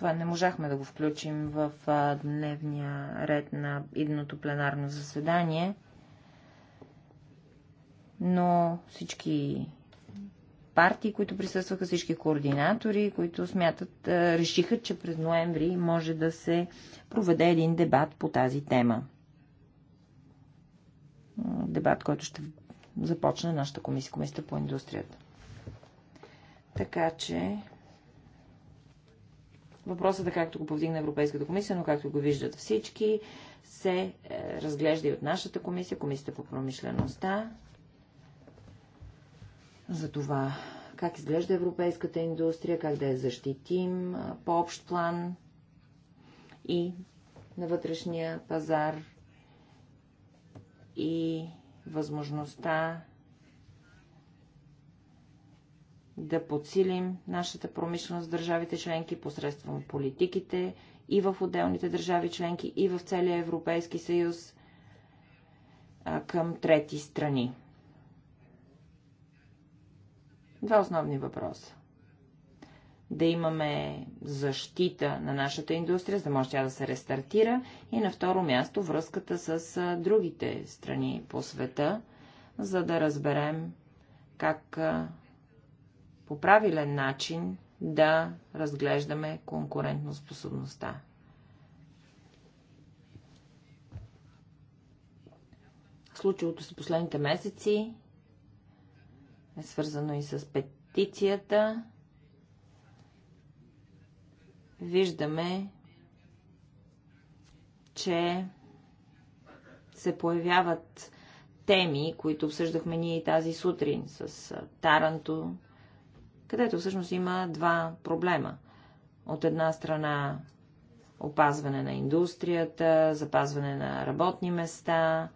Това не можахме да го включим в дневния ред на идното пленарно заседание, но всички партии, които присъстваха, всички координатори, които смятат, решиха, че през ноември може да се проведе един дебат по тази тема. Дебат, който ще започне нашата комисия, комисията по индустрията. Така че Въпросът е както го повдигна Европейската комисия, но както го виждат всички, се е, разглежда и от нашата комисия, комисията по промишлеността, за това как изглежда европейската индустрия, как да я защитим е, по общ план и на вътрешния пазар и възможността да подсилим нашата промишленост в държавите членки посредством политиките и в отделните държави членки, и в целия Европейски съюз а, към трети страни. Два основни въпроса. Да имаме защита на нашата индустрия, за да може тя да се рестартира. И на второ място връзката с другите страни по света, за да разберем как по правилен начин да разглеждаме конкурентноспособността. Случилото се последните месеци е свързано и с петицията. Виждаме, че се появяват теми, които обсъждахме ние и тази сутрин с Таранто, където всъщност има два проблема. От една страна опазване на индустрията, запазване на работни места,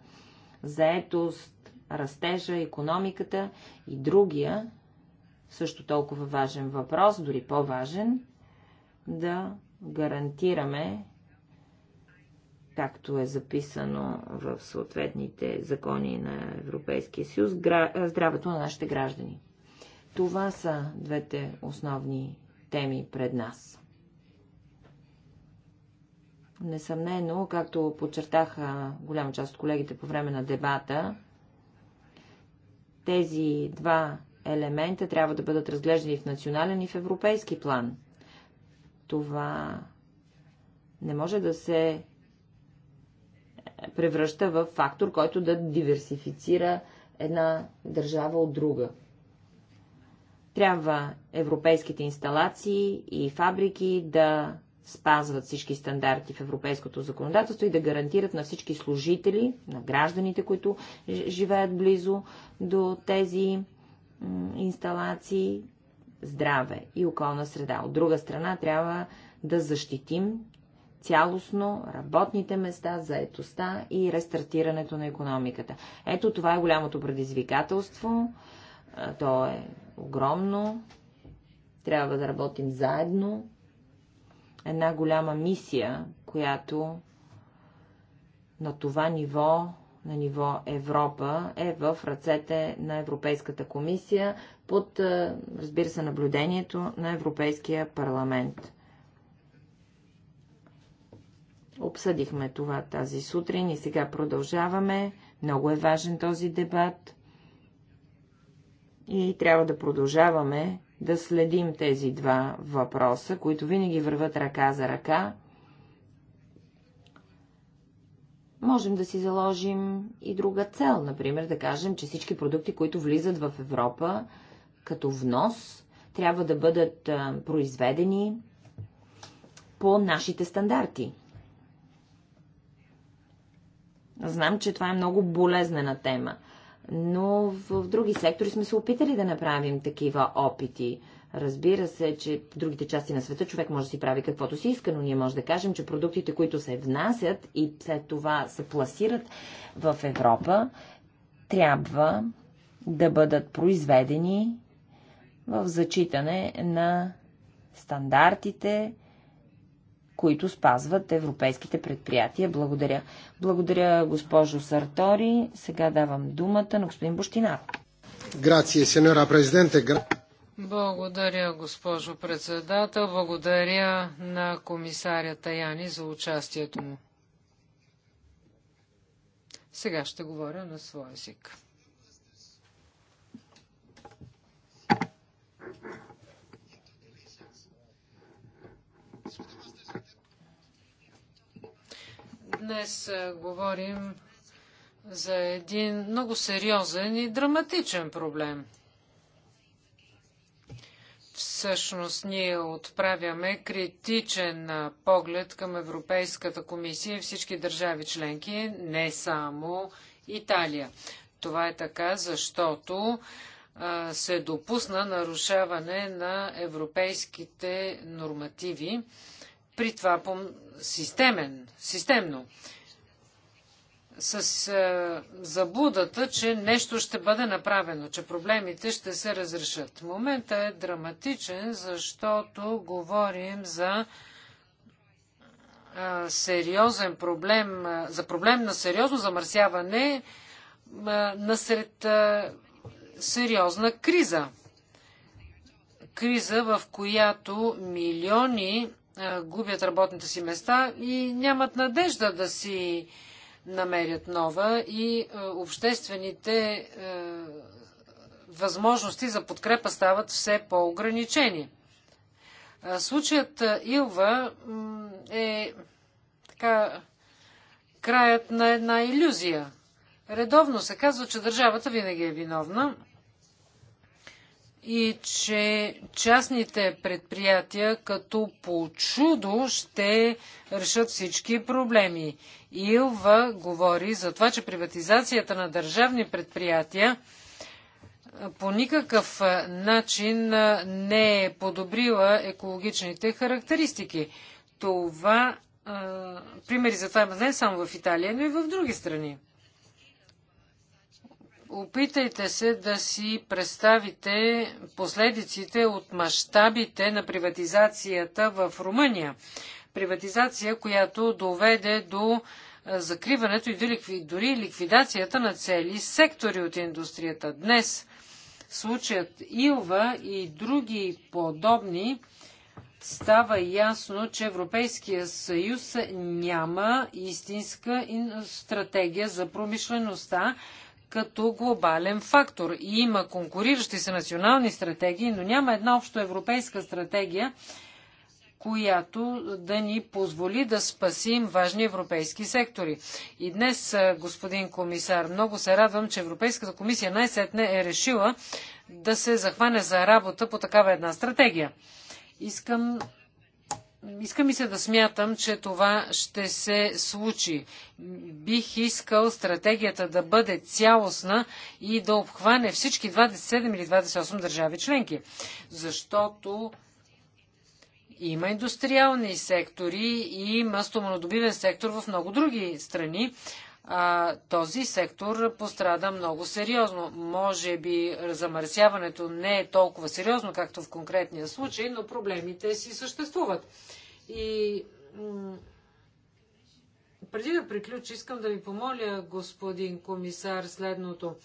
заетост, растежа, економиката и другия, също толкова важен въпрос, дори по-важен, да гарантираме, както е записано в съответните закони на Европейския съюз, здравето на нашите граждани. Това са двете основни теми пред нас. Несъмнено, както подчертаха голяма част от колегите по време на дебата, тези два елемента трябва да бъдат разглеждани в национален и в европейски план. Това не може да се превръща в фактор, който да диверсифицира една държава от друга. Трябва европейските инсталации и фабрики да спазват всички стандарти в европейското законодателство и да гарантират на всички служители, на гражданите, които живеят близо до тези инсталации, здраве и околна среда. От друга страна, трябва да защитим цялостно работните места, заетостта и рестартирането на економиката. Ето това е голямото предизвикателство. То е огромно. Трябва да работим заедно. Една голяма мисия, която на това ниво, на ниво Европа, е в ръцете на Европейската комисия под, разбира се, наблюдението на Европейския парламент. Обсъдихме това тази сутрин и сега продължаваме. Много е важен този дебат и трябва да продължаваме да следим тези два въпроса, които винаги върват ръка за ръка. Можем да си заложим и друга цел, например да кажем, че всички продукти, които влизат в Европа като внос, трябва да бъдат произведени по нашите стандарти. Знам, че това е много болезнена тема но в други сектори сме се опитали да направим такива опити. Разбира се, че в другите части на света човек може да си прави каквото си иска, но ние може да кажем, че продуктите, които се внасят и след това се пласират в Европа, трябва да бъдат произведени в зачитане на стандартите, които спазват европейските предприятия. Благодаря. Благодаря, госпожо Сартори. Сега давам думата на господин Бощинар. Грация, сеньора президенте. Благодаря, госпожо председател. Благодаря на комисаря Таяни за участието му. Сега ще говоря на своя език. Днес говорим за един много сериозен и драматичен проблем. Всъщност ние отправяме критичен поглед към Европейската комисия и всички държави членки, не само Италия. Това е така, защото а, се допусна нарушаване на европейските нормативи при това по системен, системно. С а, е, заблудата, че нещо ще бъде направено, че проблемите ще се разрешат. Момента е драматичен, защото говорим за а, е, сериозен проблем, а, е, за проблем на сериозно замърсяване а, насред а, сериозна криза. Криза, в която милиони е, губят работните си места и нямат надежда да си намерят нова и е, обществените е, възможности за подкрепа стават все по-ограничени. Случаят Илва е така краят на една иллюзия. Редовно се казва, че държавата винаги е виновна и че частните предприятия като по чудо ще решат всички проблеми. Илва говори за това, че приватизацията на държавни предприятия по никакъв начин не е подобрила екологичните характеристики. Това, а, примери за това има не само в Италия, но и в други страни. Опитайте се да си представите последиците от мащабите на приватизацията в Румъния. Приватизация, която доведе до закриването и дори ликвидацията на цели сектори от индустрията. Днес случаят Илва и други подобни става ясно, че Европейския съюз няма истинска стратегия за промишлеността, като глобален фактор. И има конкуриращи се национални стратегии, но няма една общо европейска стратегия, която да ни позволи да спасим важни европейски сектори. И днес, господин комисар, много се радвам, че Европейската комисия най-сетне е решила да се захване за работа по такава една стратегия. Искам иска ми се да смятам, че това ще се случи. Бих искал стратегията да бъде цялостна и да обхване всички 27 или 28 държави членки. Защото има индустриални сектори и има стоманодобивен сектор в много други страни, а, този сектор пострада много сериозно. Може би замърсяването не е толкова сериозно, както в конкретния случай, но проблемите си съществуват. И преди да приключи, искам да ви помоля, господин комисар, следното.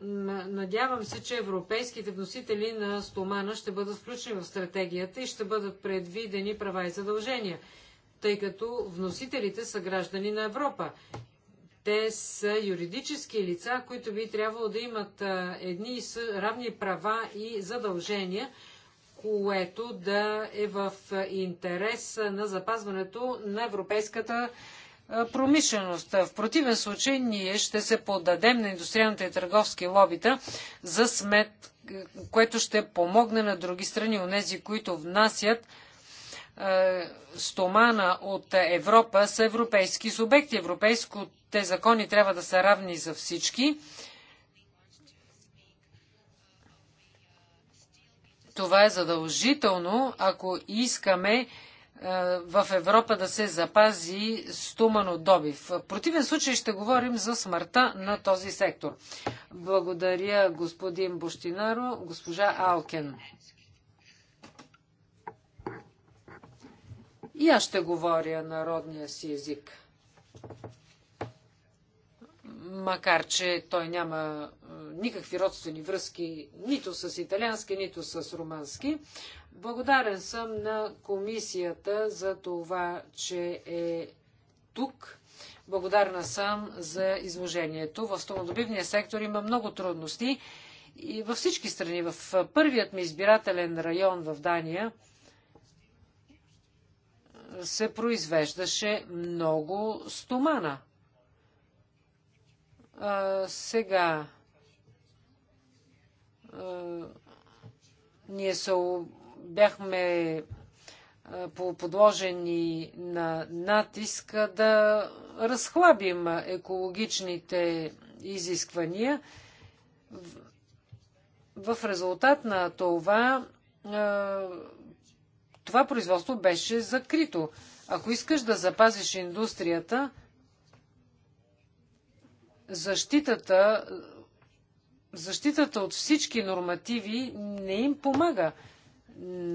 Надявам се, че европейските вносители на стомана ще бъдат включени в стратегията и ще бъдат предвидени права и задължения тъй като вносителите са граждани на Европа. Те са юридически лица, които би трябвало да имат едни равни права и задължения, което да е в интерес на запазването на европейската промишленост. В противен случай ние ще се подадем на индустриалните и търговски лобита за смет, което ще помогне на други страни, онези, които внасят е, стомана от Европа са европейски субекти. европейско те закони трябва да са равни за всички. Това е задължително, ако искаме е, в Европа да се запази стумано добив. В противен случай ще говорим за смъртта на този сектор. Благодаря господин Бощинаро, госпожа Алкен. И аз ще говоря народния си език. Макар, че той няма никакви родствени връзки нито с италиански, нито с румански. Благодарен съм на комисията за това, че е тук. Благодарна съм за изложението. В стомодобивния сектор има много трудности и във всички страни. В първият ми избирателен район в Дания – се произвеждаше много стомана. А, сега а, ние са, бяхме подложени на натиск да разхлабим екологичните изисквания. В резултат на това това производство беше закрито. Ако искаш да запазиш индустрията, защитата, защитата от всички нормативи не им помага.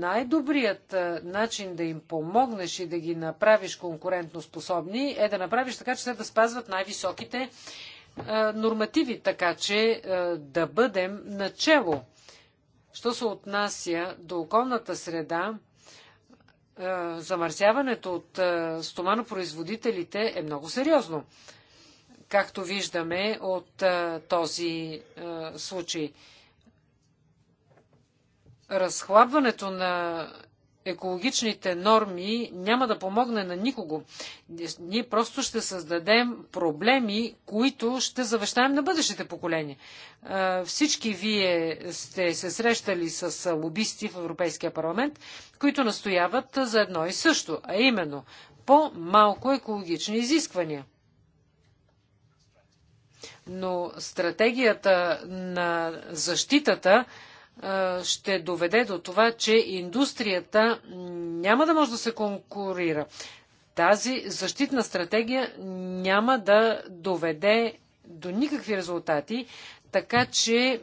Най-добрият начин да им помогнеш и да ги направиш конкурентоспособни е да направиш така, че те да спазват най-високите нормативи, така че да бъдем начало. Що се отнася до околната среда, е, замърсяването от е, стоманопроизводителите е много сериозно, както виждаме от е, този случай. Разхлабването на екологичните норми няма да помогне на никого. Ние просто ще създадем проблеми, които ще завещаем на бъдещите поколения. Всички вие сте се срещали с лобисти в Европейския парламент, които настояват за едно и също, а именно по-малко екологични изисквания. Но стратегията на защитата ще доведе до това, че индустрията няма да може да се конкурира. Тази защитна стратегия няма да доведе до никакви резултати, така че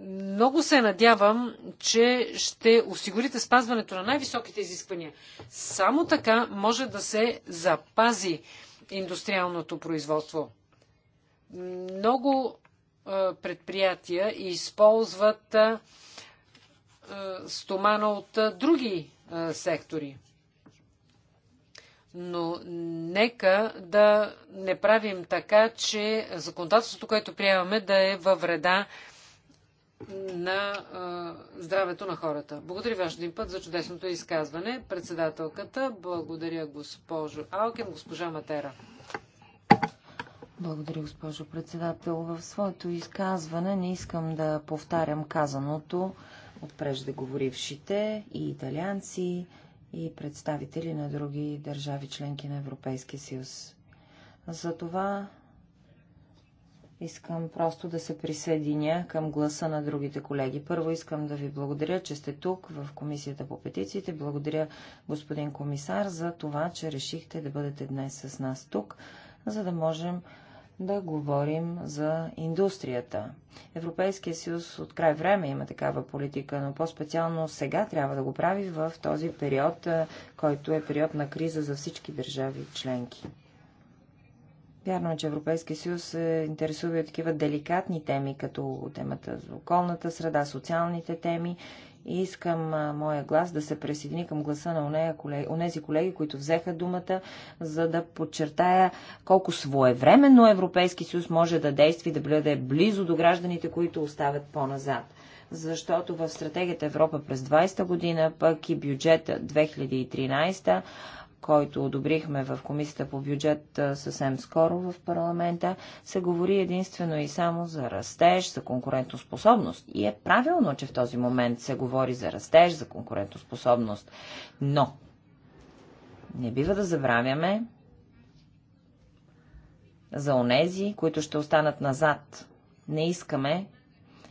много се надявам, че ще осигурите спазването на най-високите изисквания. Само така може да се запази индустриалното производство. Много е, предприятия и използват е, е, стомана от други сектори. Но нека да не правим така, че законодателството, което приемаме, да е във вреда на а, здравето на хората. Благодаря ви още един път за чудесното изказване. Председателката, благодаря госпожо Алкин, госпожа Матера. Благодаря, госпожо председател. В своето изказване не искам да повтарям казаното от преждеговорившите и италианци, и представители на други държави членки на Европейския съюз. Затова искам просто да се присъединя към гласа на другите колеги. Първо искам да ви благодаря, че сте тук в Комисията по петициите. Благодаря, господин комисар, за това, че решихте да бъдете днес с нас тук, за да можем да говорим за индустрията. Европейския съюз от край време има такава политика, но по-специално сега трябва да го прави в този период, който е период на криза за всички държави членки. Вярно е, че Европейския съюз се интересува от такива деликатни теми, като темата за околната среда, социалните теми и искам а, моя глас да се присъедини към гласа на онези колеги, колеги, които взеха думата, за да подчертая колко своевременно Европейски съюз може да действи и да бъде близо до гражданите, които оставят по-назад. Защото в стратегията Европа през 20-та година, пък и бюджета 2013 който одобрихме в Комисията по бюджет съвсем скоро в парламента, се говори единствено и само за растеж, за конкурентоспособност. И е правилно, че в този момент се говори за растеж, за конкурентоспособност. Но не бива да забравяме за онези, които ще останат назад. Не искаме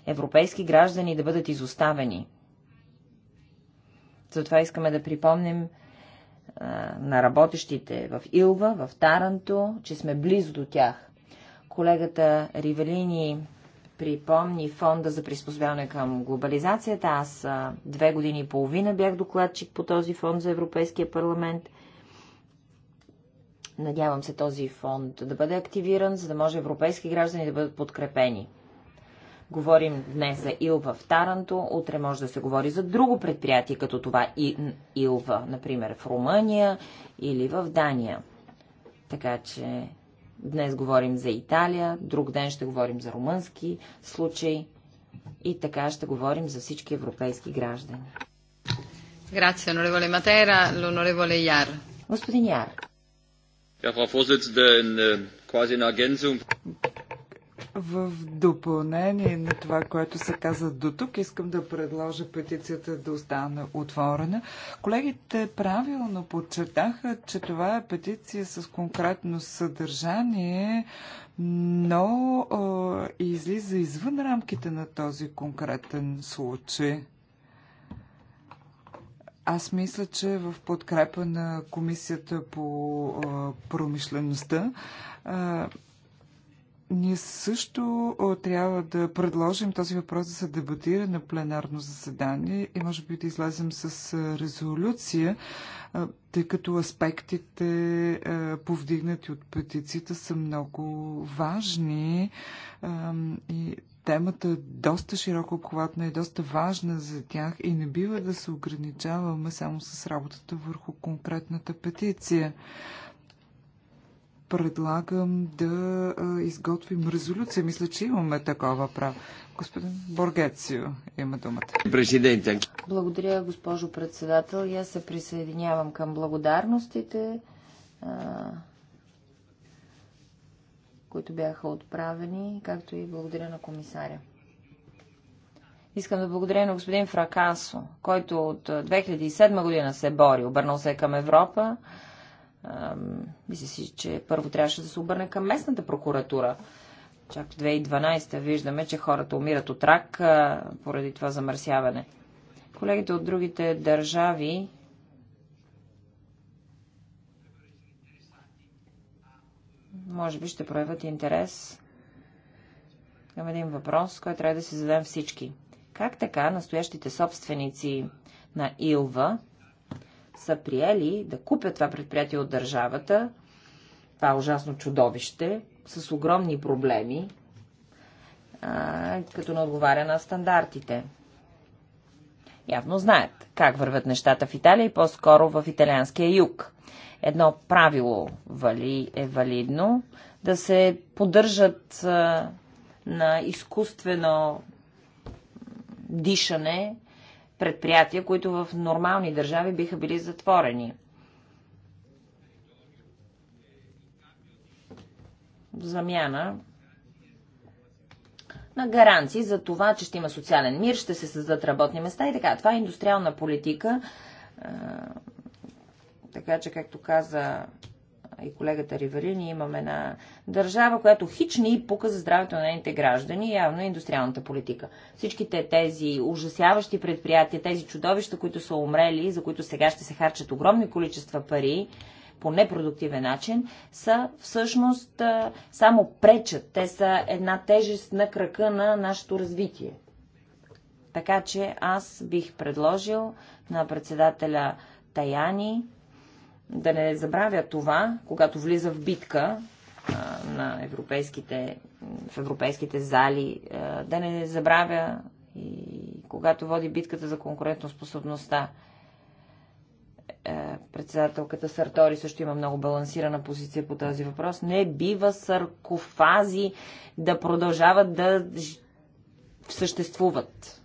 европейски граждани да бъдат изоставени. Затова искаме да припомним на работещите в Илва, в Таранто, че сме близо до тях. Колегата Ривелини припомни фонда за приспособяване към глобализацията. Аз две години и половина бях докладчик по този фонд за Европейския парламент. Надявам се този фонд да бъде активиран, за да може европейски граждани да бъдат подкрепени. Говорим днес за Илва в Таранто, утре може да се говори за друго предприятие, като това и Илва, например в Румъния или в Дания. Така че днес говорим за Италия, друг ден ще говорим за румънски случай и така ще говорим за всички европейски граждани. Яр. Господин Яр. Ja, Frau Vorsitzende, äh, quasi in Ergänzung. В допълнение на това, което се каза до тук, искам да предложа петицията да остане отворена. Колегите правилно подчертаха, че това е петиция с конкретно съдържание, но а, излиза извън рамките на този конкретен случай. Аз мисля, че е в подкрепа на Комисията по промишлеността ние също трябва да предложим този въпрос да се дебатира на пленарно заседание и може би да излезем с резолюция, тъй като аспектите, повдигнати от петицията, са много важни и темата е доста широко обхватна и доста важна за тях и не бива да се ограничаваме само с работата върху конкретната петиция предлагам да изготвим резолюция. Мисля, че имаме такова право. Господин Боргецио има думата. Президенте. Благодаря, госпожо председател. И аз се присъединявам към благодарностите, които бяха отправени, както и благодаря на комисаря. Искам да благодаря на господин Фракасо, който от 2007 година се бори, обърнал се към Европа мисля си, че първо трябваше да се обърне към местната прокуратура. Чак в 2012 виждаме, че хората умират от рак а, поради това замърсяване. Колегите от другите държави може би ще проявят интерес към един въпрос, който трябва да си зададем всички. Как така настоящите собственици на Илва са приели да купят това предприятие от държавата, това е ужасно чудовище, с огромни проблеми, а, като не отговаря на стандартите. Явно знаят как върват нещата в Италия и по-скоро в италианския юг. Едно правило вали, е валидно да се поддържат а, на изкуствено дишане предприятия, които в нормални държави биха били затворени. Замяна на гаранции за това, че ще има социален мир, ще се създадат работни места и така. Това е индустриална политика. Така че, както каза и колегата Риверини имаме една държава, която хич не и пука за здравето на нейните граждани, явно индустриалната политика. Всичките тези ужасяващи предприятия, тези чудовища, които са умрели, за които сега ще се харчат огромни количества пари, по непродуктивен начин, са всъщност само пречат. Те са една тежест на крака на нашето развитие. Така че аз бих предложил на председателя Таяни да не забравя това, когато влиза в битка а, на европейските, в европейските зали, а, да не забравя и когато води битката за конкурентоспособността. Е, председателката Сартори също има много балансирана позиция по този въпрос. Не бива саркофази да продължават да съществуват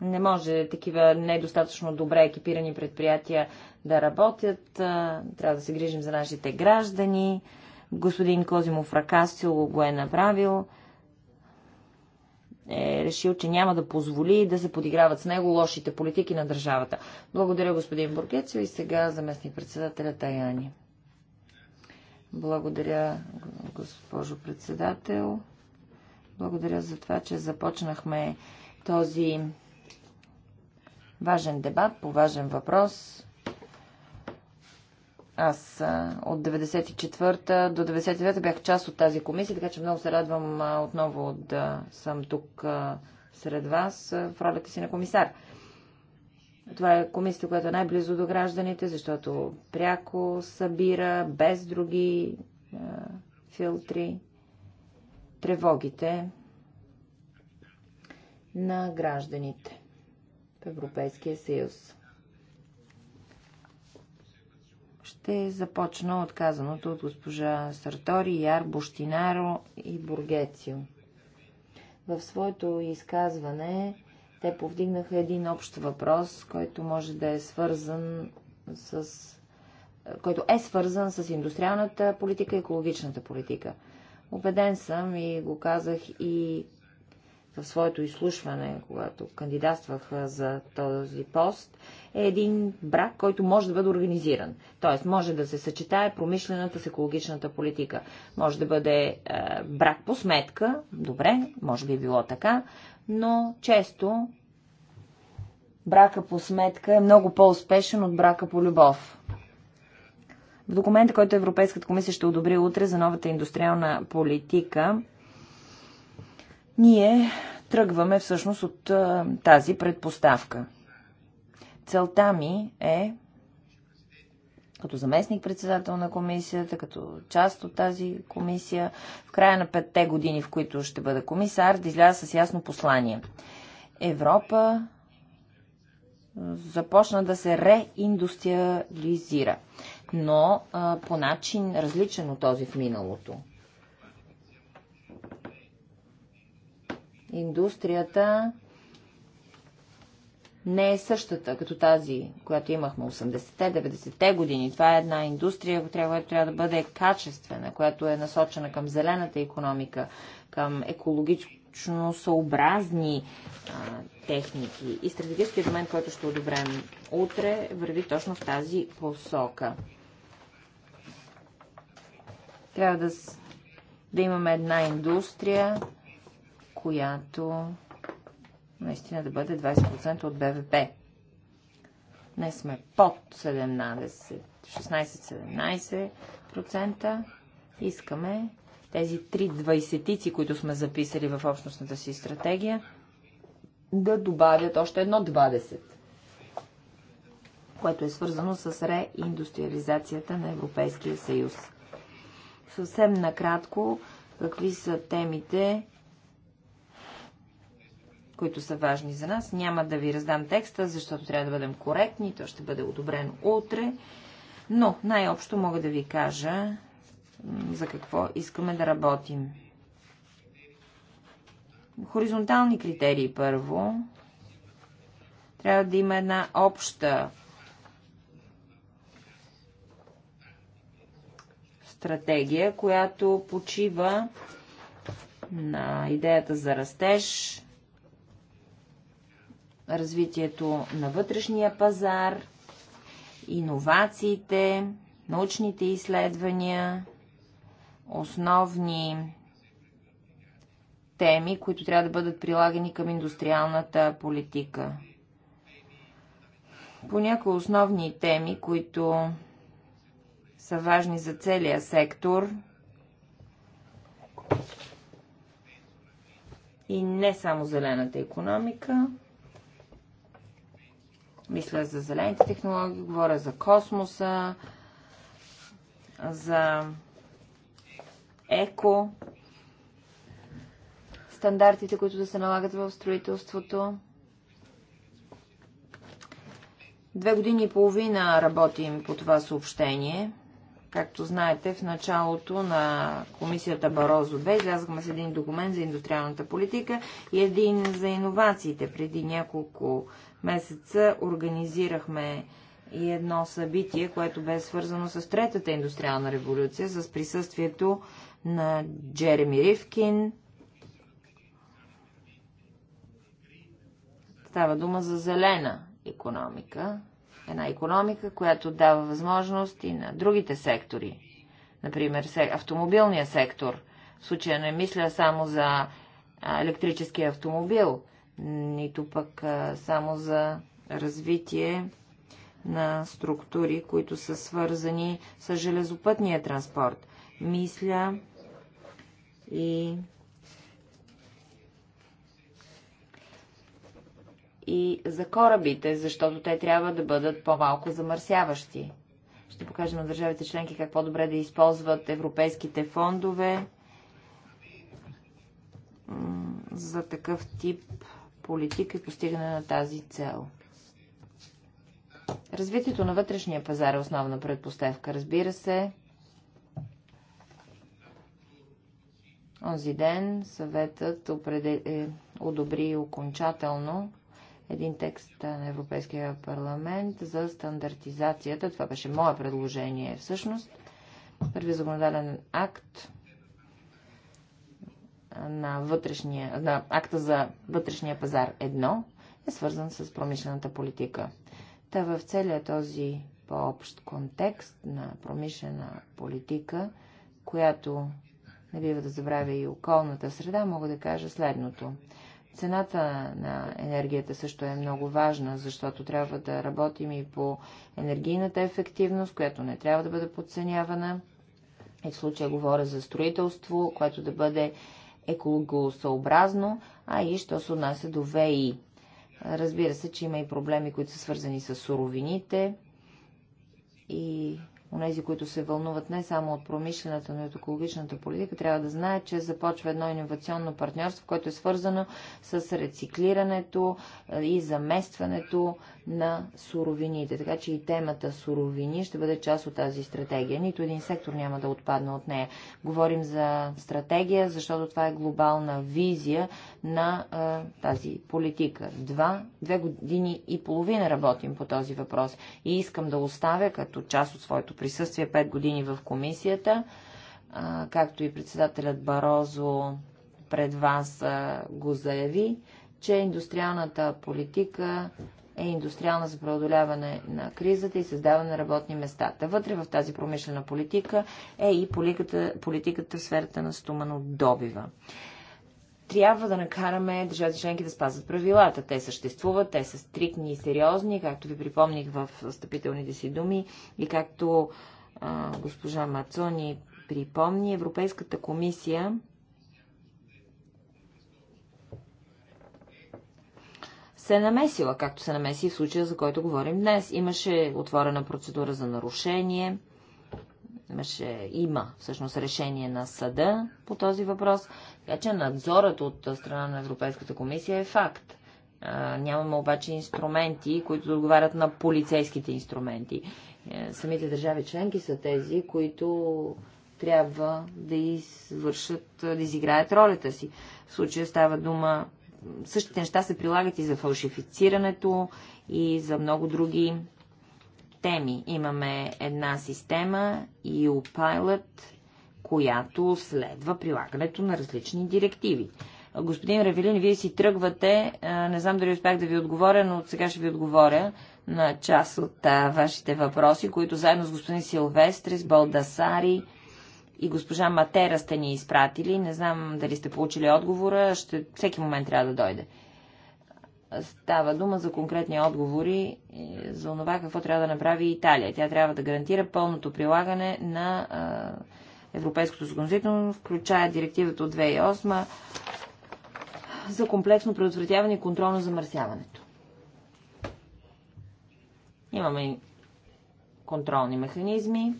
Не може такива недостатъчно добре екипирани предприятия да работят. Трябва да се грижим за нашите граждани. Господин Козимов Ракасио го е направил. Е решил, че няма да позволи да се подиграват с него лошите политики на държавата. Благодаря, господин Бургецио. И сега заместник председателя Таяни. Благодаря, госпожо председател. Благодаря за това, че започнахме този Важен дебат по важен въпрос. Аз от 94-та до 99-та бях част от тази комисия, така че много се радвам отново да съм тук сред вас в ролята си на комисар. Това е комисията, която е най-близо до гражданите, защото пряко събира, без други е, филтри, тревогите на гражданите в Европейския съюз. Ще започна от казаното от госпожа Сартори, Яр, Буштинаро и Бургецио. В своето изказване те повдигнаха един общ въпрос, който може да е свързан с който е свързан с индустриалната политика и екологичната политика. Обеден съм и го казах и в своето изслушване, когато кандидатствах за този пост, е един брак, който може да бъде организиран. Тоест, може да се съчетае промишлената с екологичната политика. Може да бъде е, брак по сметка, добре, може би е било така, но често брака по сметка е много по-успешен от брака по любов. В документа, който Европейската комисия ще одобри утре за новата индустриална политика, ние тръгваме всъщност от тази предпоставка. Целта ми е като заместник председател на комисията, като част от тази комисия, в края на петте години, в които ще бъда комисар, да изляза с ясно послание. Европа започна да се реиндустриализира, но а, по начин различен от този в миналото. индустрията не е същата като тази, която имахме 80-те, 90-те години. Това е една индустрия, която трябва да бъде качествена, която е насочена към зелената економика, към екологично съобразни а, техники. И стратегическият момент, който ще одобрем утре, върви точно в тази посока. Трябва да, да имаме една индустрия, която наистина да бъде 20% от БВП. Днес сме под 16-17%. Искаме тези три двайсетици, които сме записали в общностната си стратегия, да добавят още едно 20, което е свързано с реиндустриализацията на Европейския съюз. Съвсем накратко, какви са темите, които са важни за нас. Няма да ви раздам текста, защото трябва да бъдем коректни. То ще бъде одобрено утре. Но най-общо мога да ви кажа за какво искаме да работим. Хоризонтални критерии първо. Трябва да има една обща стратегия, която почива на идеята за растеж, развитието на вътрешния пазар, иновациите, научните изследвания, основни теми, които трябва да бъдат прилагани към индустриалната политика. По някои основни теми, които са важни за целия сектор и не само зелената економика, мисля за зелените технологии, говоря за космоса, за еко, стандартите, които да се налагат в строителството. Две години и половина работим по това съобщение. Както знаете, в началото на комисията Барозо 2 излязахме с един документ за индустриалната политика и един за иновациите. Преди няколко месеца организирахме и едно събитие, което бе свързано с Третата индустриална революция, с присъствието на Джереми Ривкин. Става дума за зелена економика. Една економика, която дава възможност и на другите сектори. Например, автомобилния сектор. В случая не мисля само за електрически автомобил – нито пък само за развитие на структури, които са свързани с железопътния транспорт. Мисля и и за корабите, защото те трябва да бъдат по-малко замърсяващи. Ще покажем на държавите членки как по-добре да използват европейските фондове за такъв тип политика и постигане на тази цел. Развитието на вътрешния пазар е основна предпоставка. Разбира се, онзи ден съветът е, одобри окончателно един текст на Европейския парламент за стандартизацията. Това беше мое предложение всъщност. Първи законодателен акт на, вътрешния, на акта за вътрешния пазар 1 е свързан с промишлената политика. Та в целия този по-общ контекст на промишлена политика, която не бива да забравя и околната среда, мога да кажа следното. Цената на енергията също е много важна, защото трябва да работим и по енергийната ефективност, която не трябва да бъде подценявана. И в случая говоря за строителство, което да бъде екологосъобразно, а и що се отнася до ВИ. Разбира се, че има и проблеми, които са свързани с суровините и Онези, които се вълнуват не само от промишлената, но и от екологичната политика, трябва да знаят, че започва едно инновационно партньорство, което е свързано с рециклирането и заместването на суровините. Така че и темата суровини ще бъде част от тази стратегия. Нито един сектор няма да отпадне от нея. Говорим за стратегия, защото това е глобална визия на а, тази политика. Два, две години и половина работим по този въпрос и искам да оставя като част от своето присъствие пет години в комисията, а, както и председателят Барозо пред вас а, го заяви, че индустриалната политика е индустриална за преодоляване на кризата и създаване на работни места. Та вътре в тази промишлена политика е и политиката, политиката в сферата на стумано добива. Трябва да накараме държавите членки да спазват правилата. Те съществуват, те са стрикни и сериозни, както ви припомних в стъпителните си думи и както а, госпожа Мацони припомни, Европейската комисия се намесила, както се намеси в случая, за който говорим днес. Имаше отворена процедура за нарушение, имаше, има всъщност решение на съда по този въпрос, така че надзорът от страна на Европейската комисия е факт. А, нямаме обаче инструменти, които отговарят на полицейските инструменти. Е, самите държави членки са тези, които трябва да извършат, да изиграят ролята си. В случая става дума същите неща се прилагат и за фалшифицирането, и за много други теми. Имаме една система EU-Pilot, която следва прилагането на различни директиви. Господин Равелин, вие си тръгвате. Не знам дали успях да ви отговоря, но сега ще ви отговоря на част от а, вашите въпроси, които заедно с господин Силвестрис, Балдасари, и госпожа Матера сте ни изпратили. Не знам дали сте получили отговора. Ще... Всеки момент трябва да дойде. Става дума за конкретни отговори е, за това какво трябва да направи Италия. Тя трябва да гарантира пълното прилагане на а, европейското законодателство, включая директивата от 2008 за комплексно предотвратяване и контрол на замърсяването. Имаме контролни механизми,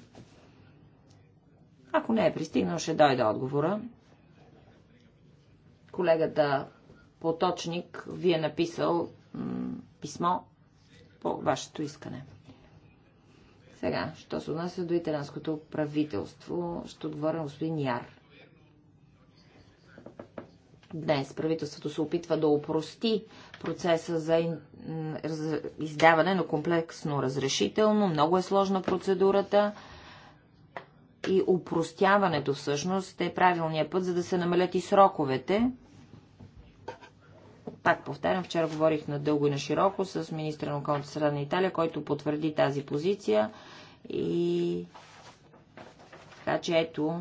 ако не е пристигнал, ще дойде отговора. Колегата Поточник ви е написал писмо по вашето искане. Сега, що се отнася до италянското правителство, ще отговоря на господин Яр. Днес правителството се опитва да опрости процеса за издаване на комплексно разрешително. Много е сложна процедурата и упростяването всъщност е правилният път, за да се намалят и сроковете. Пак повтарям, вчера говорих на дълго и на широко с министра на околната среда на Италия, който потвърди тази позиция и така че ето,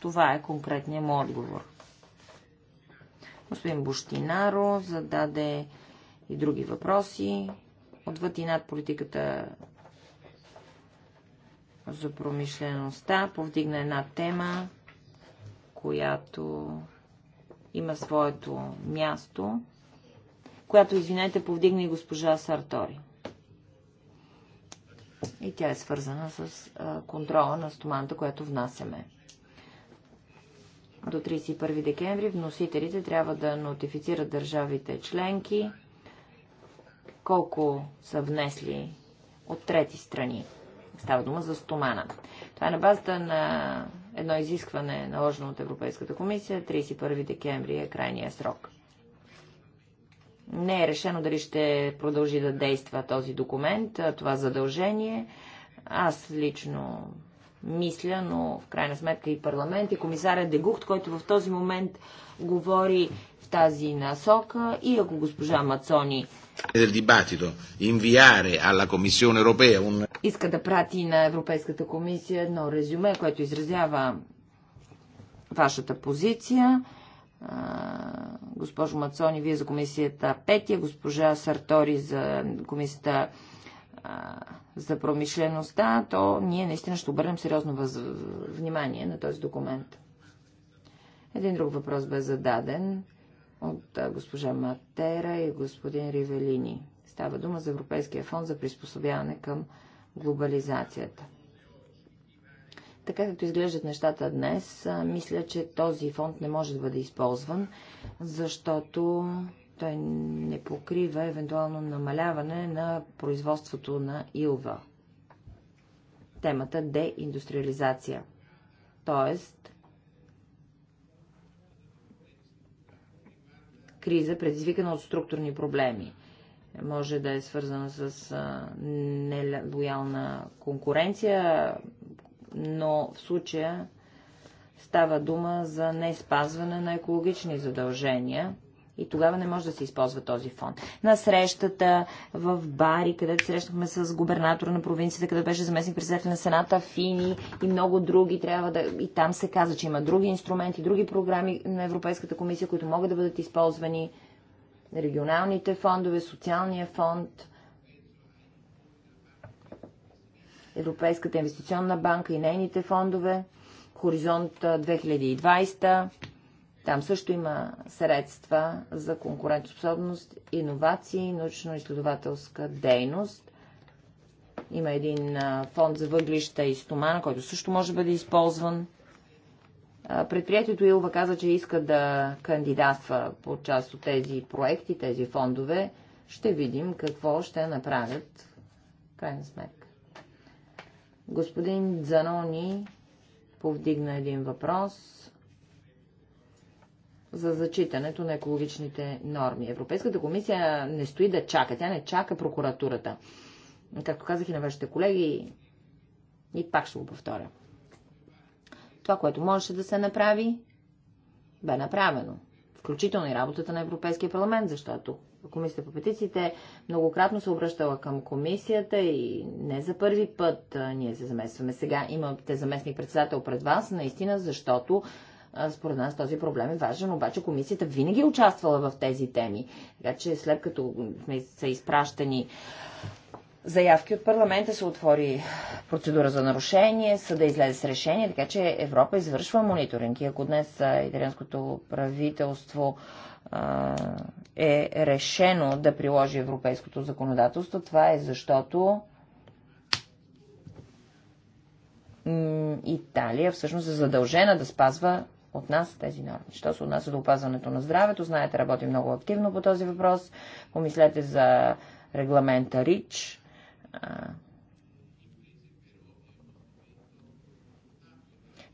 това е конкретният му отговор. Господин Буштинаро зададе и други въпроси. Отвъд и над политиката за промишлеността повдигна една тема, която има своето място, която, извинете, повдигна и госпожа Сартори. И тя е свързана с контрола на стоманата, която внасяме. До 31 декември вносителите трябва да нотифицират държавите членки колко са внесли от трети страни. Става дума за стомана. Това е на базата на едно изискване, наложено от Европейската комисия. 31 декември е крайния срок. Не е решено дали ще продължи да действа този документ, това задължение. Аз лично мисля, но в крайна сметка и парламент, и комисаря Дегухт, който в този момент говори в тази насока и ако госпожа Мацони del dibattito inviare alla Commissione europea un иска да прати на Европейската комисия едно резюме, което изразява вашата позиция. Госпожо Мацони, вие за комисията Петия, госпожа Сартори за комисията за промишлеността, то ние наистина ще обърнем сериозно въз... внимание на този документ. Един друг въпрос бе зададен от госпожа Матера и господин Ривелини. Става дума за Европейския фонд за приспособяване към глобализацията. Така както изглеждат нещата днес, мисля, че този фонд не може да бъде използван, защото той не покрива евентуално намаляване на производството на Илва. Темата деиндустриализация. Тоест, криза, предизвикана от структурни проблеми може да е свързана с нелоялна конкуренция, но в случая става дума за не спазване на екологични задължения и тогава не може да се използва този фонд. На срещата в Бари, където срещнахме с губернатора на провинцията, където беше заместник председател на Сената, Фини и много други, трябва да... И там се каза, че има други инструменти, други програми на Европейската комисия, които могат да бъдат използвани регионалните фондове, социалния фонд, Европейската инвестиционна банка и нейните фондове, Хоризонт 2020. Там също има средства за конкурентоспособност, иновации, научно-изследователска дейност. Има един фонд за въглища и стомана, който също може да бъде използван. Предприятието Илва каза, че иска да кандидатства по част от тези проекти, тези фондове. Ще видим какво ще направят. Крайна сметка. Господин Дзанони повдигна един въпрос за зачитането на екологичните норми. Европейската комисия не стои да чака, тя не чака прокуратурата. Както казах и на вашите колеги, и пак ще го повторя. Това, което можеше да се направи, бе направено. Включително и работата на Европейския парламент, защото Комисията по петициите многократно се обръщала към комисията и не за първи път ние се замесваме. Сега имате заместник председател пред вас, наистина, защото според нас този проблем е важен, обаче комисията винаги е участвала в тези теми. Така че след като сме са изпращани заявки от парламента се отвори процедура за нарушение, съда излезе с решение, така че Европа извършва мониторинг. И ако днес италианското правителство е решено да приложи европейското законодателство, това е защото Италия всъщност е задължена да спазва от нас тези норми. Що се отнася до опазването на здравето, знаете, работи много активно по този въпрос. Помислете за регламента РИЧ,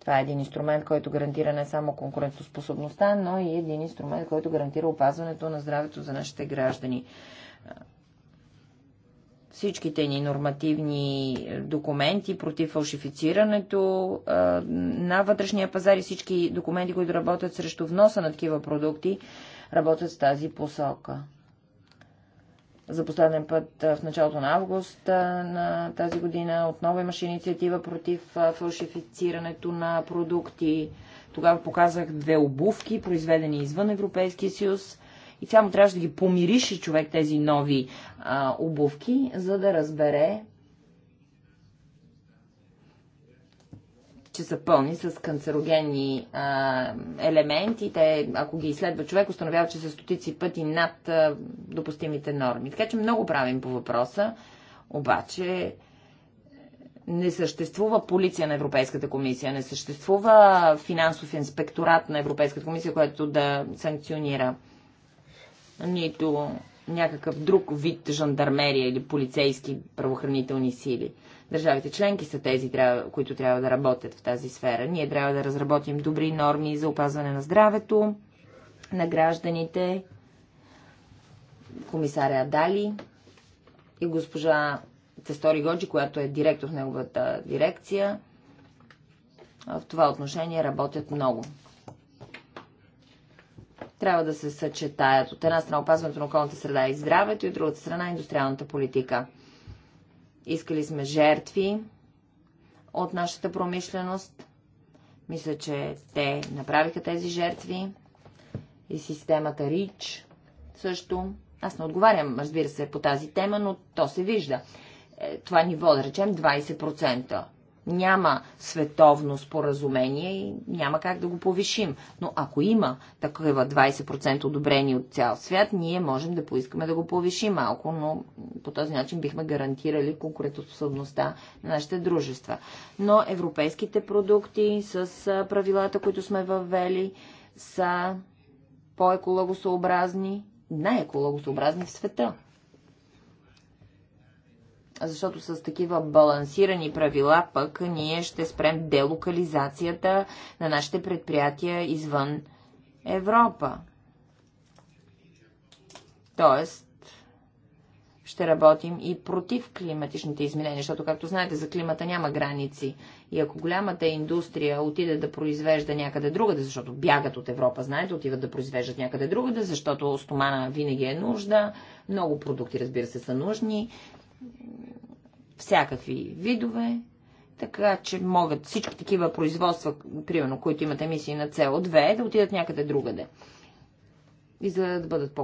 това е един инструмент, който гарантира не само конкурентоспособността, но и един инструмент, който гарантира опазването на здравето за нашите граждани. Всичките ни нормативни документи против фалшифицирането на вътрешния пазар и всички документи, които работят срещу вноса на такива продукти, работят с тази посока за последен път в началото на август на тази година. Отново имаше инициатива против фалшифицирането на продукти. Тогава показах две обувки, произведени извън Европейския съюз. И само трябваше да ги помирише човек тези нови а, обувки, за да разбере че са пълни с канцерогенни а, елементи. Те, ако ги изследва човек, установява, че са стотици пъти над а, допустимите норми. Така че много правим по въпроса, обаче е, не съществува полиция на Европейската комисия, не съществува финансов инспекторат на Европейската комисия, който да санкционира нито някакъв друг вид жандармерия или полицейски правоохранителни сили. Държавите членки са тези, които трябва да работят в тази сфера. Ние трябва да разработим добри норми за опазване на здравето на гражданите, комисаря Дали и госпожа Тестори Годжи, която е директор в неговата дирекция. В това отношение работят много трябва да се съчетаят. От една страна опазването на околната среда и здравето, и от другата страна индустриалната политика. Искали сме жертви от нашата промишленост. Мисля, че те направиха тези жертви. И системата РИЧ също. Аз не отговарям, разбира се, по тази тема, но то се вижда. Е, това ниво, да речем, 20%. Няма световно споразумение и няма как да го повишим. Но ако има такива 20% одобрени от цял свят, ние можем да поискаме да го повишим малко, но по този начин бихме гарантирали конкурентоспособността на нашите дружества. Но европейските продукти с правилата, които сме въвели, са по-екологосъобразни, най-екологосъобразни в света. Защото с такива балансирани правила пък ние ще спрем делокализацията на нашите предприятия извън Европа. Тоест, ще работим и против климатичните изменения, защото, както знаете, за климата няма граници. И ако голямата индустрия отиде да произвежда някъде другаде, защото бягат от Европа, знаете, отиват да произвеждат някъде другаде, защото стомана винаги е нужда, много продукти, разбира се, са нужни, всякакви видове, така че могат всички такива производства, примерно, които имат емисии на CO2, да отидат някъде другаде. И за да бъдат по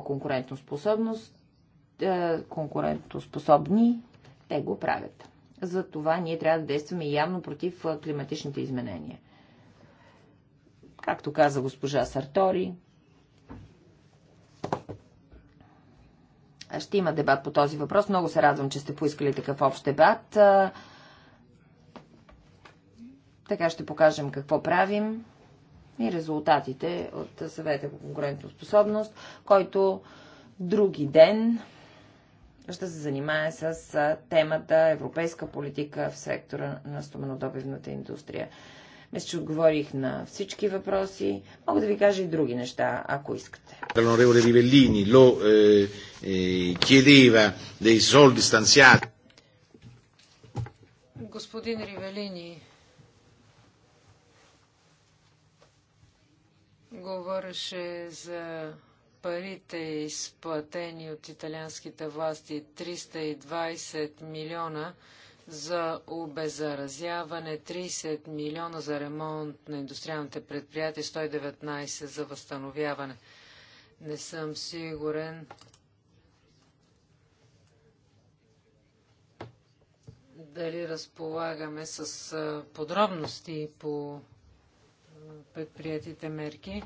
е, конкурентоспособни, те го правят. За това ние трябва да действаме явно против е, климатичните изменения. Както каза госпожа Сартори, ще има дебат по този въпрос. Много се радвам, че сте поискали такъв общ дебат. Така ще покажем какво правим и резултатите от съвета по конкурентоспособност, който други ден ще се занимае с темата Европейска политика в сектора на стоманодобивната индустрия. Мисля, че отговорих на всички въпроси. Мога да ви кажа и други неща, ако искате. Е, е, chiedeva dei soldi stanziati. Господин Ривелини говореше за парите, изплатени от италианските власти 320 милиона за обеззаразяване, 30 милиона за ремонт на индустриалните предприятия, 119 за възстановяване. Не съм сигурен дали разполагаме с подробности по предприятите мерки.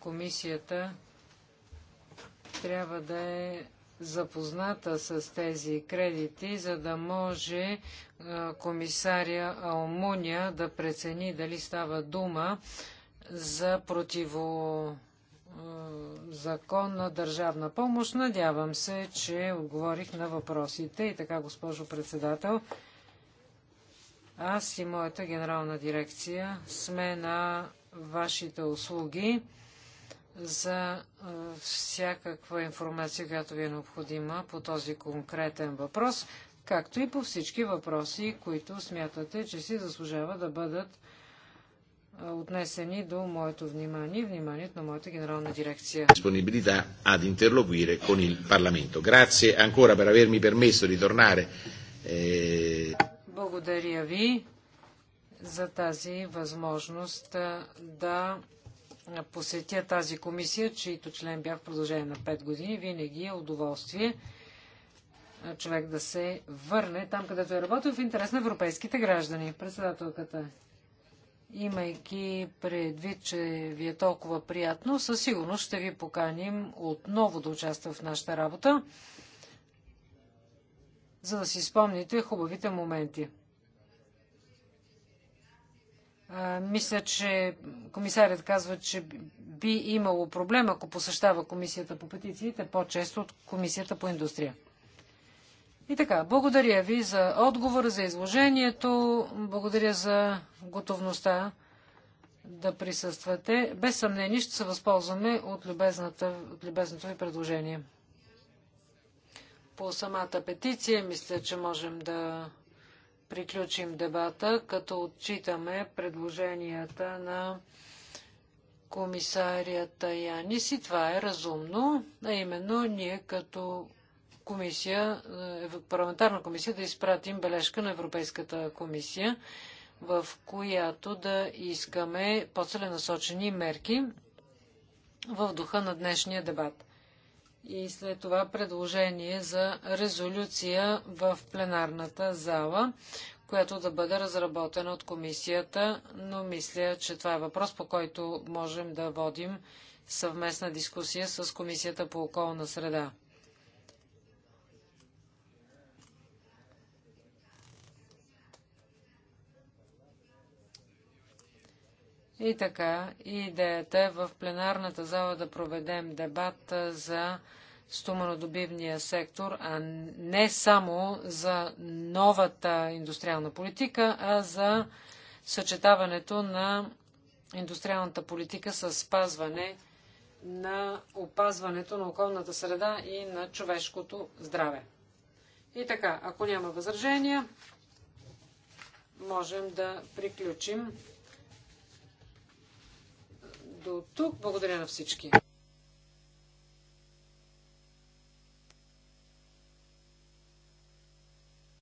Комисията трябва да е запозната с тези кредити, за да може комисаря Алмуния да прецени дали става дума за противо законна държавна помощ. Надявам се, че отговорих на въпросите. И така, госпожо председател, аз и моята генерална дирекция сме на вашите услуги за всякаква информация, която ви е необходима по този конкретен въпрос, както и по всички въпроси, които смятате, че си заслужава да бъдат отнесени до моето внимание и вниманието на моята генерална дирекция. Disponibilità ad interloquire con il Parlamento. Grazie ancora per avermi permesso di tornare. Eh, Благодаря ви за тази възможност да посетя тази комисия, чието член бях в продължение на 5 години, винаги е удоволствие човек да се върне там, където е работил в интерес на европейските граждани. Председателката, имайки предвид, че ви е толкова приятно, със сигурност ще ви поканим отново да участва в нашата работа, за да си спомните хубавите моменти мисля, че комисарят казва, че би имало проблем, ако посещава комисията по петициите по-често от комисията по индустрия. И така, благодаря ви за отговора, за изложението, благодаря за готовността да присъствате. Без съмнение ще се възползваме от, от любезното ви предложение. По самата петиция, мисля, че можем да приключим дебата, като отчитаме предложенията на комисарията Таянис и това е разумно, а именно ние като комисия, е, парламентарна комисия да изпратим бележка на Европейската комисия, в която да искаме по-целенасочени мерки в духа на днешния дебат и след това предложение за резолюция в пленарната зала, която да бъде разработена от комисията, но мисля, че това е въпрос, по който можем да водим съвместна дискусия с Комисията по околна среда. И така, идеята е в пленарната зала да проведем дебат за стоманодобивния сектор, а не само за новата индустриална политика, а за съчетаването на индустриалната политика с спазване на опазването на околната среда и на човешкото здраве. И така, ако няма възражения, можем да приключим до тук. Благодаря на всички.